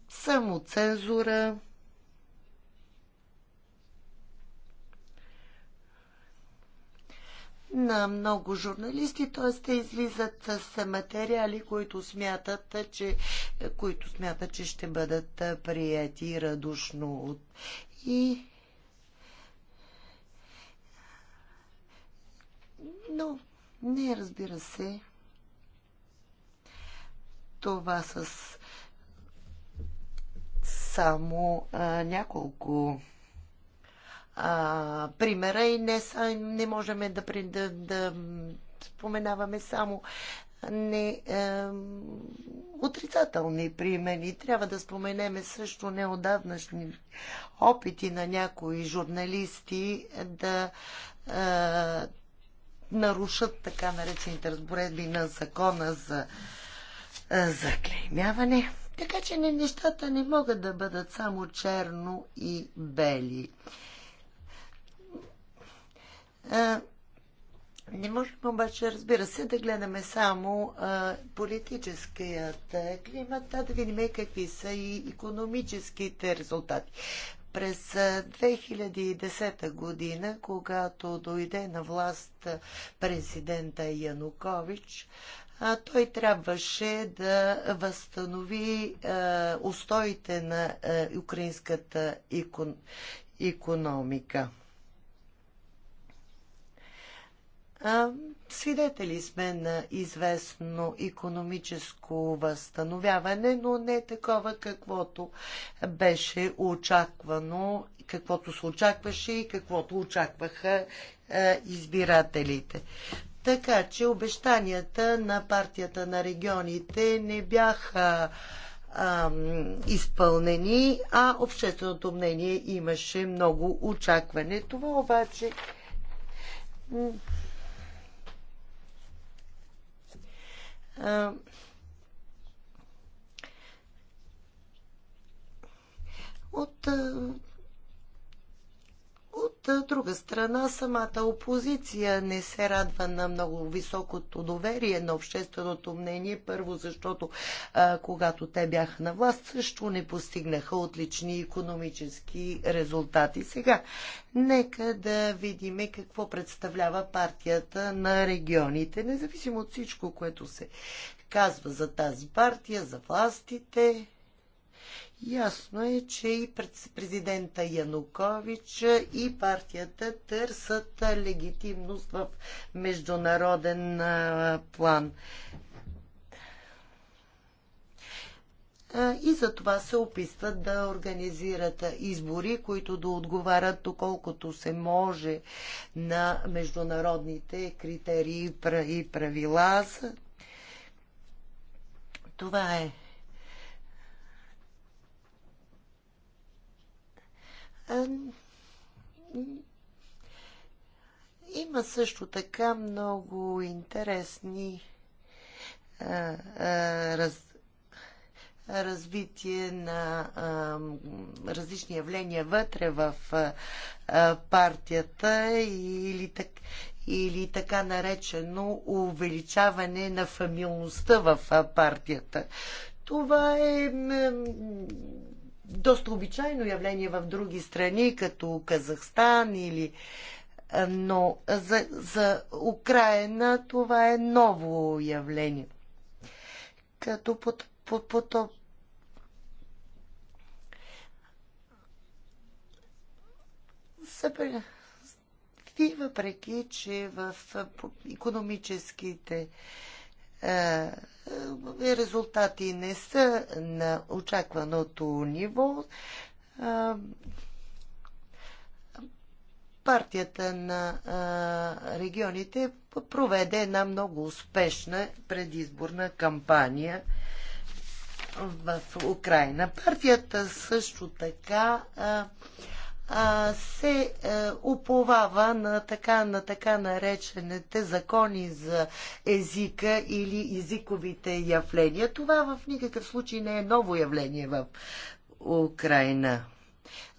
самоцензура, на много журналисти, т.е. те излизат с материали, които смятат, че, които смятат, че ще бъдат прияти радушно. И Но не, разбира се, това с само а, няколко а, примера и не, не можем да, да, да споменаваме само не, е, отрицателни примери. Трябва да споменеме също неодавнашни опити на някои журналисти да е, нарушат така наречените разпоредби на закона за е, заклеймяване. Така че не, нещата не могат да бъдат само черно и бели. Е, не можем обаче, разбира се, да гледаме само а, политическият климат, а да видим какви са и економическите резултати. През 2010 година, когато дойде на власт президента Янукович, а, той трябваше да възстанови а, устоите на а, украинската економика. Свидетели сме на известно економическо възстановяване, но не такова каквото беше очаквано, каквото се очакваше и каквото очакваха е, избирателите. Така че обещанията на партията на регионите не бяха изпълнени, а общественото мнение имаше много очакване. Това обаче От от друга страна, самата опозиция не се радва на много високото доверие на общественото мнение, първо защото а, когато те бяха на власт, също не постигнаха отлични економически резултати. Сега, нека да видим какво представлява партията на регионите, независимо от всичко, което се казва за тази партия, за властите, Ясно е, че и президента Янукович и партията търсят легитимност в международен план. и за това се опитват да организират избори, които да отговарят доколкото се може на международните критерии и правила. Това е Има също така много интересни раз, развитие на различни явления вътре в партията или, так, или така наречено увеличаване на фамилността в партията. Това е доста обичайно явление в други страни, като Казахстан или но за, за Украина това е ново явление. Като под, под, под, И въпреки, че в економическите е, е, резултати не са на очакваното ниво. Е, партията на регионите проведе една много успешна предизборна кампания в Украина. Партията също така се е, уповава на така, на така наречените закони за езика или езиковите явления. Това в никакъв случай не е ново явление в Украина.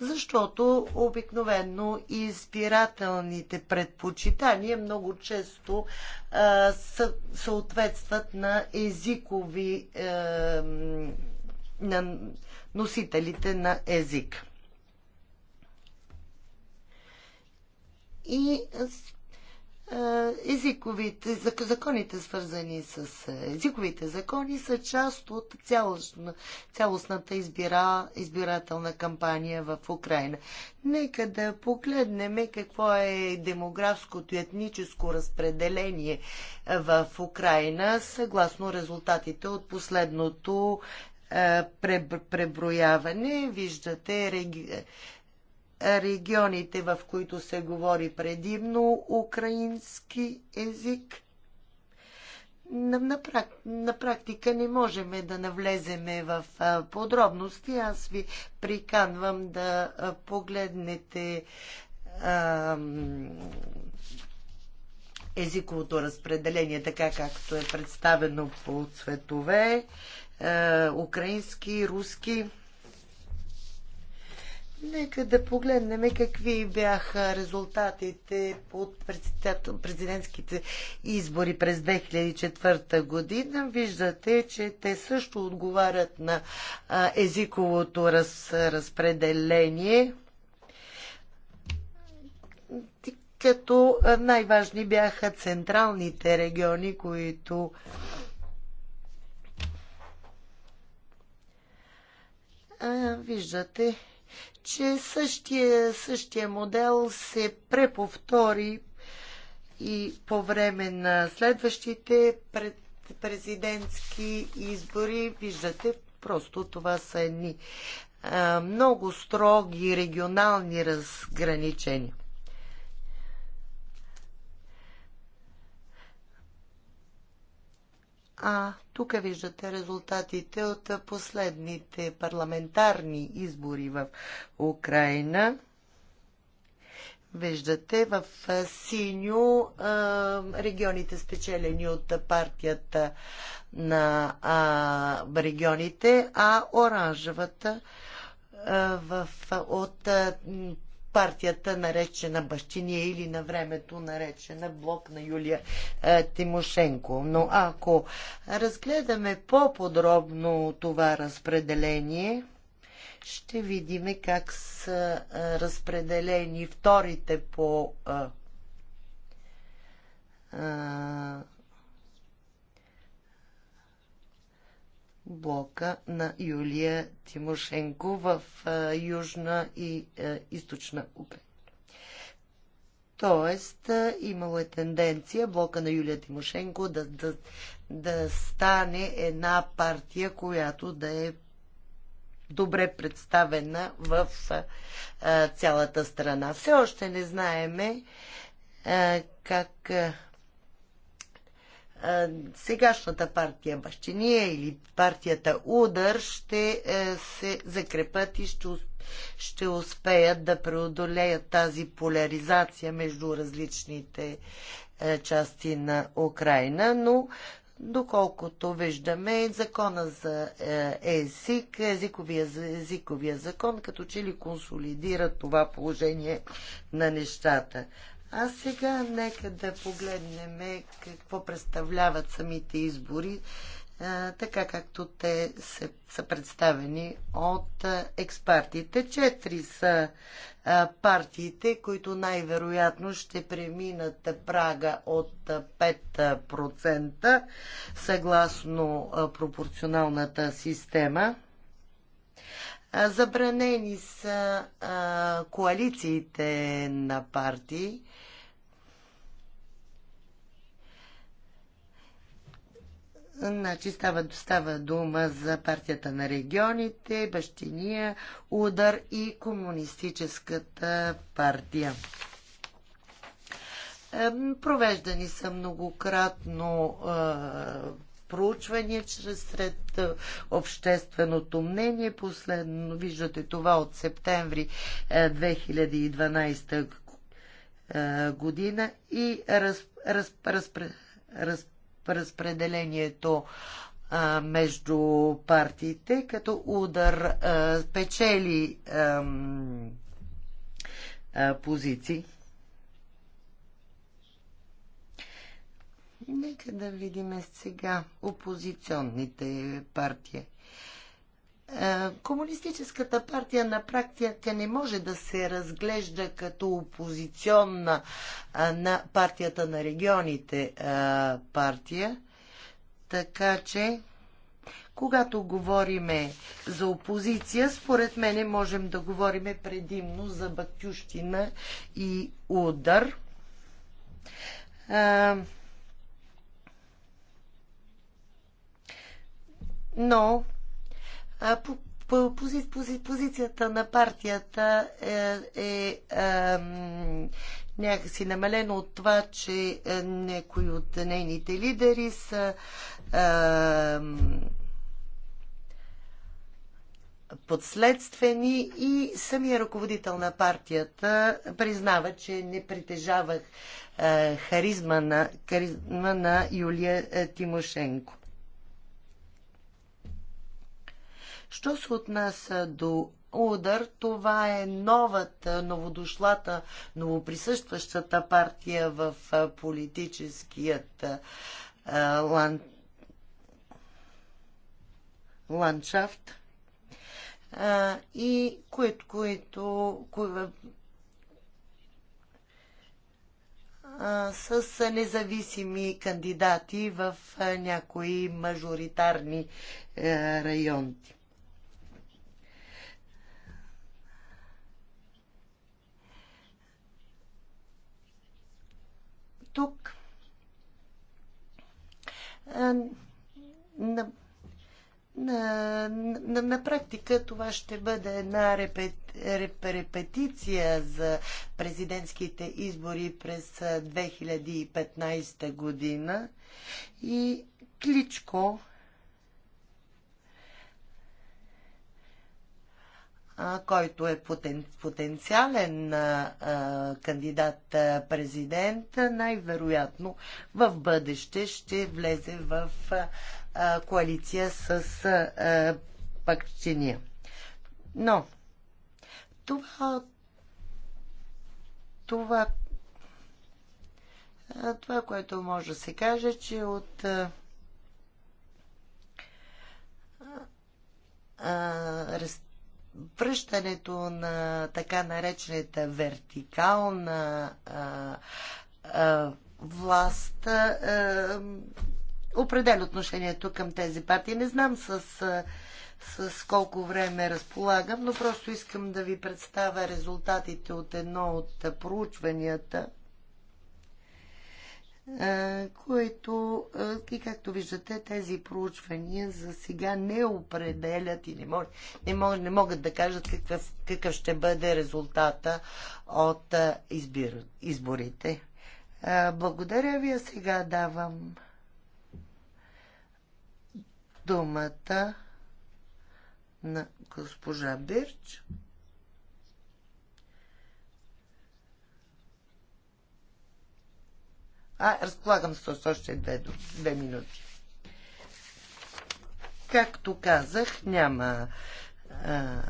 Защото обикновенно избирателните предпочитания много често а, съответстват на езикови а, на носителите на език. и езиковите, законите свързани с езиковите закони са част от цялостна, цялостната избира, избирателна кампания в Украина. Нека да погледнем какво е демографското и етническо разпределение в Украина съгласно резултатите от последното преброяване. Виждате реги регионите, в които се говори предимно украински език. На, на, на практика не можем да навлеземе в подробности. Аз ви приканвам да погледнете а, езиковото разпределение, така както е представено по цветове, а, украински, руски. Нека да погледнем какви бяха резултатите от президентските избори през 2004 година. Виждате, че те също отговарят на езиковото раз, разпределение. Като най-важни бяха централните региони, които а, виждате че същия, същия модел се преповтори и по време на следващите пред президентски избори. Виждате, просто това са едни много строги регионални разграничения. А тук виждате резултатите от последните парламентарни избори в Украина. Виждате в синьо регионите спечелени от партията на регионите, а оранжевата в, от партията наречена бащиния или на времето наречена блок на Юлия е, Тимошенко. Но ако разгледаме по-подробно това разпределение, ще видим как са е, разпределени вторите по е, е блока на Юлия Тимошенко в Южна и Източна Украина. Тоест, имало е тенденция блока на Юлия Тимошенко да, да, да стане една партия, която да е добре представена в а, цялата страна. Все още не знаеме а, как сегашната партия Бащиния е или партията Удар ще е, се закрепат и ще, ще успеят да преодолеят тази поляризация между различните е, части на Украина, но доколкото виждаме закона за език, езиковия, езиковия закон, като че ли консолидира това положение на нещата. А сега нека да погледнем какво представляват самите избори, така както те се, са представени от експертите. Четири са партиите, които най-вероятно ще преминат прага от 5% съгласно пропорционалната система. Забранени са коалициите на партии Значи става, става дума за партията на регионите, бащиния, удар и комунистическата партия. Провеждани са многократно проучвания чрез сред общественото мнение. Последно виждате това от септември 2012 е, година и раз, раз, раз, разпределението между партиите, като удар печели позиции. Нека да видим сега опозиционните партии. Е, комунистическата партия на практика не може да се разглежда като опозиционна е, на партията на регионите е, партия, така че когато говориме за опозиция, според мене можем да говориме предимно за бактющина и удар. но по, по, пози, пози, позицията на партията е, е, е някакси намалено от това, че е, някои от нейните лидери са е, подследствени и самия ръководител на партията признава, че не притежавах е, харизма на, харизма на Юлия е, Тимошенко. Що се отнася до удар, това е новата, новодошлата, новоприсъстващата партия в политическият лан... ландшафт и които, които, които с независими кандидати в някои мажоритарни райони. тук на, на, на, на практика това ще бъде една репет, реп, репетиция за президентските избори през 2015 година и Кличко който е потен, потенциален кандидат-президент, най-вероятно в бъдеще ще влезе в а, коалиция с а, Пакчиния. Е. Но това това това, което може да се каже, че от а, връщането на така наречената вертикална а, а, власт а, определя отношението към тези партии. Не знам с, с колко време разполагам, но просто искам да ви представя резултатите от едно от проучванията – което, и както виждате, тези проучвания за сега не определят и не, мож, не, мож, не могат да кажат какъв, какъв ще бъде резултата от избир, изборите. Благодаря ви, а сега давам думата на госпожа Бирч. А, разполагам с още две, две минути. Както казах, няма а,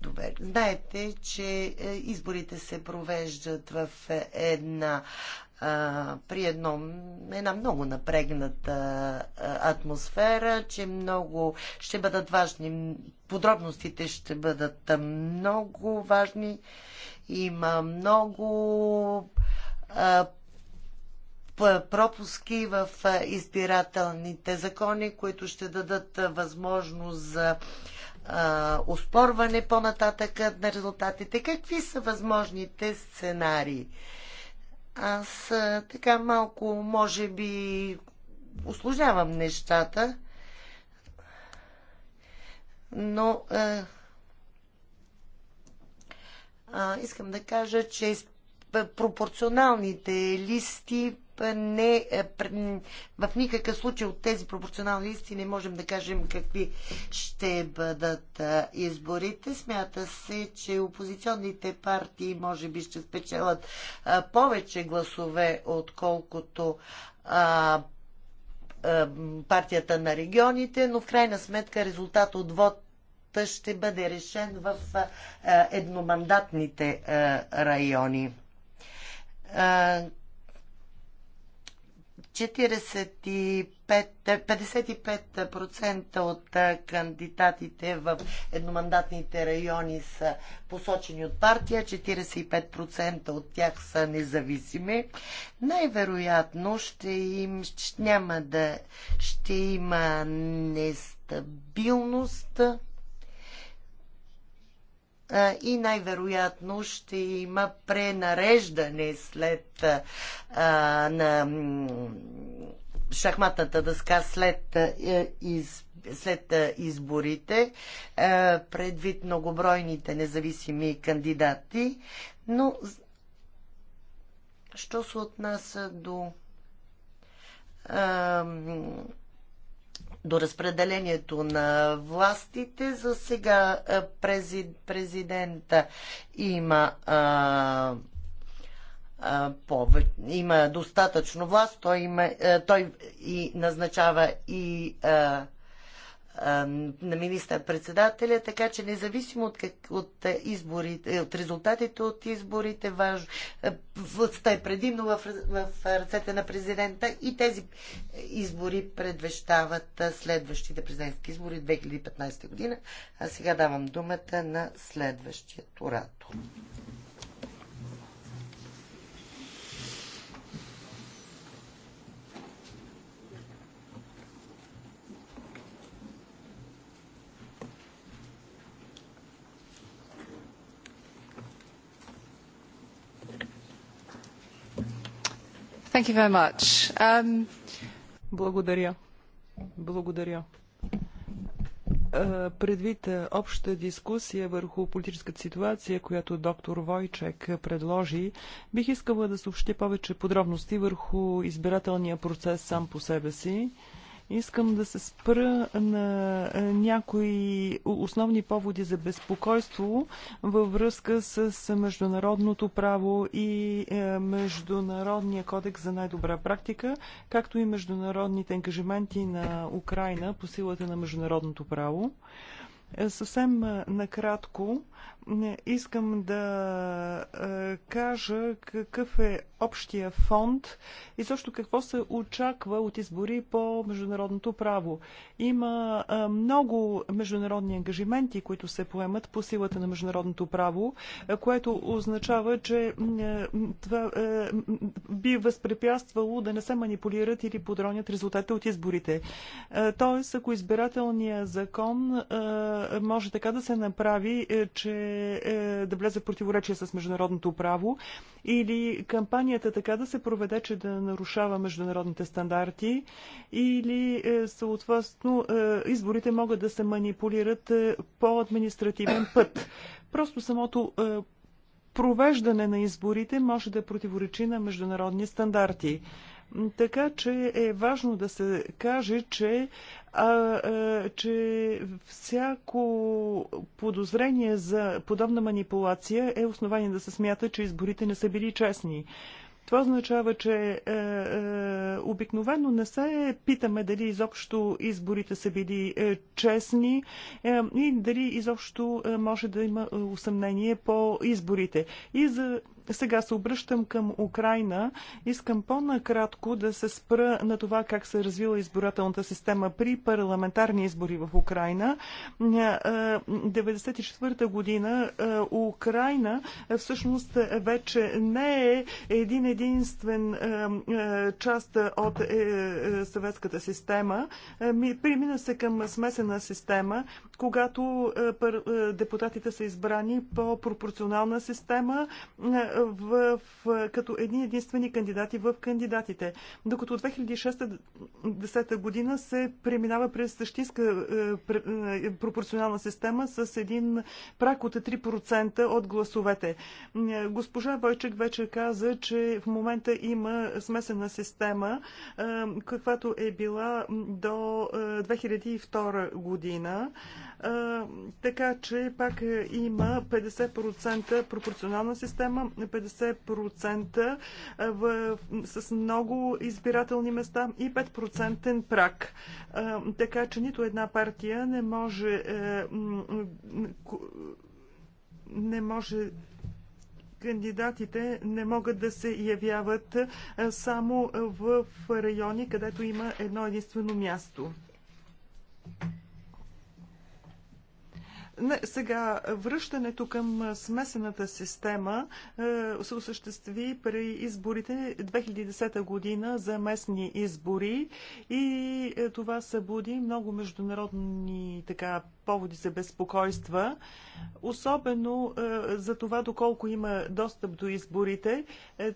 Добре. Знаете, че е, изборите се провеждат в една при едно, една много напрегната атмосфера, че много ще бъдат важни, подробностите ще бъдат много важни. Има много пропуски в избирателните закони, които ще дадат възможност за оспорване по-нататък на резултатите. Какви са възможните сценарии? Аз така малко, може би, услужавам нещата, но а, а, искам да кажа, че пропорционалните листи е, не, е, в никакъв случай от тези пропорционални листи не можем да кажем какви ще бъдат е, изборите. Смята се, че опозиционните партии може би ще спечелят повече гласове, отколкото партията на регионите, но в крайна сметка резултат от вод ще бъде решен в едномандатните райони. 45, 55% от кандидатите в едномандатните райони са посочени от партия, 45% от тях са независими. Най-вероятно ще им, няма да, ще има нестабилност и най-вероятно ще има пренареждане след а, на шахматната дъска след, из, след изборите, предвид многобройните независими кандидати, но що се отнася до до разпределението на властите. За сега е, президента има а, а, пове, има достатъчно власт, той, има, е, той и назначава и а, е, на министър-председателя, така че независимо от, как, от, е, изборите, е, от резултатите от изборите, важ, властта е предимно в, в ръцете на президента и тези избори предвещават е, следващите президентски избори 2015 година. А сега давам думата на следващия оратор.
Um, Благодаря. Е, предвид е, обща дискусия върху политическата ситуация, която доктор Войчек предложи, бих искала да съобщи повече подробности върху избирателния процес сам по себе си. Искам да се спра на е, някои основни поводи за безпокойство във връзка с е, международното право и е, Международния кодекс за най-добра практика, както и международните ангажименти на Украина по силата на международното право. Съвсем накратко искам да е, кажа какъв е общия фонд и също какво се очаква от избори по международното право. Има е, много международни ангажименти, които се поемат по силата на международното право, е, което означава, че това би възпрепятствало да не се манипулират или подронят резултата от изборите. Тоест, ако избирателният закон може така да се направи, че е, да влезе в противоречие с международното право или кампанията така да се проведе, че да нарушава международните стандарти или е, съответно е, изборите могат да се манипулират е, по административен път. Просто самото е, провеждане на изборите може да противоречи на международни стандарти. Така че е важно да се каже, че, а, а, че всяко подозрение за подобна манипулация е основание да се смята, че изборите не са били честни. Това означава, че е, е, обикновено не се питаме дали изобщо изборите са били е, честни е, и дали изобщо е, може да има е, усъмнение по изборите. И за сега се обръщам към Украина. Искам по-накратко да се спра на това как се развила избирателната система при парламентарни избори в Украина. 1994 година Украина всъщност вече не е един единствен част от е, е, съветската система. Примина се към смесена система, когато депутатите са избрани по пропорционална система в, в, като едни единствени кандидати в кандидатите. Докато от 2006-2010 година се преминава през същинска е, е, пропорционална система с един прак от 3% от гласовете. Е, госпожа Бойчек вече каза, че в момента има смесена система, каквато е била до 2002 година. така че пак има 50% пропорционална система, 50% в, с много избирателни места и 5% прак. Така че нито една партия не може е, не може кандидатите не могат да се явяват е, само в райони, където има едно единствено място. Не, сега, връщането към смесената система е, се осъществи при изборите 2010 година за местни избори и е, това събуди много международни така, поводи за безпокойства, особено е, за това доколко има достъп до изборите,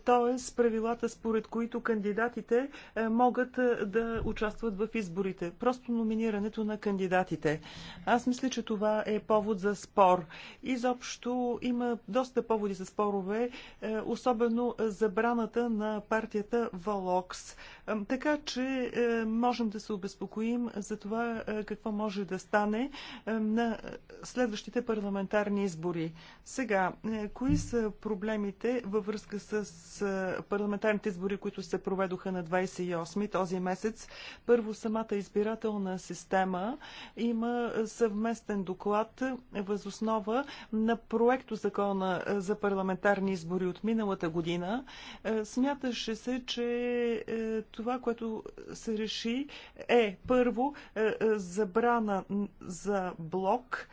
т.е. правилата според които кандидатите могат да участват в изборите. Просто номинирането на кандидатите. Аз мисля, че това е повод за спор. Изобщо има доста поводи за спорове, е, особено забраната на партията Волокс. Така че е, можем да се обезпокоим за това е, какво може да стане е, на следващите парламентарни избори. Сега, кои са проблемите във връзка с парламентарните избори, които се проведоха на 28 този месец? Първо, самата избирателна система има съвместен доклад възоснова на проекто закона за парламентарни избори от миналата година. Смяташе се, че това, което се реши е първо е, е, забрана за блок.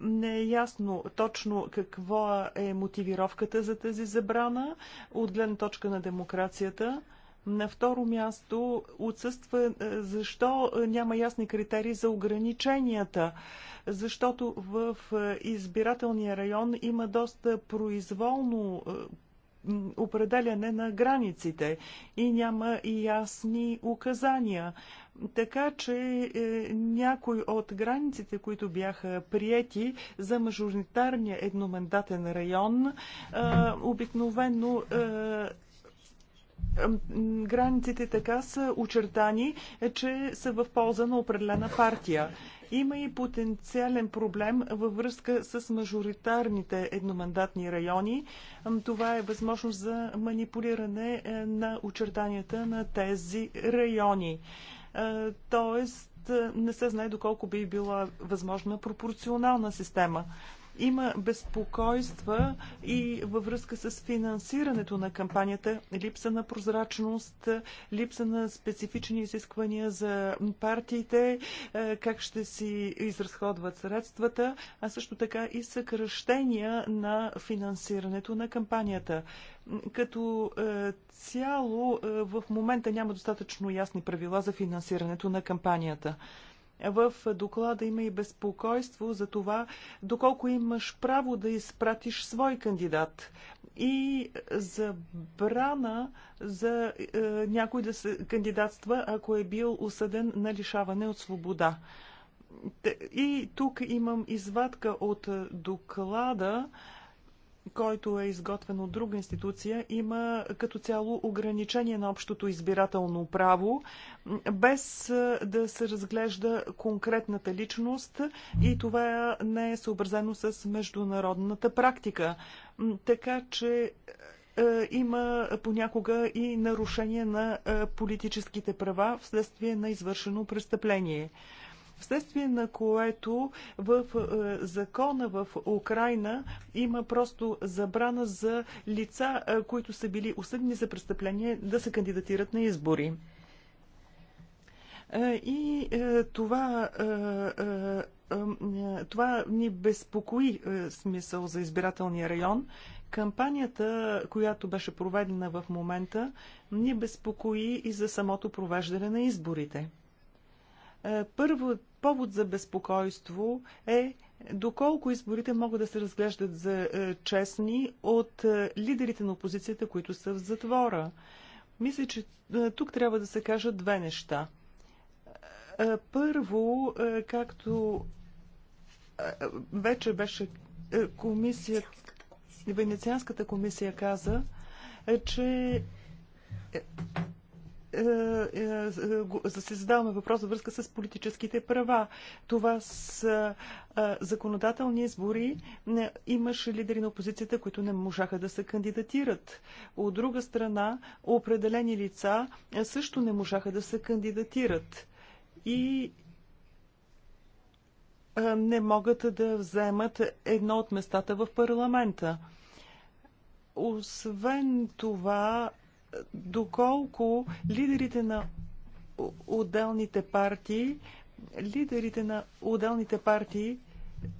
Не е ясно точно какво е мотивировката за тази забрана от гледна точка на демокрацията. На второ място отсъства е, защо няма ясни критерии за ограниченията, защото в избирателния район има доста произволно определяне на границите и няма и ясни указания. Така че е, някои от границите, които бяха приети за мажоритарния едномандатен район, е, обикновено е, границите така са очертани, е, че са в полза на определена партия. Има и потенциален проблем във връзка с мажоритарните едномандатни райони. Това е възможност за манипулиране е, на очертанията на тези райони. Е, тоест, е, не се знае доколко би била възможна пропорционална система. Има безпокойства и във връзка с финансирането на кампанията, липса на прозрачност, липса на специфични изисквания за партиите, е, как ще си изразходват средствата, а също така и съкръщения на финансирането на кампанията. Като е, цяло е, в момента няма достатъчно ясни правила за финансирането на кампанията. В доклада има и безпокойство за това, доколко имаш право да изпратиш свой кандидат и забрана за е, някой да се кандидатства, ако е бил осъден на лишаване от свобода. И тук имам извадка от доклада, е, който е изготвен от друга институция, има като цяло ограничение на общото избирателно право, без да се разглежда конкретната личност и това не е съобразено с международната практика. Така че има понякога и нарушение на политическите права вследствие на извършено престъпление. Вследствие на което в е, закона в Украина има просто забрана за лица, е, които са били осъдени за престъпление да се кандидатират на избори. Е, и това, това ни безпокои смисъл за избирателния район. Кампанията, която беше проведена в момента, ни безпокои и за самото провеждане на изборите. Е, първо повод за безпокойство е доколко изборите могат да се разглеждат за е, честни от е, лидерите на опозицията, които са в затвора. Мисля, че тук трябва да се кажат две неща. Първо, както вече беше комисията, Венецианската комисия каза, че е, е, се задаваме въпрос във връзка с политическите права. Това с е, законодателни избори. Имаше лидери на опозицията, които не можаха да се кандидатират. От друга страна, определени лица също не можаха да се кандидатират. И не могат да вземат едно от местата в парламента. Освен това, доколко лидерите на отделните партии, лидерите на отделните партии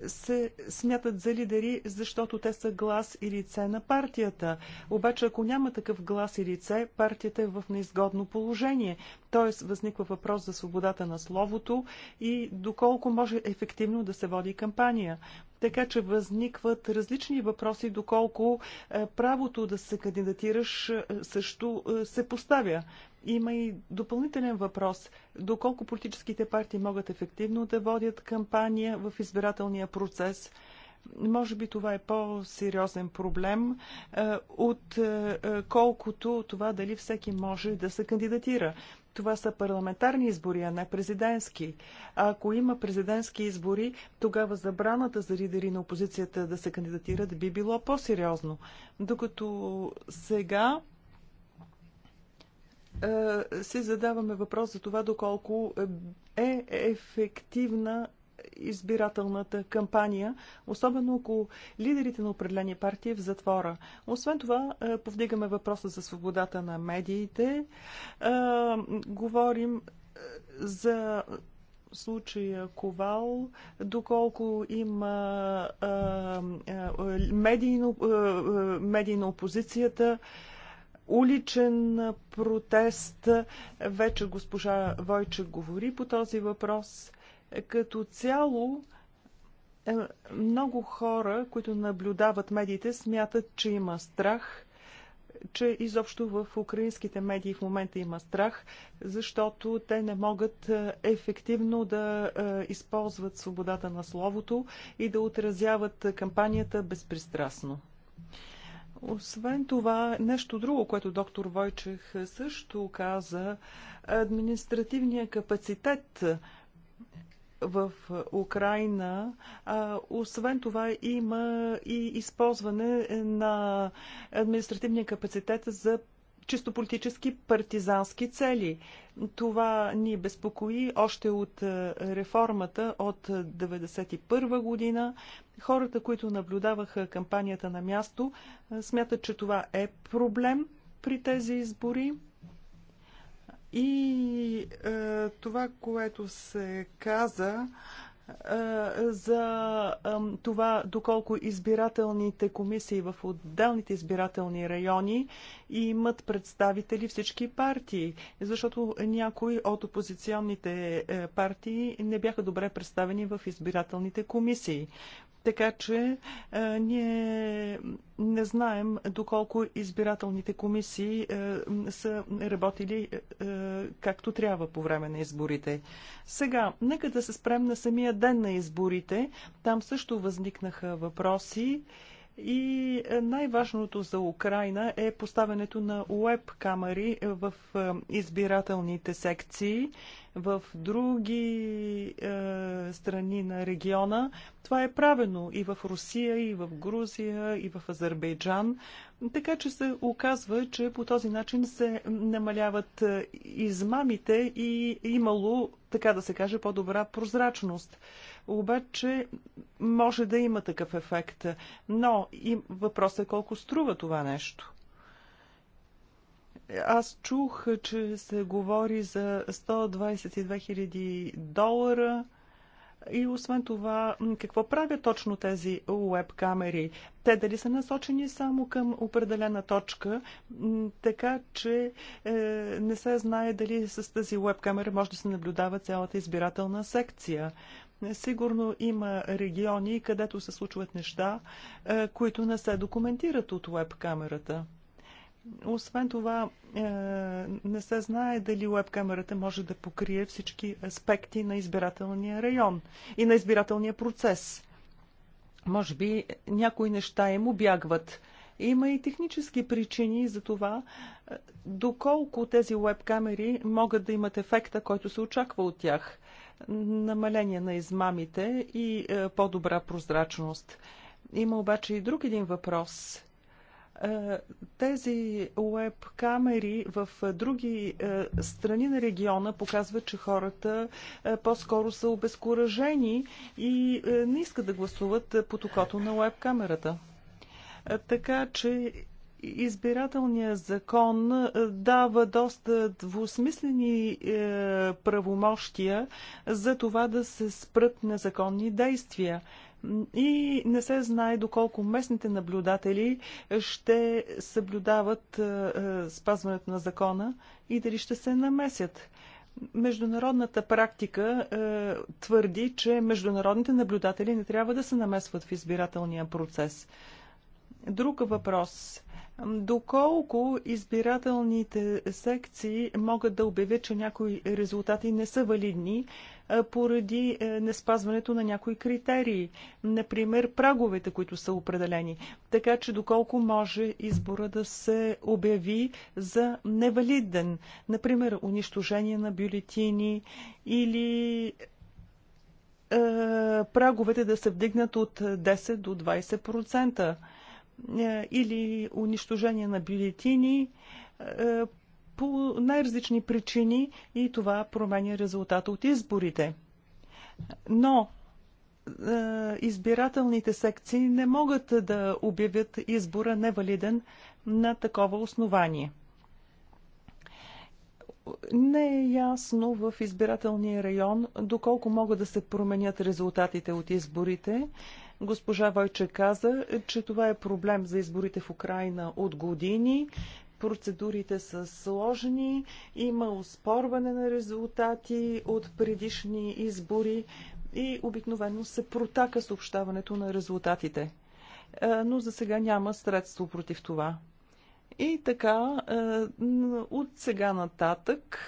се смятат за лидери, защото те са глас и лице на партията. Обаче, ако няма такъв глас и лице, партията е в неизгодно положение. Тоест, възниква въпрос за свободата на словото и доколко може ефективно да се води кампания. Така че възникват различни въпроси, доколко е, правото да се кандидатираш е, също е, се поставя. Има и допълнителен въпрос. Доколко политическите партии могат ефективно да водят кампания в избирателния процес? може би това е по-сериозен проблем, от колкото това дали всеки може да се кандидатира. Това са парламентарни избори, а не президентски. А ако има президентски избори, тогава забраната за лидери на опозицията да се кандидатират би било по-сериозно. Докато сега е, си задаваме въпрос за това доколко е ефективна избирателната кампания, особено около лидерите на определени партии в затвора. Освен това, е, повдигаме въпроса за свободата на медиите. Е, говорим е, за случая Ковал, доколко има а, медийно, медийна опозицията, уличен протест. Вече госпожа Войче говори по този въпрос. Като цяло, е, много хора, които наблюдават медиите, смятат, че има страх, че изобщо в украинските медии в момента има страх, защото те не могат е, ефективно да е, използват свободата на словото и да отразяват кампанията безпристрастно. Освен това, нещо друго, което доктор Войчех също каза, административния капацитет в Украина. А, освен това има и използване на административния капацитет за чисто политически партизански цели. Това ни безпокои още от реформата от 1991 година. Хората, които наблюдаваха кампанията на място, смятат, че това е проблем при тези избори. И е, това, което се каза, е, за е, това доколко избирателните комисии в отделните избирателни райони имат представители всички партии, защото някои от опозиционните е, партии не бяха добре представени в избирателните комисии. Така че а, е, ние не знаем доколко избирателните комисии а, е, са работили а, е, както трябва по време на изборите. Сега, нека да се спрем на самия ден на изборите. Там също възникнаха въпроси. А, и е, най-важното за Украина е поставянето на уеб камери в е, избирателните секции, в други е, страни на региона. Това е правено и в Русия, и в Грузия, и в Азербайджан. Така че се оказва, че по този начин се намаляват е, измамите и имало, така да се каже, по-добра прозрачност обаче може да има такъв ефект. Но и въпросът е колко струва това нещо. Аз чух, че се говори за 122 000 долара. И освен това, какво правят точно тези уеб камери? Те дали са насочени само към определена точка, така че е, не се знае дали с тази уеб камера може да се наблюдава цялата избирателна секция. Сигурно има региони, където се случват неща, е, които не се документират от веб-камерата. Освен това, е, не се знае дали веб-камерата може да покрие всички аспекти на избирателния район и на избирателния процес. Може би някои неща им обягват. Има и технически причини за това, е, доколко тези веб-камери могат да имат ефекта, който се очаква от тях намаление на измамите и е, по-добра прозрачност. Има обаче и друг един въпрос. Е, тези уеб камери в е, други страни на региона показват, че хората по-скоро са обезкуражени и не искат да гласуват по токото на уеб камерата. Така че Избирателният закон е, дава доста двусмислени е, правомощия за това да се спрат незаконни действия и не се знае доколко местните наблюдатели ще съблюдават е, спазването на закона и дали ще се намесят. Международната практика е, твърди, че международните наблюдатели не трябва да се намесват в избирателния процес. Друг въпрос Доколко избирателните секции могат да обявят, че някои резултати не са валидни поради е, неспазването на някои критерии, например праговете, които са определени, така че доколко може избора да се обяви за невалиден, например унищожение на бюлетини или е, праговете да се вдигнат от 10 до 20%. Е, или унищожение на бюлетини е, по най-различни причини и това променя резултата от изборите. Но е, избирателните секции не могат да обявят избора невалиден на такова основание. Не е ясно в избирателния район доколко могат да се променят резултатите от изборите Госпожа Войче каза, че това е проблем за изборите в Украина от години. Процедурите са сложни, има оспорване на резултати от предишни избори и обикновено се протака съобщаването на резултатите. Е, но за сега няма средство против това. И така, е, от сега нататък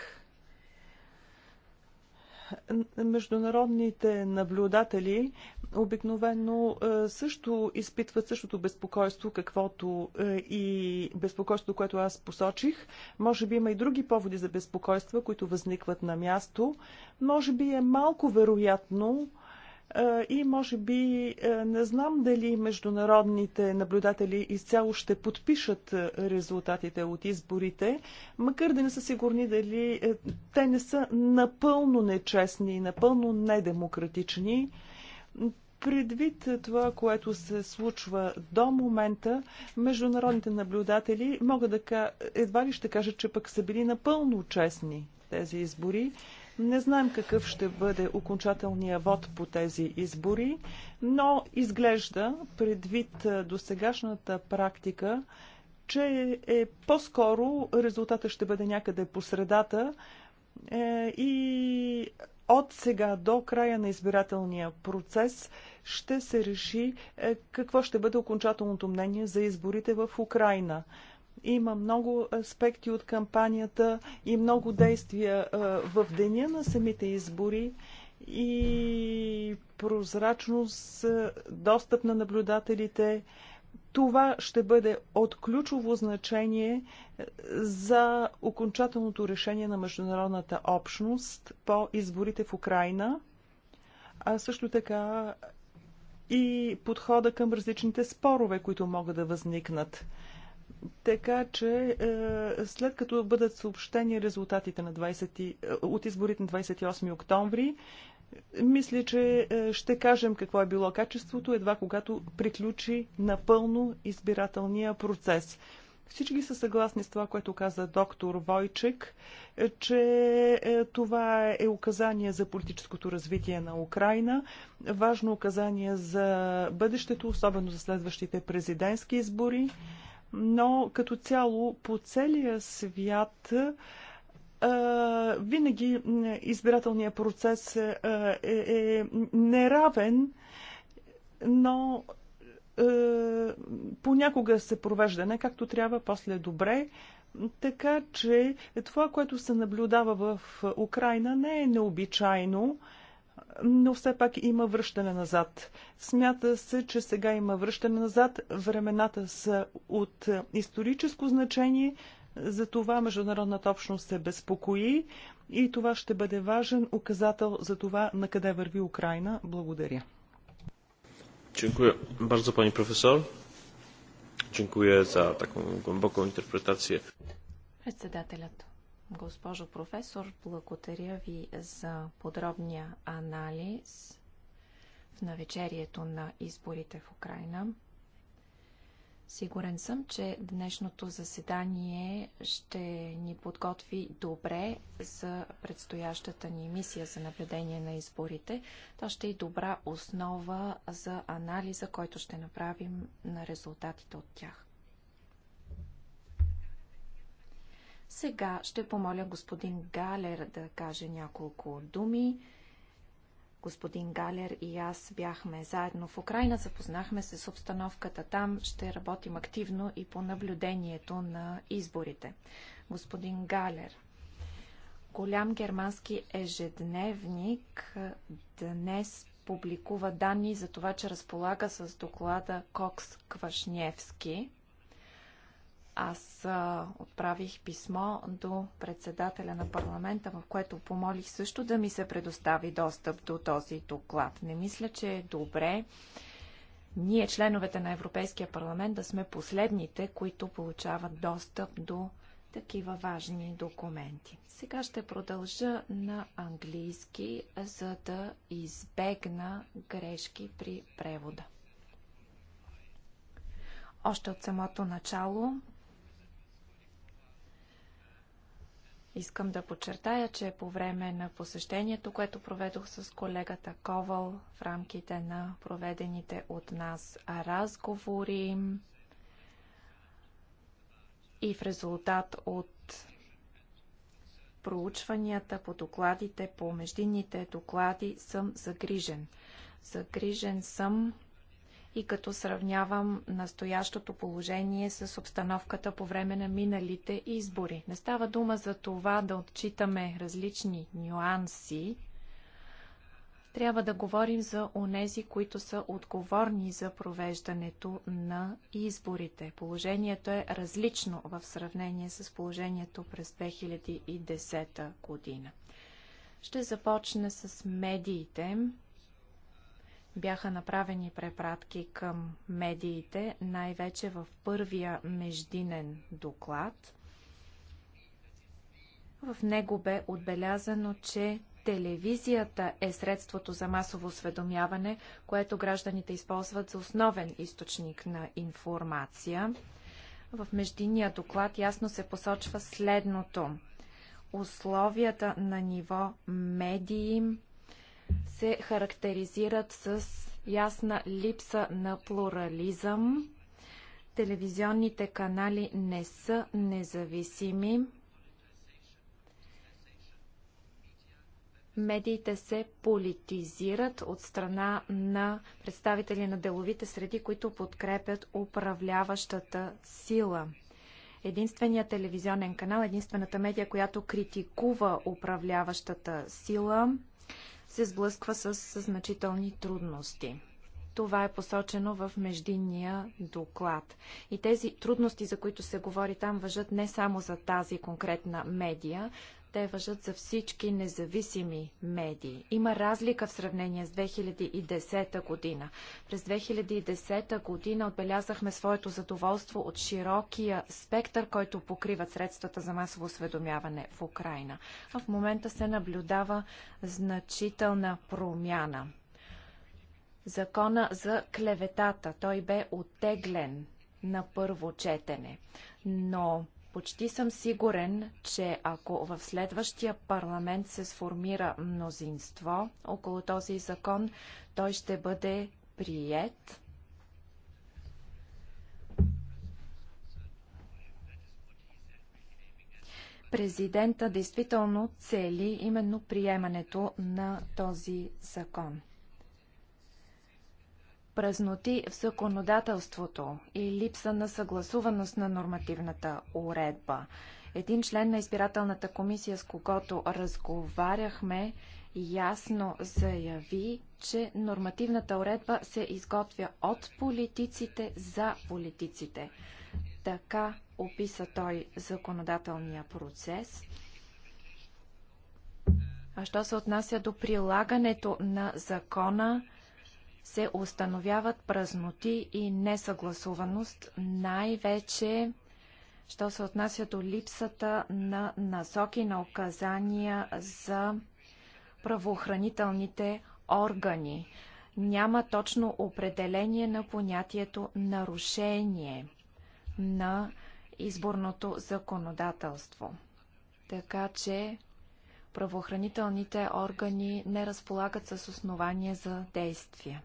Международните наблюдатели обикновено е, също изпитват същото безпокойство, каквото е, и безпокойство, което аз посочих. Може би има и други поводи за безпокойства, които възникват на място. Може би е малко вероятно и може би не знам дали международните наблюдатели изцяло ще подпишат резултатите от изборите, макар да не са сигурни дали те не са напълно нечестни, напълно недемократични. Предвид това, което се случва до момента, международните наблюдатели могат да едва ли ще кажат, че пък са били напълно честни тези избори. Не знаем какъв ще бъде окончателния вод по тези избори, но изглежда, предвид до сегашната практика, че е по-скоро резултата ще бъде някъде по средата е, и от сега до края на избирателния процес ще се реши е, какво ще бъде окончателното мнение за изборите в Украина. Има много аспекти от кампанията и много действия в деня на самите избори и прозрачност, достъп на наблюдателите. Това ще бъде от ключово значение за окончателното решение на международната общност по изборите в Украина, а също така и подхода към различните спорове, които могат да възникнат. Така че е, след като бъдат съобщени резултатите на 20, е, от изборите на 28 октомври, мисля, че е, ще кажем какво е било качеството, едва когато приключи напълно избирателния процес. Всички са съгласни с това, което каза доктор Войчек, че това е указание за политическото развитие на Украина, важно указание за бъдещето, особено за следващите президентски избори но като цяло по целия свят винаги избирателният процес е, е неравен, но е, понякога се провежда не както трябва, после добре. Така че това, което се наблюдава в Украина, не е необичайно. Е, но все пак има връщане назад. Смята се, че сега има връщане назад. Времената са от историческо значение, за това международната общност се безпокои и това ще бъде важен указател за това на къде върви Украина. Благодаря. Dziękuję bardzo pani profesor. Dziękuję za taką głęboką interpretację.
Председателят. Госпожо професор, благодаря ви за подробния анализ в навечерието на изборите в Украина. Сигурен съм, че днешното заседание ще ни подготви добре за предстоящата ни мисия за наблюдение на изборите. То ще е добра основа за анализа, който ще направим на резултатите от тях. Сега ще помоля господин Галер да каже няколко думи. Господин Галер и аз бяхме заедно в Украина, запознахме се с обстановката там, ще работим активно и по наблюдението на изборите. Господин Галер, голям германски ежедневник днес публикува данни за това, че разполага с доклада Кокс Квашневски. Аз а, отправих писмо до председателя на парламента, в което помолих също да ми се предостави достъп до този доклад. Не мисля, че е добре ние, членовете на Европейския парламент, да сме последните, които получават достъп до такива важни документи. Сега ще продължа на английски, за да избегна грешки при превода. Още от самото начало Искам да подчертая, че по време на посещението, което проведох с колегата Ковал в рамките на проведените от нас разговори и в резултат от проучванията по докладите, по междинните доклади, съм загрижен. Загрижен съм и като сравнявам настоящото положение с обстановката по време на миналите избори. Не става дума за това да отчитаме различни нюанси. Трябва да говорим за онези, които са отговорни за провеждането на изборите. Положението е различно в сравнение с положението през 2010 година. Ще започна с медиите. Бяха направени препратки към медиите, най-вече в първия междинен доклад. В него бе отбелязано, че телевизията е средството за масово осведомяване, което гражданите използват за основен източник на информация. В междинния доклад ясно се посочва следното. Условията на ниво медии се характеризират с ясна липса на плурализъм. Телевизионните канали не са независими. медиите се политизират от страна на представители на деловите среди, които подкрепят управляващата сила. Единственият телевизионен канал, единствената медия, която критикува управляващата сила, се сблъсква с значителни трудности. Това е посочено в междинния доклад. И тези трудности, за които се говори там, въжат не само за тази конкретна медия, те въжат за всички независими медии. Има разлика в сравнение с 2010 година. През 2010 година отбелязахме своето задоволство от широкия спектър, който покриват средствата за масово осведомяване в Украина. А в момента се наблюдава значителна промяна. Закона за клеветата. Той бе оттеглен на първо четене. Но почти съм сигурен, че ако в следващия парламент се сформира мнозинство около този закон, той ще бъде прият. Президента действително цели именно приемането на този закон празноти в законодателството и липса на съгласуваност на нормативната уредба. Един член на избирателната комисия, с когото разговаряхме, ясно заяви, че нормативната уредба се изготвя от политиците за политиците. Така описа той законодателния процес. А що се отнася до прилагането на закона, се установяват празноти и несъгласуваност, най-вече що се отнася до липсата на насоки на указания за правоохранителните органи. Няма точно определение на понятието нарушение на изборното законодателство. Така че правоохранителните органи не разполагат с основание за действие.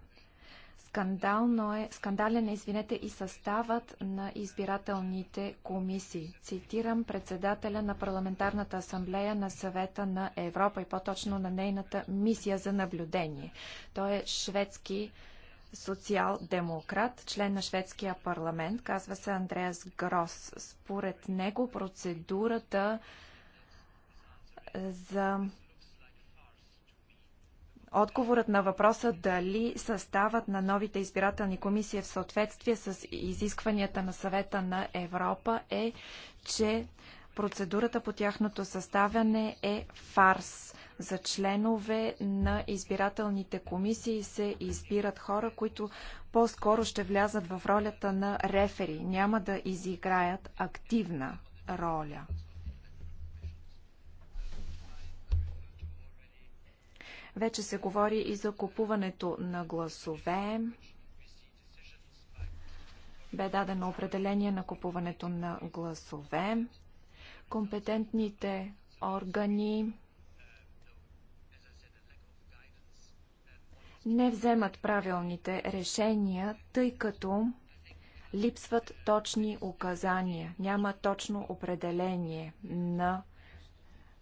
Скандално е, скандален е, извинете, и съставът на избирателните комисии. Цитирам председателя на Парламентарната асамблея на съвета на Европа и по-точно на нейната мисия за наблюдение. Той е шведски социал-демократ, член на шведския парламент, казва се Андреас Грос. Според него процедурата за Отговорът на въпроса дали съставът на новите избирателни комисии е в съответствие с изискванията на съвета на Европа е, че процедурата по тяхното съставяне е фарс. За членове на избирателните комисии се избират хора, които по-скоро ще влязат в ролята на рефери, няма да изиграят активна роля. Вече се говори и за купуването на гласове. Бе дадено определение на купуването на гласове. Компетентните органи не вземат правилните решения, тъй като липсват точни указания, няма точно определение на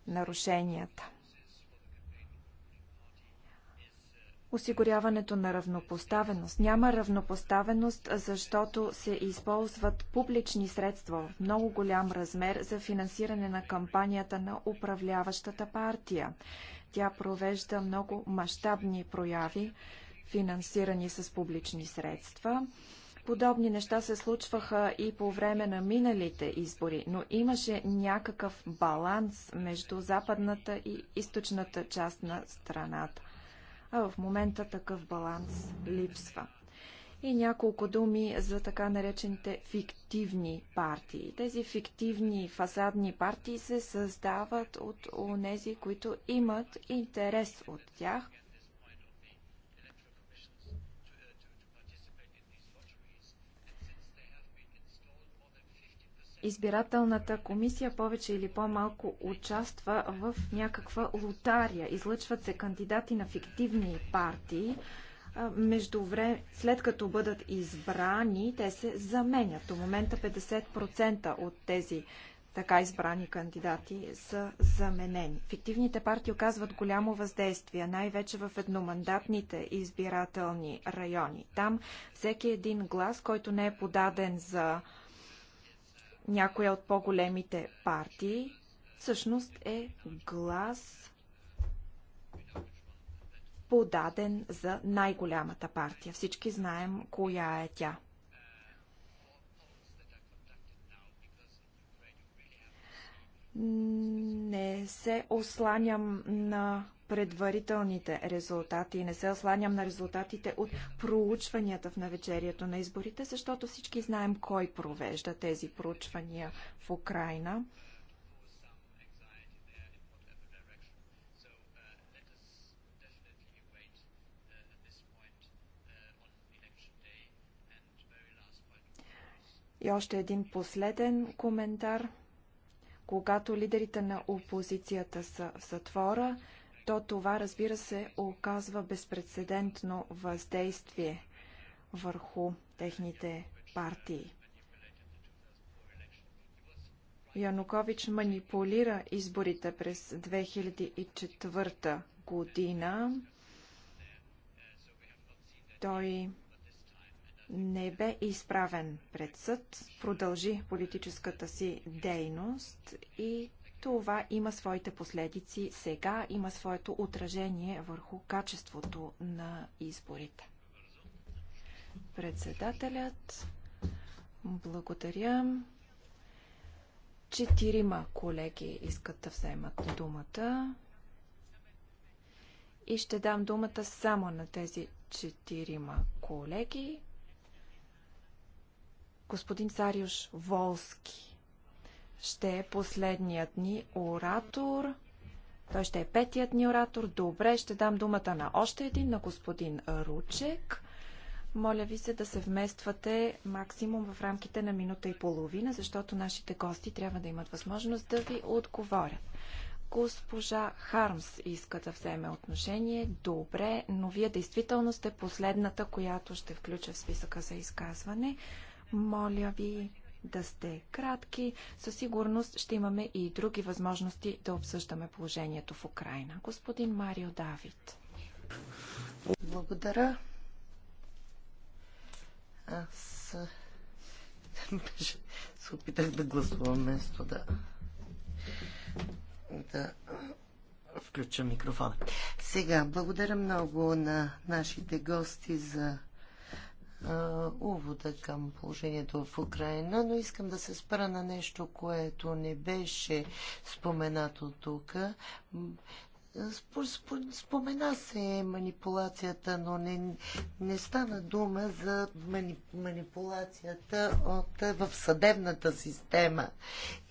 нарушенията. осигуряването на равнопоставеност. Няма равнопоставеност, защото се използват публични средства в много голям размер за финансиране на кампанията на управляващата партия. Тя провежда много мащабни прояви, финансирани с публични средства. Подобни неща се случваха и по време на миналите избори, но имаше някакъв баланс между западната и източната част на страната а в момента такъв баланс липсва. И няколко думи за така наречените фиктивни партии. Тези фиктивни фасадни партии се създават от онези, които имат интерес от тях, избирателната комисия повече или по-малко участва в някаква лотария. Излъчват се кандидати на фиктивни партии. Между време, след като бъдат избрани, те се заменят. До момента 50% от тези така избрани кандидати са заменени. Фиктивните партии оказват голямо въздействие, най-вече в едномандатните избирателни райони. Там всеки един глас, който не е подаден за някоя от по-големите партии всъщност е глас подаден за най-голямата партия. Всички знаем коя е тя. Не се осланям на предварителните резултати и не се осланям на резултатите от проучванията в навечерието на изборите, защото всички знаем кой провежда тези проучвания в Украина. И още един последен коментар. Когато лидерите на опозицията са в затвора, то това, разбира се, оказва безпредседентно въздействие върху техните партии. Янукович манипулира изборите през 2004 година. Той не бе изправен пред съд, продължи политическата си дейност и това има своите последици сега, има своето отражение върху качеството на изборите. Председателят, благодаря. Четирима колеги искат да вземат думата. И ще дам думата само на тези четирима колеги. Господин Сариуш Волски ще е последният ни оратор. Той ще е петият ни оратор. Добре, ще дам думата на още един, на господин Ручек. Моля ви се да се вмествате максимум в рамките на минута и половина, защото нашите гости трябва да имат възможност да ви отговорят. Госпожа Хармс иска да вземе отношение. Добре, но вие действително сте последната, която ще включа в списъка за изказване. Моля ви да сте кратки. Със сигурност ще имаме и други възможности да обсъждаме положението в Украина. Господин Марио Давид. Благодаря. Аз
се опитах да гласувам место. да да включа микрофона. Сега, благодаря много на нашите гости за увода към положението в Украина, но искам да се спра на нещо, което не беше споменато тук. Спомена се манипулацията, но не, не стана дума за манипулацията от, в съдебната система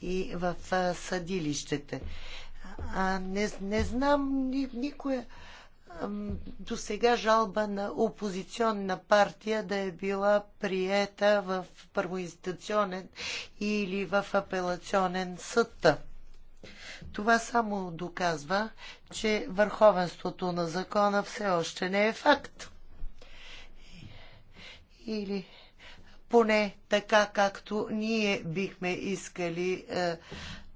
и в съдилищите. А, не, не знам ни, никоя до сега жалба на опозиционна партия да е била приета в първоинстанционен или в апелационен съд. Това само доказва, че върховенството на закона все още не е факт. Или поне така, както ние бихме искали е,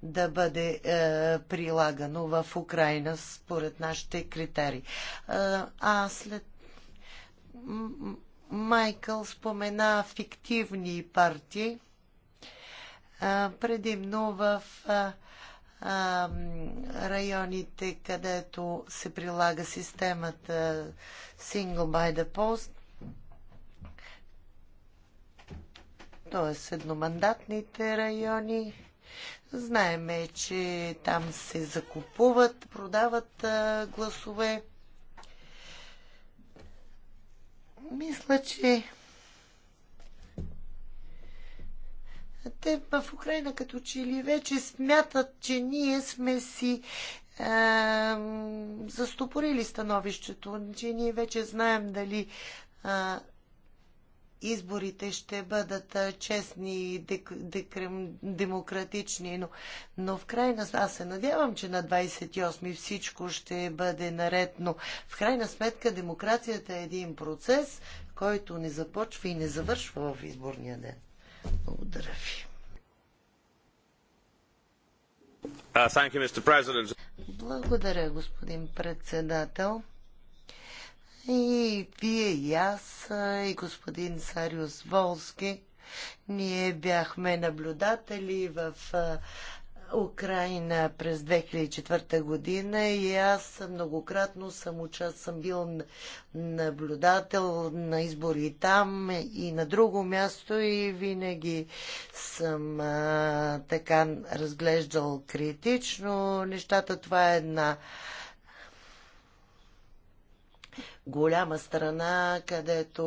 да бъде е, прилагано в Украина според нашите критерии. А, е, а след Майкъл спомена фиктивни партии, е, предимно в е, е, районите, където се прилага системата Single by the Post, т.е. едномандатните райони Знаеме, че там се закупуват, продават а, гласове. Мисля, че те в Украина като че ли вече смятат, че ние сме си а, застопорили становището, че ние вече знаем дали изборите ще бъдат честни и демократични, но, но в крайна аз се надявам, че на 28 всичко ще бъде наред, но в крайна сметка демокрацията е един процес, който не започва и не завършва в изборния ден.
Благодаря ви. Uh, you,
Благодаря, господин председател. И вие, и аз, и господин Сариус Волски, ние бяхме наблюдатели в Украина през 2004 година и аз многократно съм, участ, съм бил наблюдател на избори там и на друго място и винаги съм а, така разглеждал критично нещата. Това е една голяма страна, където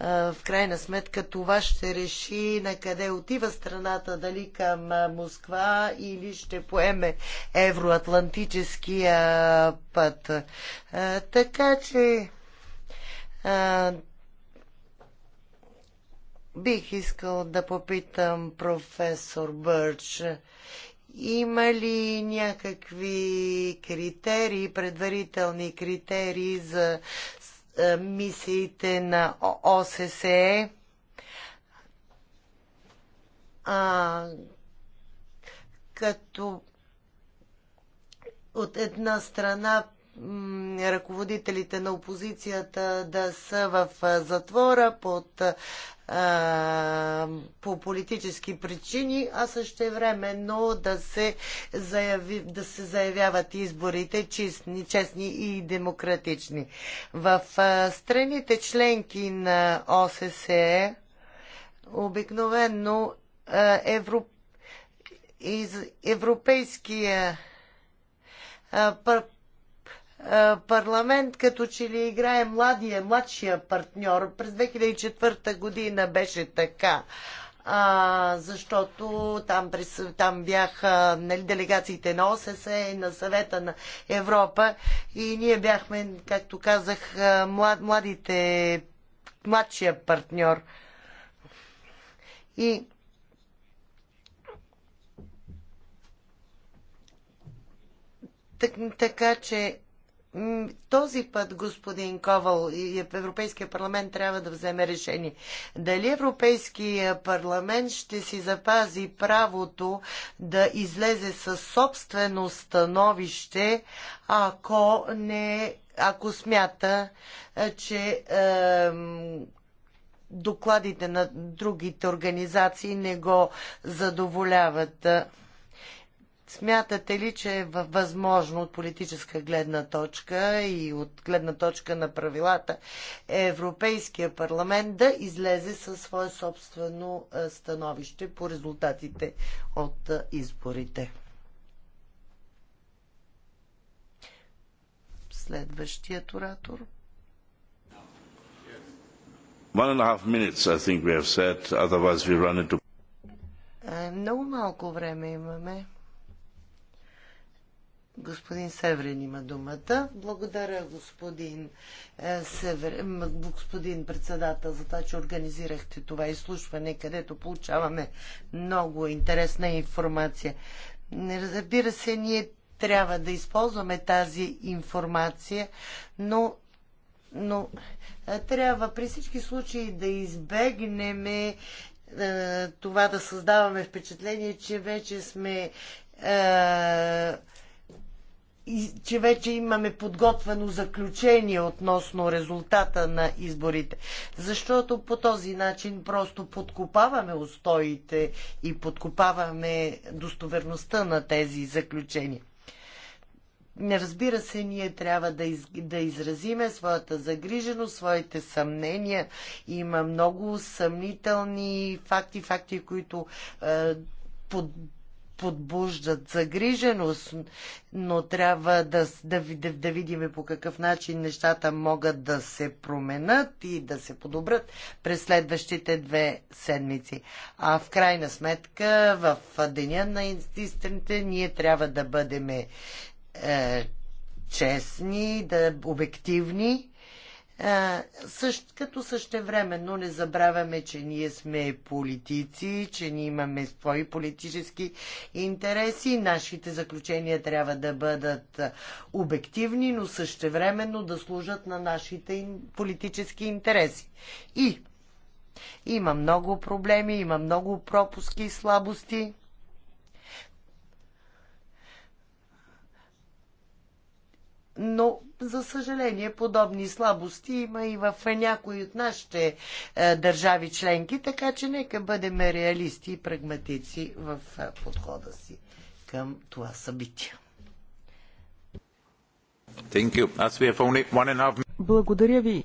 в крайна сметка това ще реши на къде отива страната, дали към Москва или ще поеме евроатлантическия път. Така че бих искал да попитам професор Бърч има ли някакви критерии, предварителни критерии за е, мисиите на ОССЕ? А, като от една страна ръководителите на опозицията да са в затвора под, а, по политически причини, а също време, но да се, заяви, да се заявяват изборите честни, честни и демократични. В а, страните членки на ОССЕ обикновено а, европ... Европейския е, парламент като че ли играе младия, младшия партньор. През 2004 година беше така. А, защото там, през, там бяха нали, делегациите на ОССЕ и на съвета на Европа и ние бяхме, както казах, е, млад, младите, младшия партньор. И така че този път, господин Ковал, и Европейския парламент трябва да вземе решение. Дали Европейския парламент ще си запази правото да излезе със собствено становище, ако не ако смята, е, че е, докладите на другите организации не го задоволяват. Смятате ли, че е възможно от политическа гледна точка и от гледна точка на правилата Европейския парламент да излезе със свое собствено е, становище по резултатите от е, изборите? Следващият оратор. Е, много малко време имаме. Господин Северин има думата. Благодаря, господин, е, Север, господин председател, за това, че организирахте това изслушване, където получаваме много интересна информация. Не разбира се, ние трябва да използваме тази информация, но, но е, трябва при всички случаи да избегнем е, това да създаваме впечатление, че вече сме е, че вече имаме подготвено заключение относно резултата на изборите. Защото по този начин просто подкопаваме устоите и подкопаваме достоверността на тези заключения. Не разбира се, ние трябва да, из, да изразиме своята загриженост, своите съмнения. Има много съмнителни факти, факти, които е, под подбуждат загриженост, но трябва да, да, да, да видим по какъв начин нещата могат да се променят и да се подобрят през следващите две седмици. А в крайна сметка, в деня на истините, ние трябва да бъдем е, честни, да обективни е, също, като същевременно не забравяме, че ние сме политици, че ние имаме свои политически интереси. Нашите заключения трябва да бъдат обективни, но същевременно да служат на нашите политически интереси. И има много проблеми, има много пропуски и слабости. Но за съжаление, подобни слабости има и в някои от нашите е, държави членки, така че нека бъдем реалисти и прагматици в е, подхода си към това събитие.
Благодаря ви.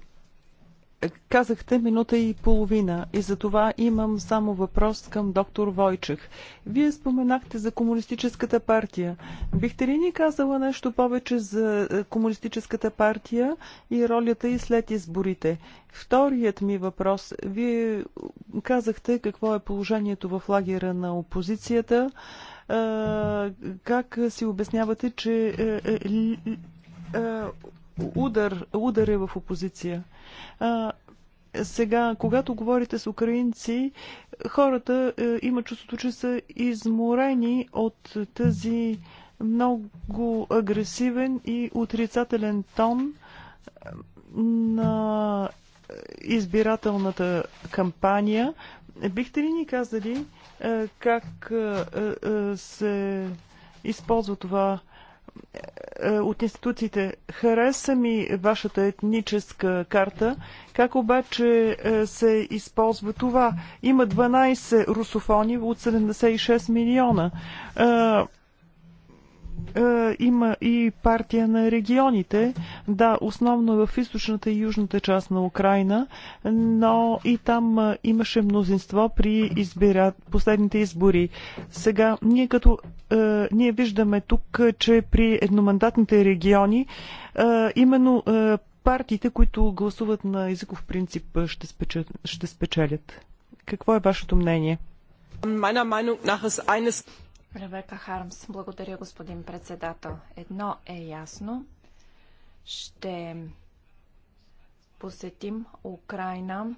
Казахте минута и половина и за това имам само въпрос към доктор Войчех. Вие споменахте за Комунистическата партия. Бихте ли ни казала нещо повече за е, Комунистическата партия и ролята и след изборите? Вторият ми въпрос. Вие казахте какво е положението в лагера на опозицията. Е, как си обяснявате, че е, удар, удар е в опозиция. А, сега, когато говорите с украинци, хората е, имат чувството, че са изморени от тази много агресивен и отрицателен тон е, на избирателната кампания. Бихте ли ни казали е, как е, е, се използва това е, от институциите. Хареса ми вашата етническа карта. Как обаче е, се използва това? Има 12 русофони от 76 милиона. Е, е, има и партия на регионите, да, основно в източната и южната част на Украина, но и там е, имаше мнозинство при избира... последните избори. Сега, ние като е, ние виждаме тук, че при едномандатните региони е, именно е, партиите, които гласуват на езиков принцип, е, ще, спече... ще спечелят. Какво е вашето мнение?
Meiner Meinung nach ist eines Ребека Хармс, благодаря господин председател. Едно е ясно. Ще посетим Украина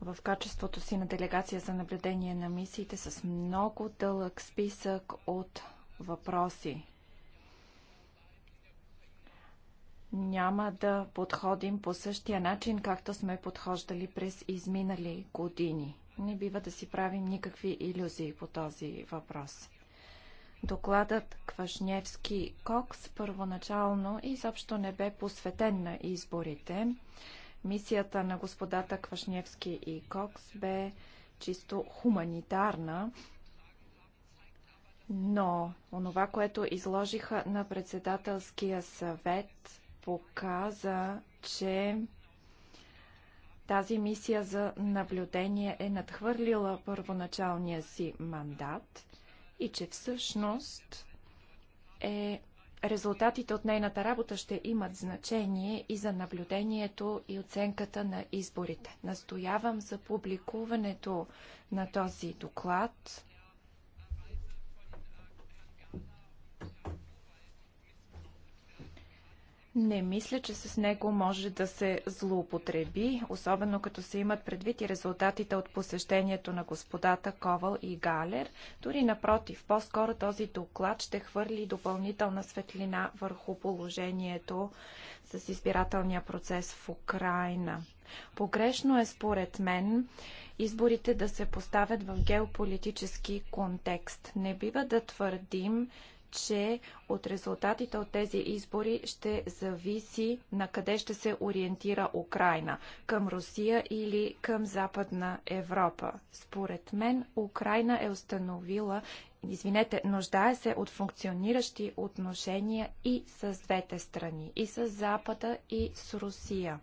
в качеството си на делегация за наблюдение на мисиите с много дълъг списък от въпроси. Няма да подходим по същия начин, както сме подхождали през изминали години. Не бива да си правим никакви иллюзии по този въпрос. Докладът Квашневски Кокс първоначално изобщо не бе посветен на изборите. Мисията на господата Квашневски и Кокс бе чисто хуманитарна, но онова, което изложиха на председателския съвет, показа, че тази мисия за наблюдение е надхвърлила първоначалния си мандат и че всъщност е резултатите от нейната работа ще имат значение и за наблюдението и оценката на изборите. Настоявам за публикуването на този доклад Не мисля, че с него може да се злоупотреби, особено като се имат предвид и резултатите от посещението на господата Ковал и Галер. Дори напротив, по-скоро този доклад ще хвърли допълнителна светлина върху положението с избирателния процес в Украина. Погрешно е според мен изборите да се поставят в геополитически контекст. Не бива да твърдим, че от резултатите от тези избори ще зависи на къде ще се ориентира Украина към Русия или към Западна Европа. Според мен Украина е установила извинете, нуждае се от функциониращи отношения и с двете страни, и с Запада, и с Русия.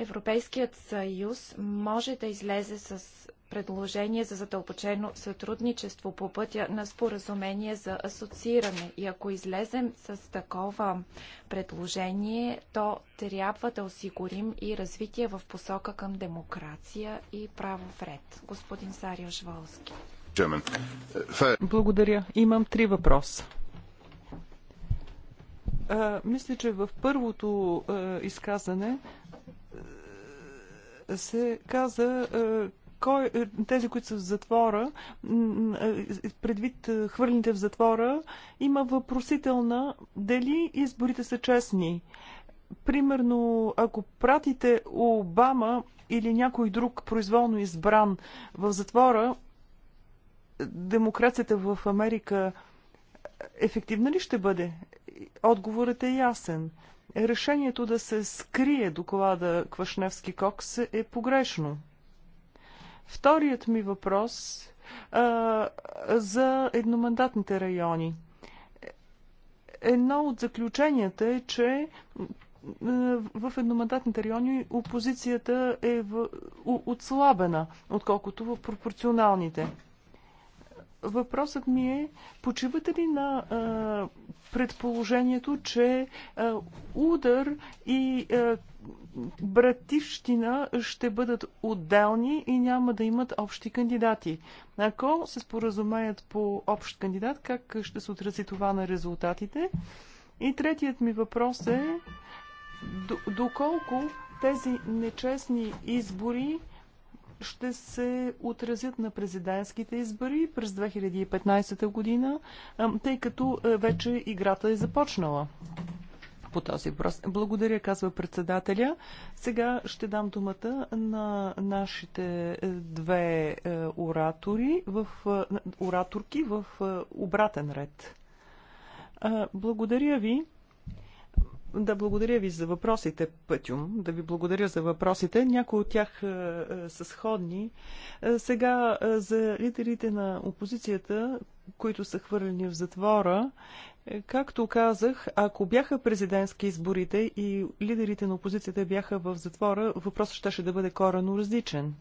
Европейският съюз може да излезе с предложение за задълбочено сътрудничество по пътя на споразумение за асоцииране. И ако излезем с такова предложение, то трябва да осигурим и развитие в посока към демокрация и право вред. Господин Сарио Жволски.
Uh, Благодаря. Имам три въпроса
мисля, че в
първото изказане се каза е, кой, е, тези, които са в затвора, е, предвид хвърлените в затвора, има въпросителна дали изборите са честни. Примерно, ако пратите Обама или някой друг произволно избран в затвора, демокрацията в Америка ефективна ли ще бъде? Отговорът е ясен решението да се скрие доклада Квашневски Кокс е погрешно. Вторият ми въпрос а, за едномандатните райони. Едно от заключенията е, че в едномандатните райони опозицията е в, у, отслабена, отколкото в пропорционалните. Въпросът ми е, почивате ли на а, предположението, че а, удар и а, бративщина ще бъдат отделни и няма да имат общи кандидати? Ако се споразумеят по общ кандидат, как ще се отрази това на резултатите? И третият ми въпрос е, доколко тези нечестни избори ще се отразят на президентските избори през 2015 година, тъй като вече играта е започнала по този въпрос. Благодаря, казва председателя. Сега ще дам думата на нашите е, две е, оратори в, е, ораторки в обратен ред. Благодаря ви. Да, благодаря ви за въпросите, Пътюм. Да ви благодаря за въпросите. Някои от тях а, е, е, са сходни. А, е, сега за лидерите на опозицията, които са хвърлени в затвора, както казах, ако бяха президентски изборите и лидерите на опозицията бяха в затвора, въпросът ще, ще да бъде корено различен.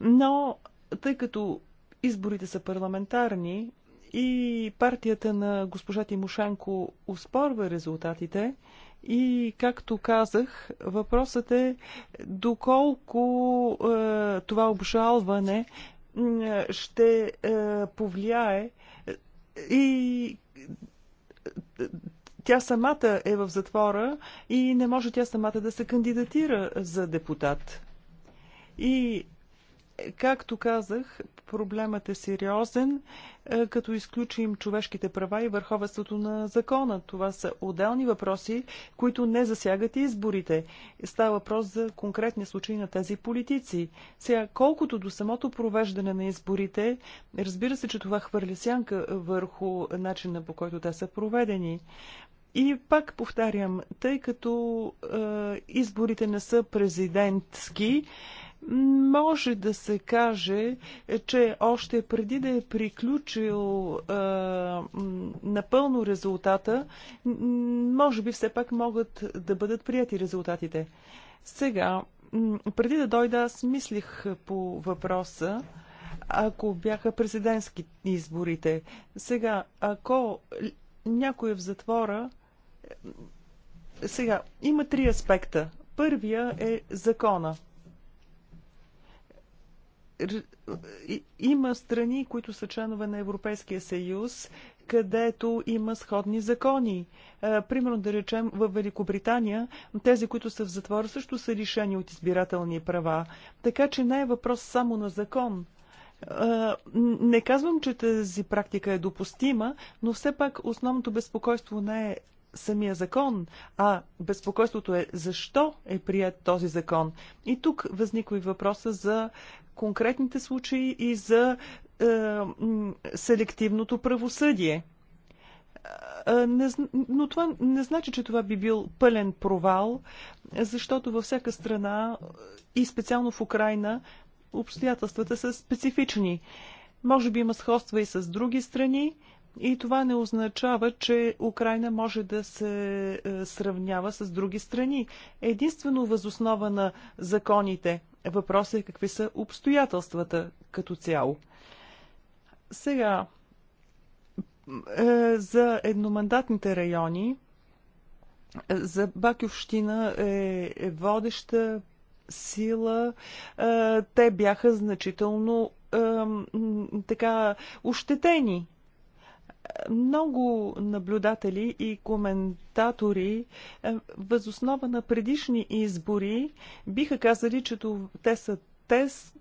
Но тъй като изборите са парламентарни, и партията на госпожа Тимошенко успорва резултатите. И, както казах, въпросът е доколко е, това обжалване е, ще е, повлияе е, и тя самата е в затвора и не може тя самата да се кандидатира за депутат. И Както казах, проблемът е сериозен, е, като изключим човешките права и върховенството на закона. Това са отделни въпроси, които не засягат и изборите. Става въпрос за конкретни случаи на тези политици. Сега, колкото до самото провеждане на изборите, разбира се, че това хвърля сянка върху начина по който те са проведени. И пак повтарям, тъй като е, изборите не са президентски, е, може да се каже, е, че още преди да е приключил е, напълно резултата, може би все пак могат да бъдат прияти резултатите. Сега, преди да дойда, аз мислих по въпроса, ако бяха президентски изборите. Сега, ако някой е в затвора, е, сега, има три аспекта. Първия е закона има страни, които са членове на Европейския съюз, където има сходни закони. Е, примерно да речем в Великобритания, тези, които са в затвора, също са лишени от избирателни права. Така че не е въпрос само на закон. Е, не казвам, че тази практика е допустима, но все пак основното безпокойство не е самия закон, а безпокойството е защо е прият този закон. И тук възниква и въпроса за конкретните случаи и за е, селективното правосъдие. Е, не, но това не значи, че това би бил пълен провал, защото във всяка страна и специално в Украина обстоятелствата са специфични. Може би има сходства и с други страни, и това не означава, че Украина може да се е, сравнява с други страни. Единствено възоснова на законите. Въпросът е какви са обстоятелствата като цяло. Сега, е, за едномандатните райони, е, за Бакиовщина, е, е водеща сила. Те бяха значително така ощетени много наблюдатели и коментатори е, възоснова на предишни избори биха казали, че те са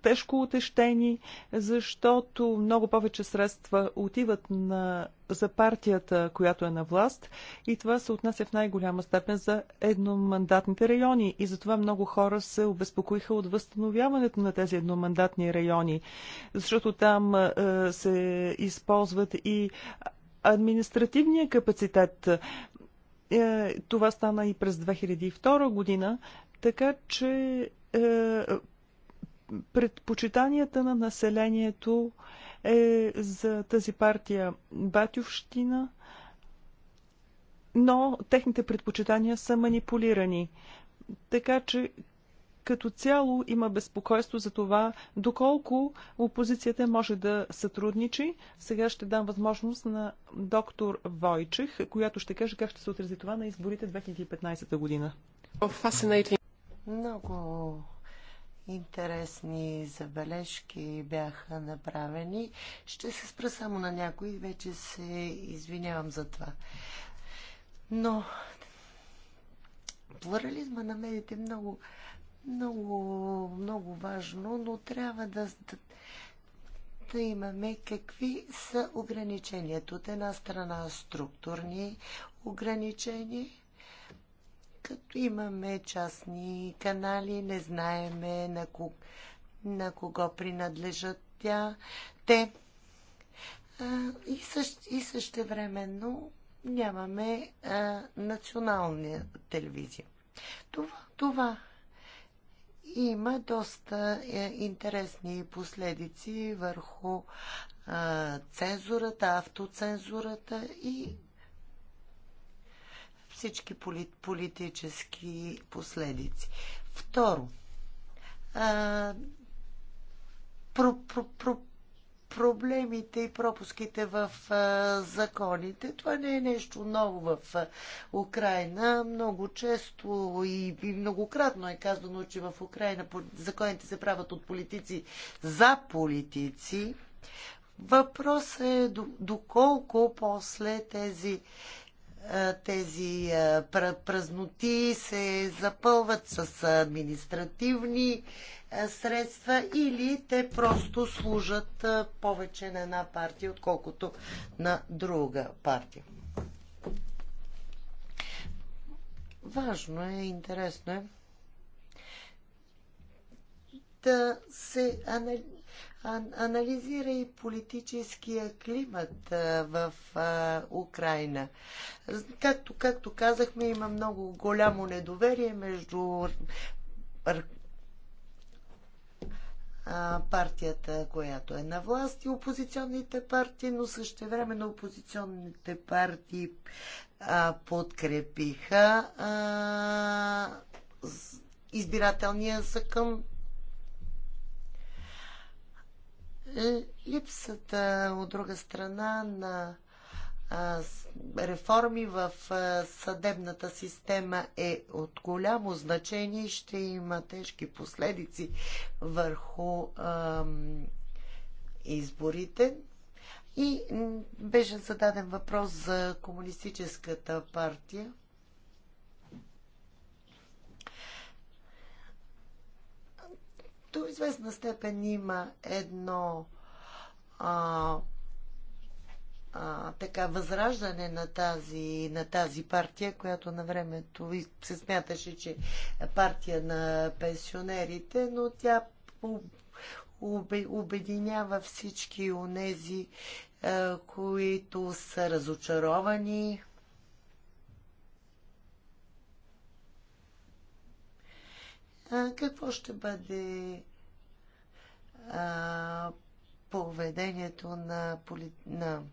тежко отещени, защото много повече средства отиват на, за партията, която е на власт и това се отнася в най-голяма степен за едномандатните райони и затова много хора се обезпокоиха от възстановяването на тези едномандатни райони, защото там е, се използват и административния капацитет. Е, това стана и през 2002 година, така че е, предпочитанията на населението е за тази партия Батювщина, но техните предпочитания са манипулирани. Така че като цяло има безпокойство за това, доколко опозицията може да сътрудничи. Сега ще дам възможност на доктор Войчех, която ще каже как ще се отрази това на изборите 2015 година.
Много интересни забележки бяха направени. Ще се спра само на някои, вече се извинявам за това. Но плурализма на медиите е много много, много важно, но трябва да, да, да имаме какви са ограниченията. От една страна структурни ограничения, като имаме частни канали, не знаеме на, ког, на кого принадлежат тя, те. А, и, също, и същевременно нямаме а, националния телевизия. Това, това има доста е, интересни последици върху цензурата, автоцензурата и всички политически последици. Второ, про, про, про, проблемите и пропуските в законите. Това не е нещо ново в Украина. Много често и, многократно е казано, че в Украина законите се правят от политици за политици. Въпрос е доколко после тези тези празноти се запълват с административни средства или те просто служат повече на една партия, отколкото на друга партия. Важно е, интересно е да се анализира анализира и политическия климат в Украина. Както, както казахме, има много голямо недоверие между партията, която е на власт и опозиционните партии, но също време на опозиционните партии а, подкрепиха а, избирателния закон Е липсата от друга страна на реформи в съдебната система е от голямо значение и ще има тежки последици върху изборите. И беше зададен въпрос за Комунистическата партия. до известна степен има едно а, а, така възраждане на тази, на тази партия, която на времето се смяташе, че е партия на пенсионерите, но тя обединява всички онези, е, които са разочаровани какво ще бъде а, поведението на, поли... на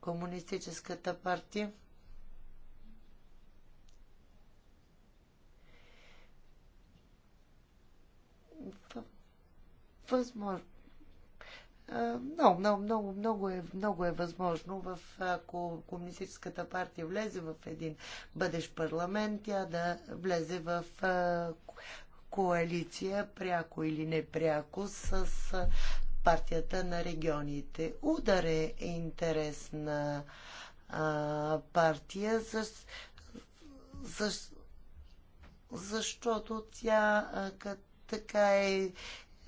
комунистическата партия? Възможно много, много, много, много е, много е възможно, в, ако Комунистическата партия влезе в един бъдещ парламент, тя да влезе в коалиция, пряко или непряко, с партията на регионите. Удар е интересна а, партия, за, за, защото тя а, така е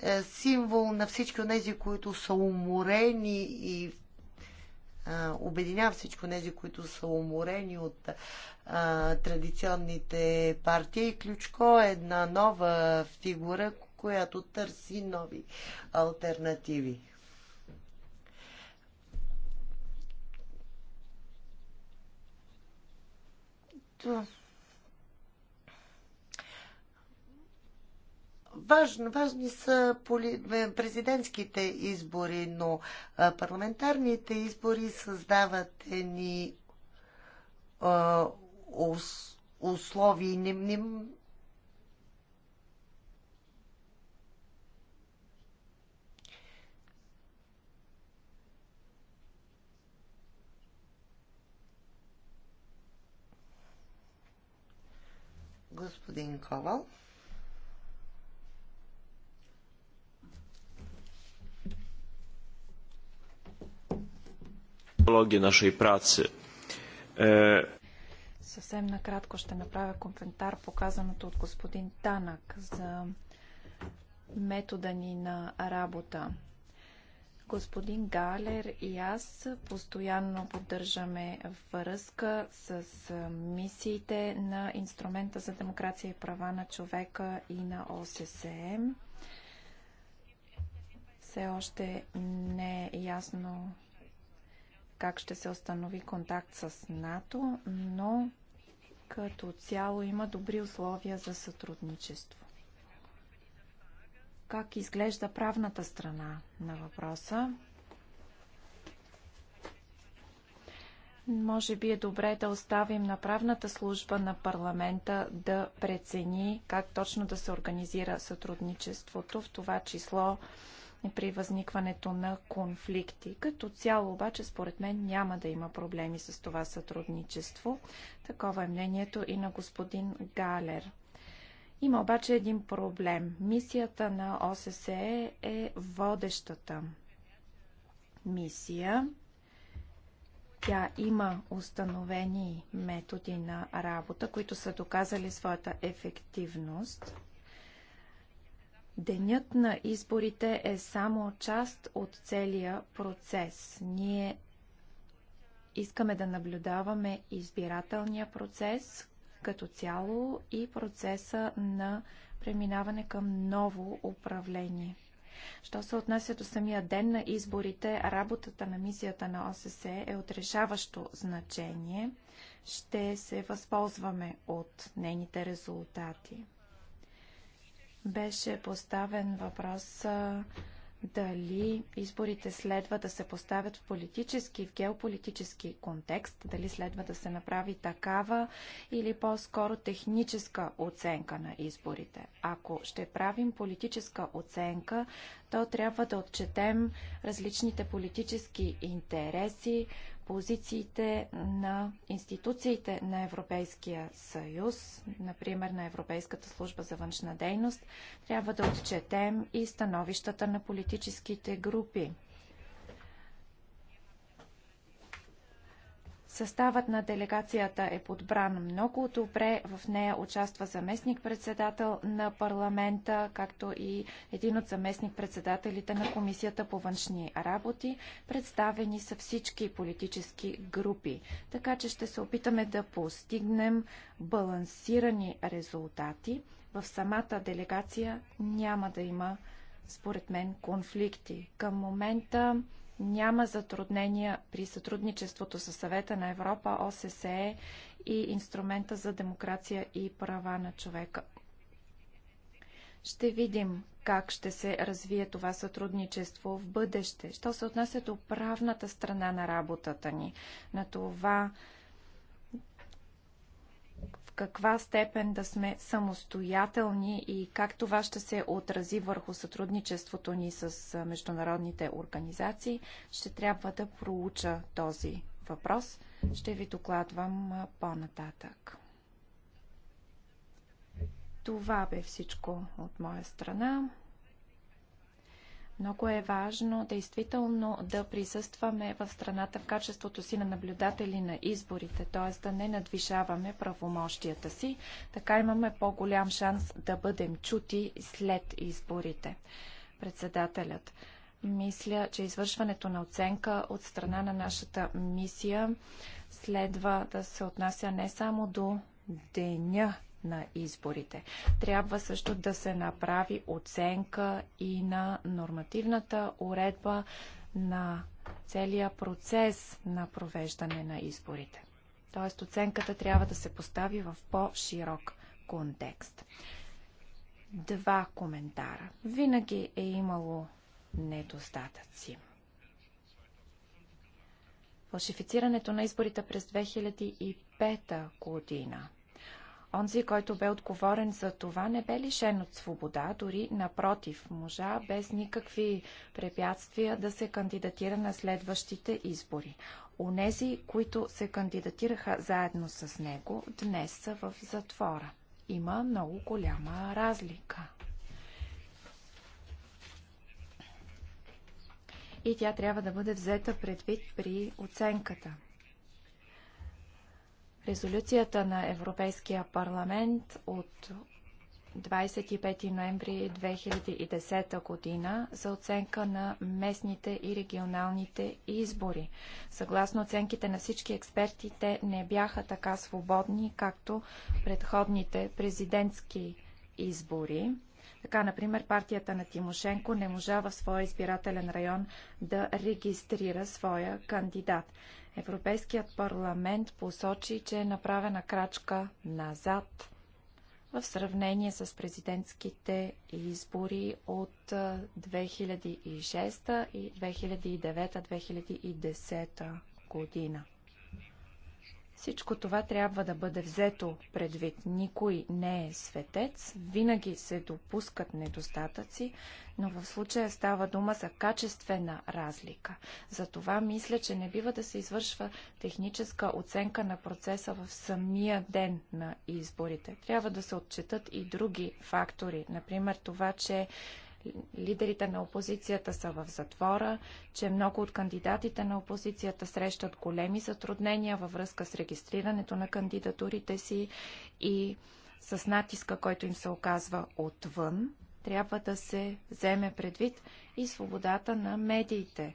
е, символ на всички от тези, които са уморени и обединява всичко тези, които са уморени от а, традиционните партии. Ключко е една нова фигура, която търси нови альтернативи. Това. Важно, важни са поли, президентските избори, но парламентарните избори създават ни условия. Не, не, господин Ковал.
нашей працы. Э,
Съвсем накратко ще направя коментар показаното от господин Танак за метода ни на работа. Господин Галер и аз постоянно поддържаме връзка с мисиите на Инструмента за демокрация и права на човека и на ОССЕ. Все още не е ясно как ще се установи контакт с НАТО, но като цяло има добри условия за сътрудничество. Как изглежда правната страна на въпроса? Може би е добре да оставим на правната служба на парламента да прецени как точно да се организира сътрудничеството, в това число при възникването на конфликти. Като цяло обаче, според мен, няма да има проблеми с това сътрудничество. Такова е мнението и на господин Галер. Има обаче един проблем. Мисията на ОССЕ е водещата мисия. Тя има установени методи на работа, които са доказали своята ефективност. Денят на изборите е само част от целия процес. Ние искаме да наблюдаваме избирателния процес като цяло и процеса на преминаване към ново управление. Що се отнася до самия ден на изборите, работата на мисията на ОССЕ е от решаващо значение. Ще се възползваме от нейните резултати. Беше поставен въпрос дали изборите следва да се поставят в политически, в геополитически контекст, дали следва да се направи такава или по-скоро техническа оценка на изборите. Ако ще правим политическа оценка, то трябва да отчетем различните политически интереси, позициите на институциите на Европейския съюз, например на Европейската служба за външна дейност, трябва да отчетем и становищата на политическите групи. Съставът на делегацията е подбран много добре. В нея участва заместник-председател на парламента, както и един от заместник-председателите на Комисията по външни работи. Представени са всички политически групи. Така че ще се опитаме да постигнем балансирани резултати. В самата делегация няма да има, според мен, конфликти. Към момента няма затруднения при сътрудничеството с съвета на Европа, ОССЕ и инструмента за демокрация и права на човека. Ще видим как ще се развие това сътрудничество в бъдеще. Що се отнася до правната страна на работата ни, на това каква степен да сме самостоятелни и как това ще се отрази върху сътрудничеството ни с международните организации, ще трябва да проуча този въпрос. Ще ви докладвам по-нататък. Това бе всичко от моя страна. Много е важно действително да присъстваме в страната в качеството си на наблюдатели на изборите, т.е. да не надвишаваме правомощията си. Така имаме по-голям шанс да бъдем чути след изборите. Председателят. Мисля, че извършването на оценка от страна на нашата мисия следва да се отнася не само до деня на изборите. Трябва също да се направи оценка и на нормативната уредба на целия процес на провеждане на изборите. Тоест оценката трябва да се постави в по-широк контекст. Два коментара. Винаги е имало недостатъци. Фалшифицирането на изборите през 2005 година Онзи, който бе отговорен за това, не бе лишен от свобода, дори напротив, можа без никакви препятствия да се кандидатира на следващите избори. Онези, които се кандидатираха заедно с него, днес са в затвора. Има много голяма разлика. И тя трябва да бъде взета предвид при оценката Резолюцията на Европейския парламент от 25 ноември 2010 година за оценка на местните и регионалните избори. Съгласно оценките на всички експерти, те не бяха така свободни, както предходните президентски избори. Така, например, партията на Тимошенко не можа в своя избирателен район да регистрира своя кандидат. Европейският парламент посочи, че е направена крачка назад в сравнение с президентските избори от 2006 и 2009-2010 година. Всичко това трябва да бъде взето предвид. Никой не е светец, винаги се допускат недостатъци, но в случая става дума за качествена разлика. Затова мисля, че не бива да се извършва техническа оценка на процеса в самия ден на изборите. Трябва да се отчитат и други фактори, например това, че лидерите на опозицията са в затвора, че много от кандидатите на опозицията срещат големи затруднения във връзка с регистрирането на кандидатурите си и с натиска, който им се оказва отвън трябва да се вземе предвид и свободата на медиите.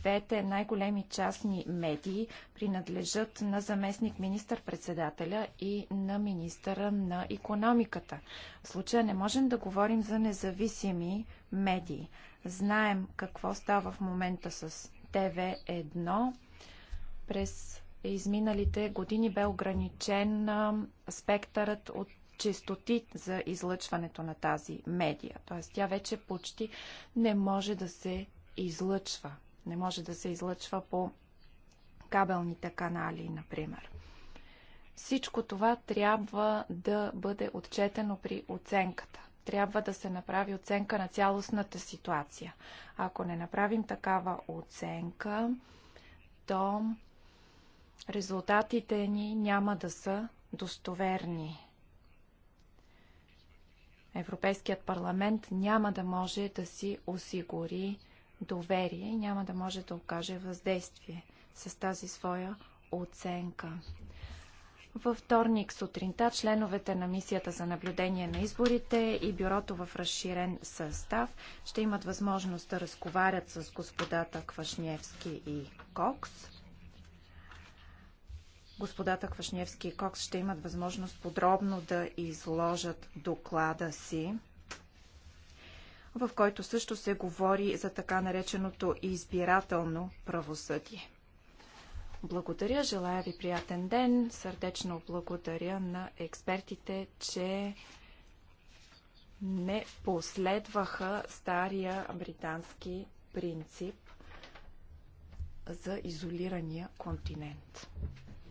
Двете най-големи частни медии принадлежат на заместник министър-председателя и на министъра на економиката. В случая не можем да говорим за независими медии. Знаем какво става в момента с ТВ1. През изминалите години бе ограничен спектърът от честоти за излъчването на тази медия. Т.е. тя вече почти не може да се излъчва. Не може да се излъчва по кабелните канали, например. Всичко това трябва да бъде отчетено при оценката. Трябва да се направи оценка на цялостната ситуация. Ако не направим такава оценка, то резултатите ни няма да са достоверни. Европейският парламент няма да може да си осигури доверие и няма да може да окаже въздействие с тази своя оценка. Във вторник сутринта членовете на мисията за наблюдение на изборите и бюрото в разширен състав ще имат възможност да разговарят с господата Квашневски и Кокс. Господата Квашневски и Кокс ще имат възможност подробно да изложат доклада си, в който също се говори за така нареченото избирателно правосъдие. Благодаря, желая ви приятен ден. Сърдечно благодаря на експертите, че не последваха стария британски принцип за изолирания континент.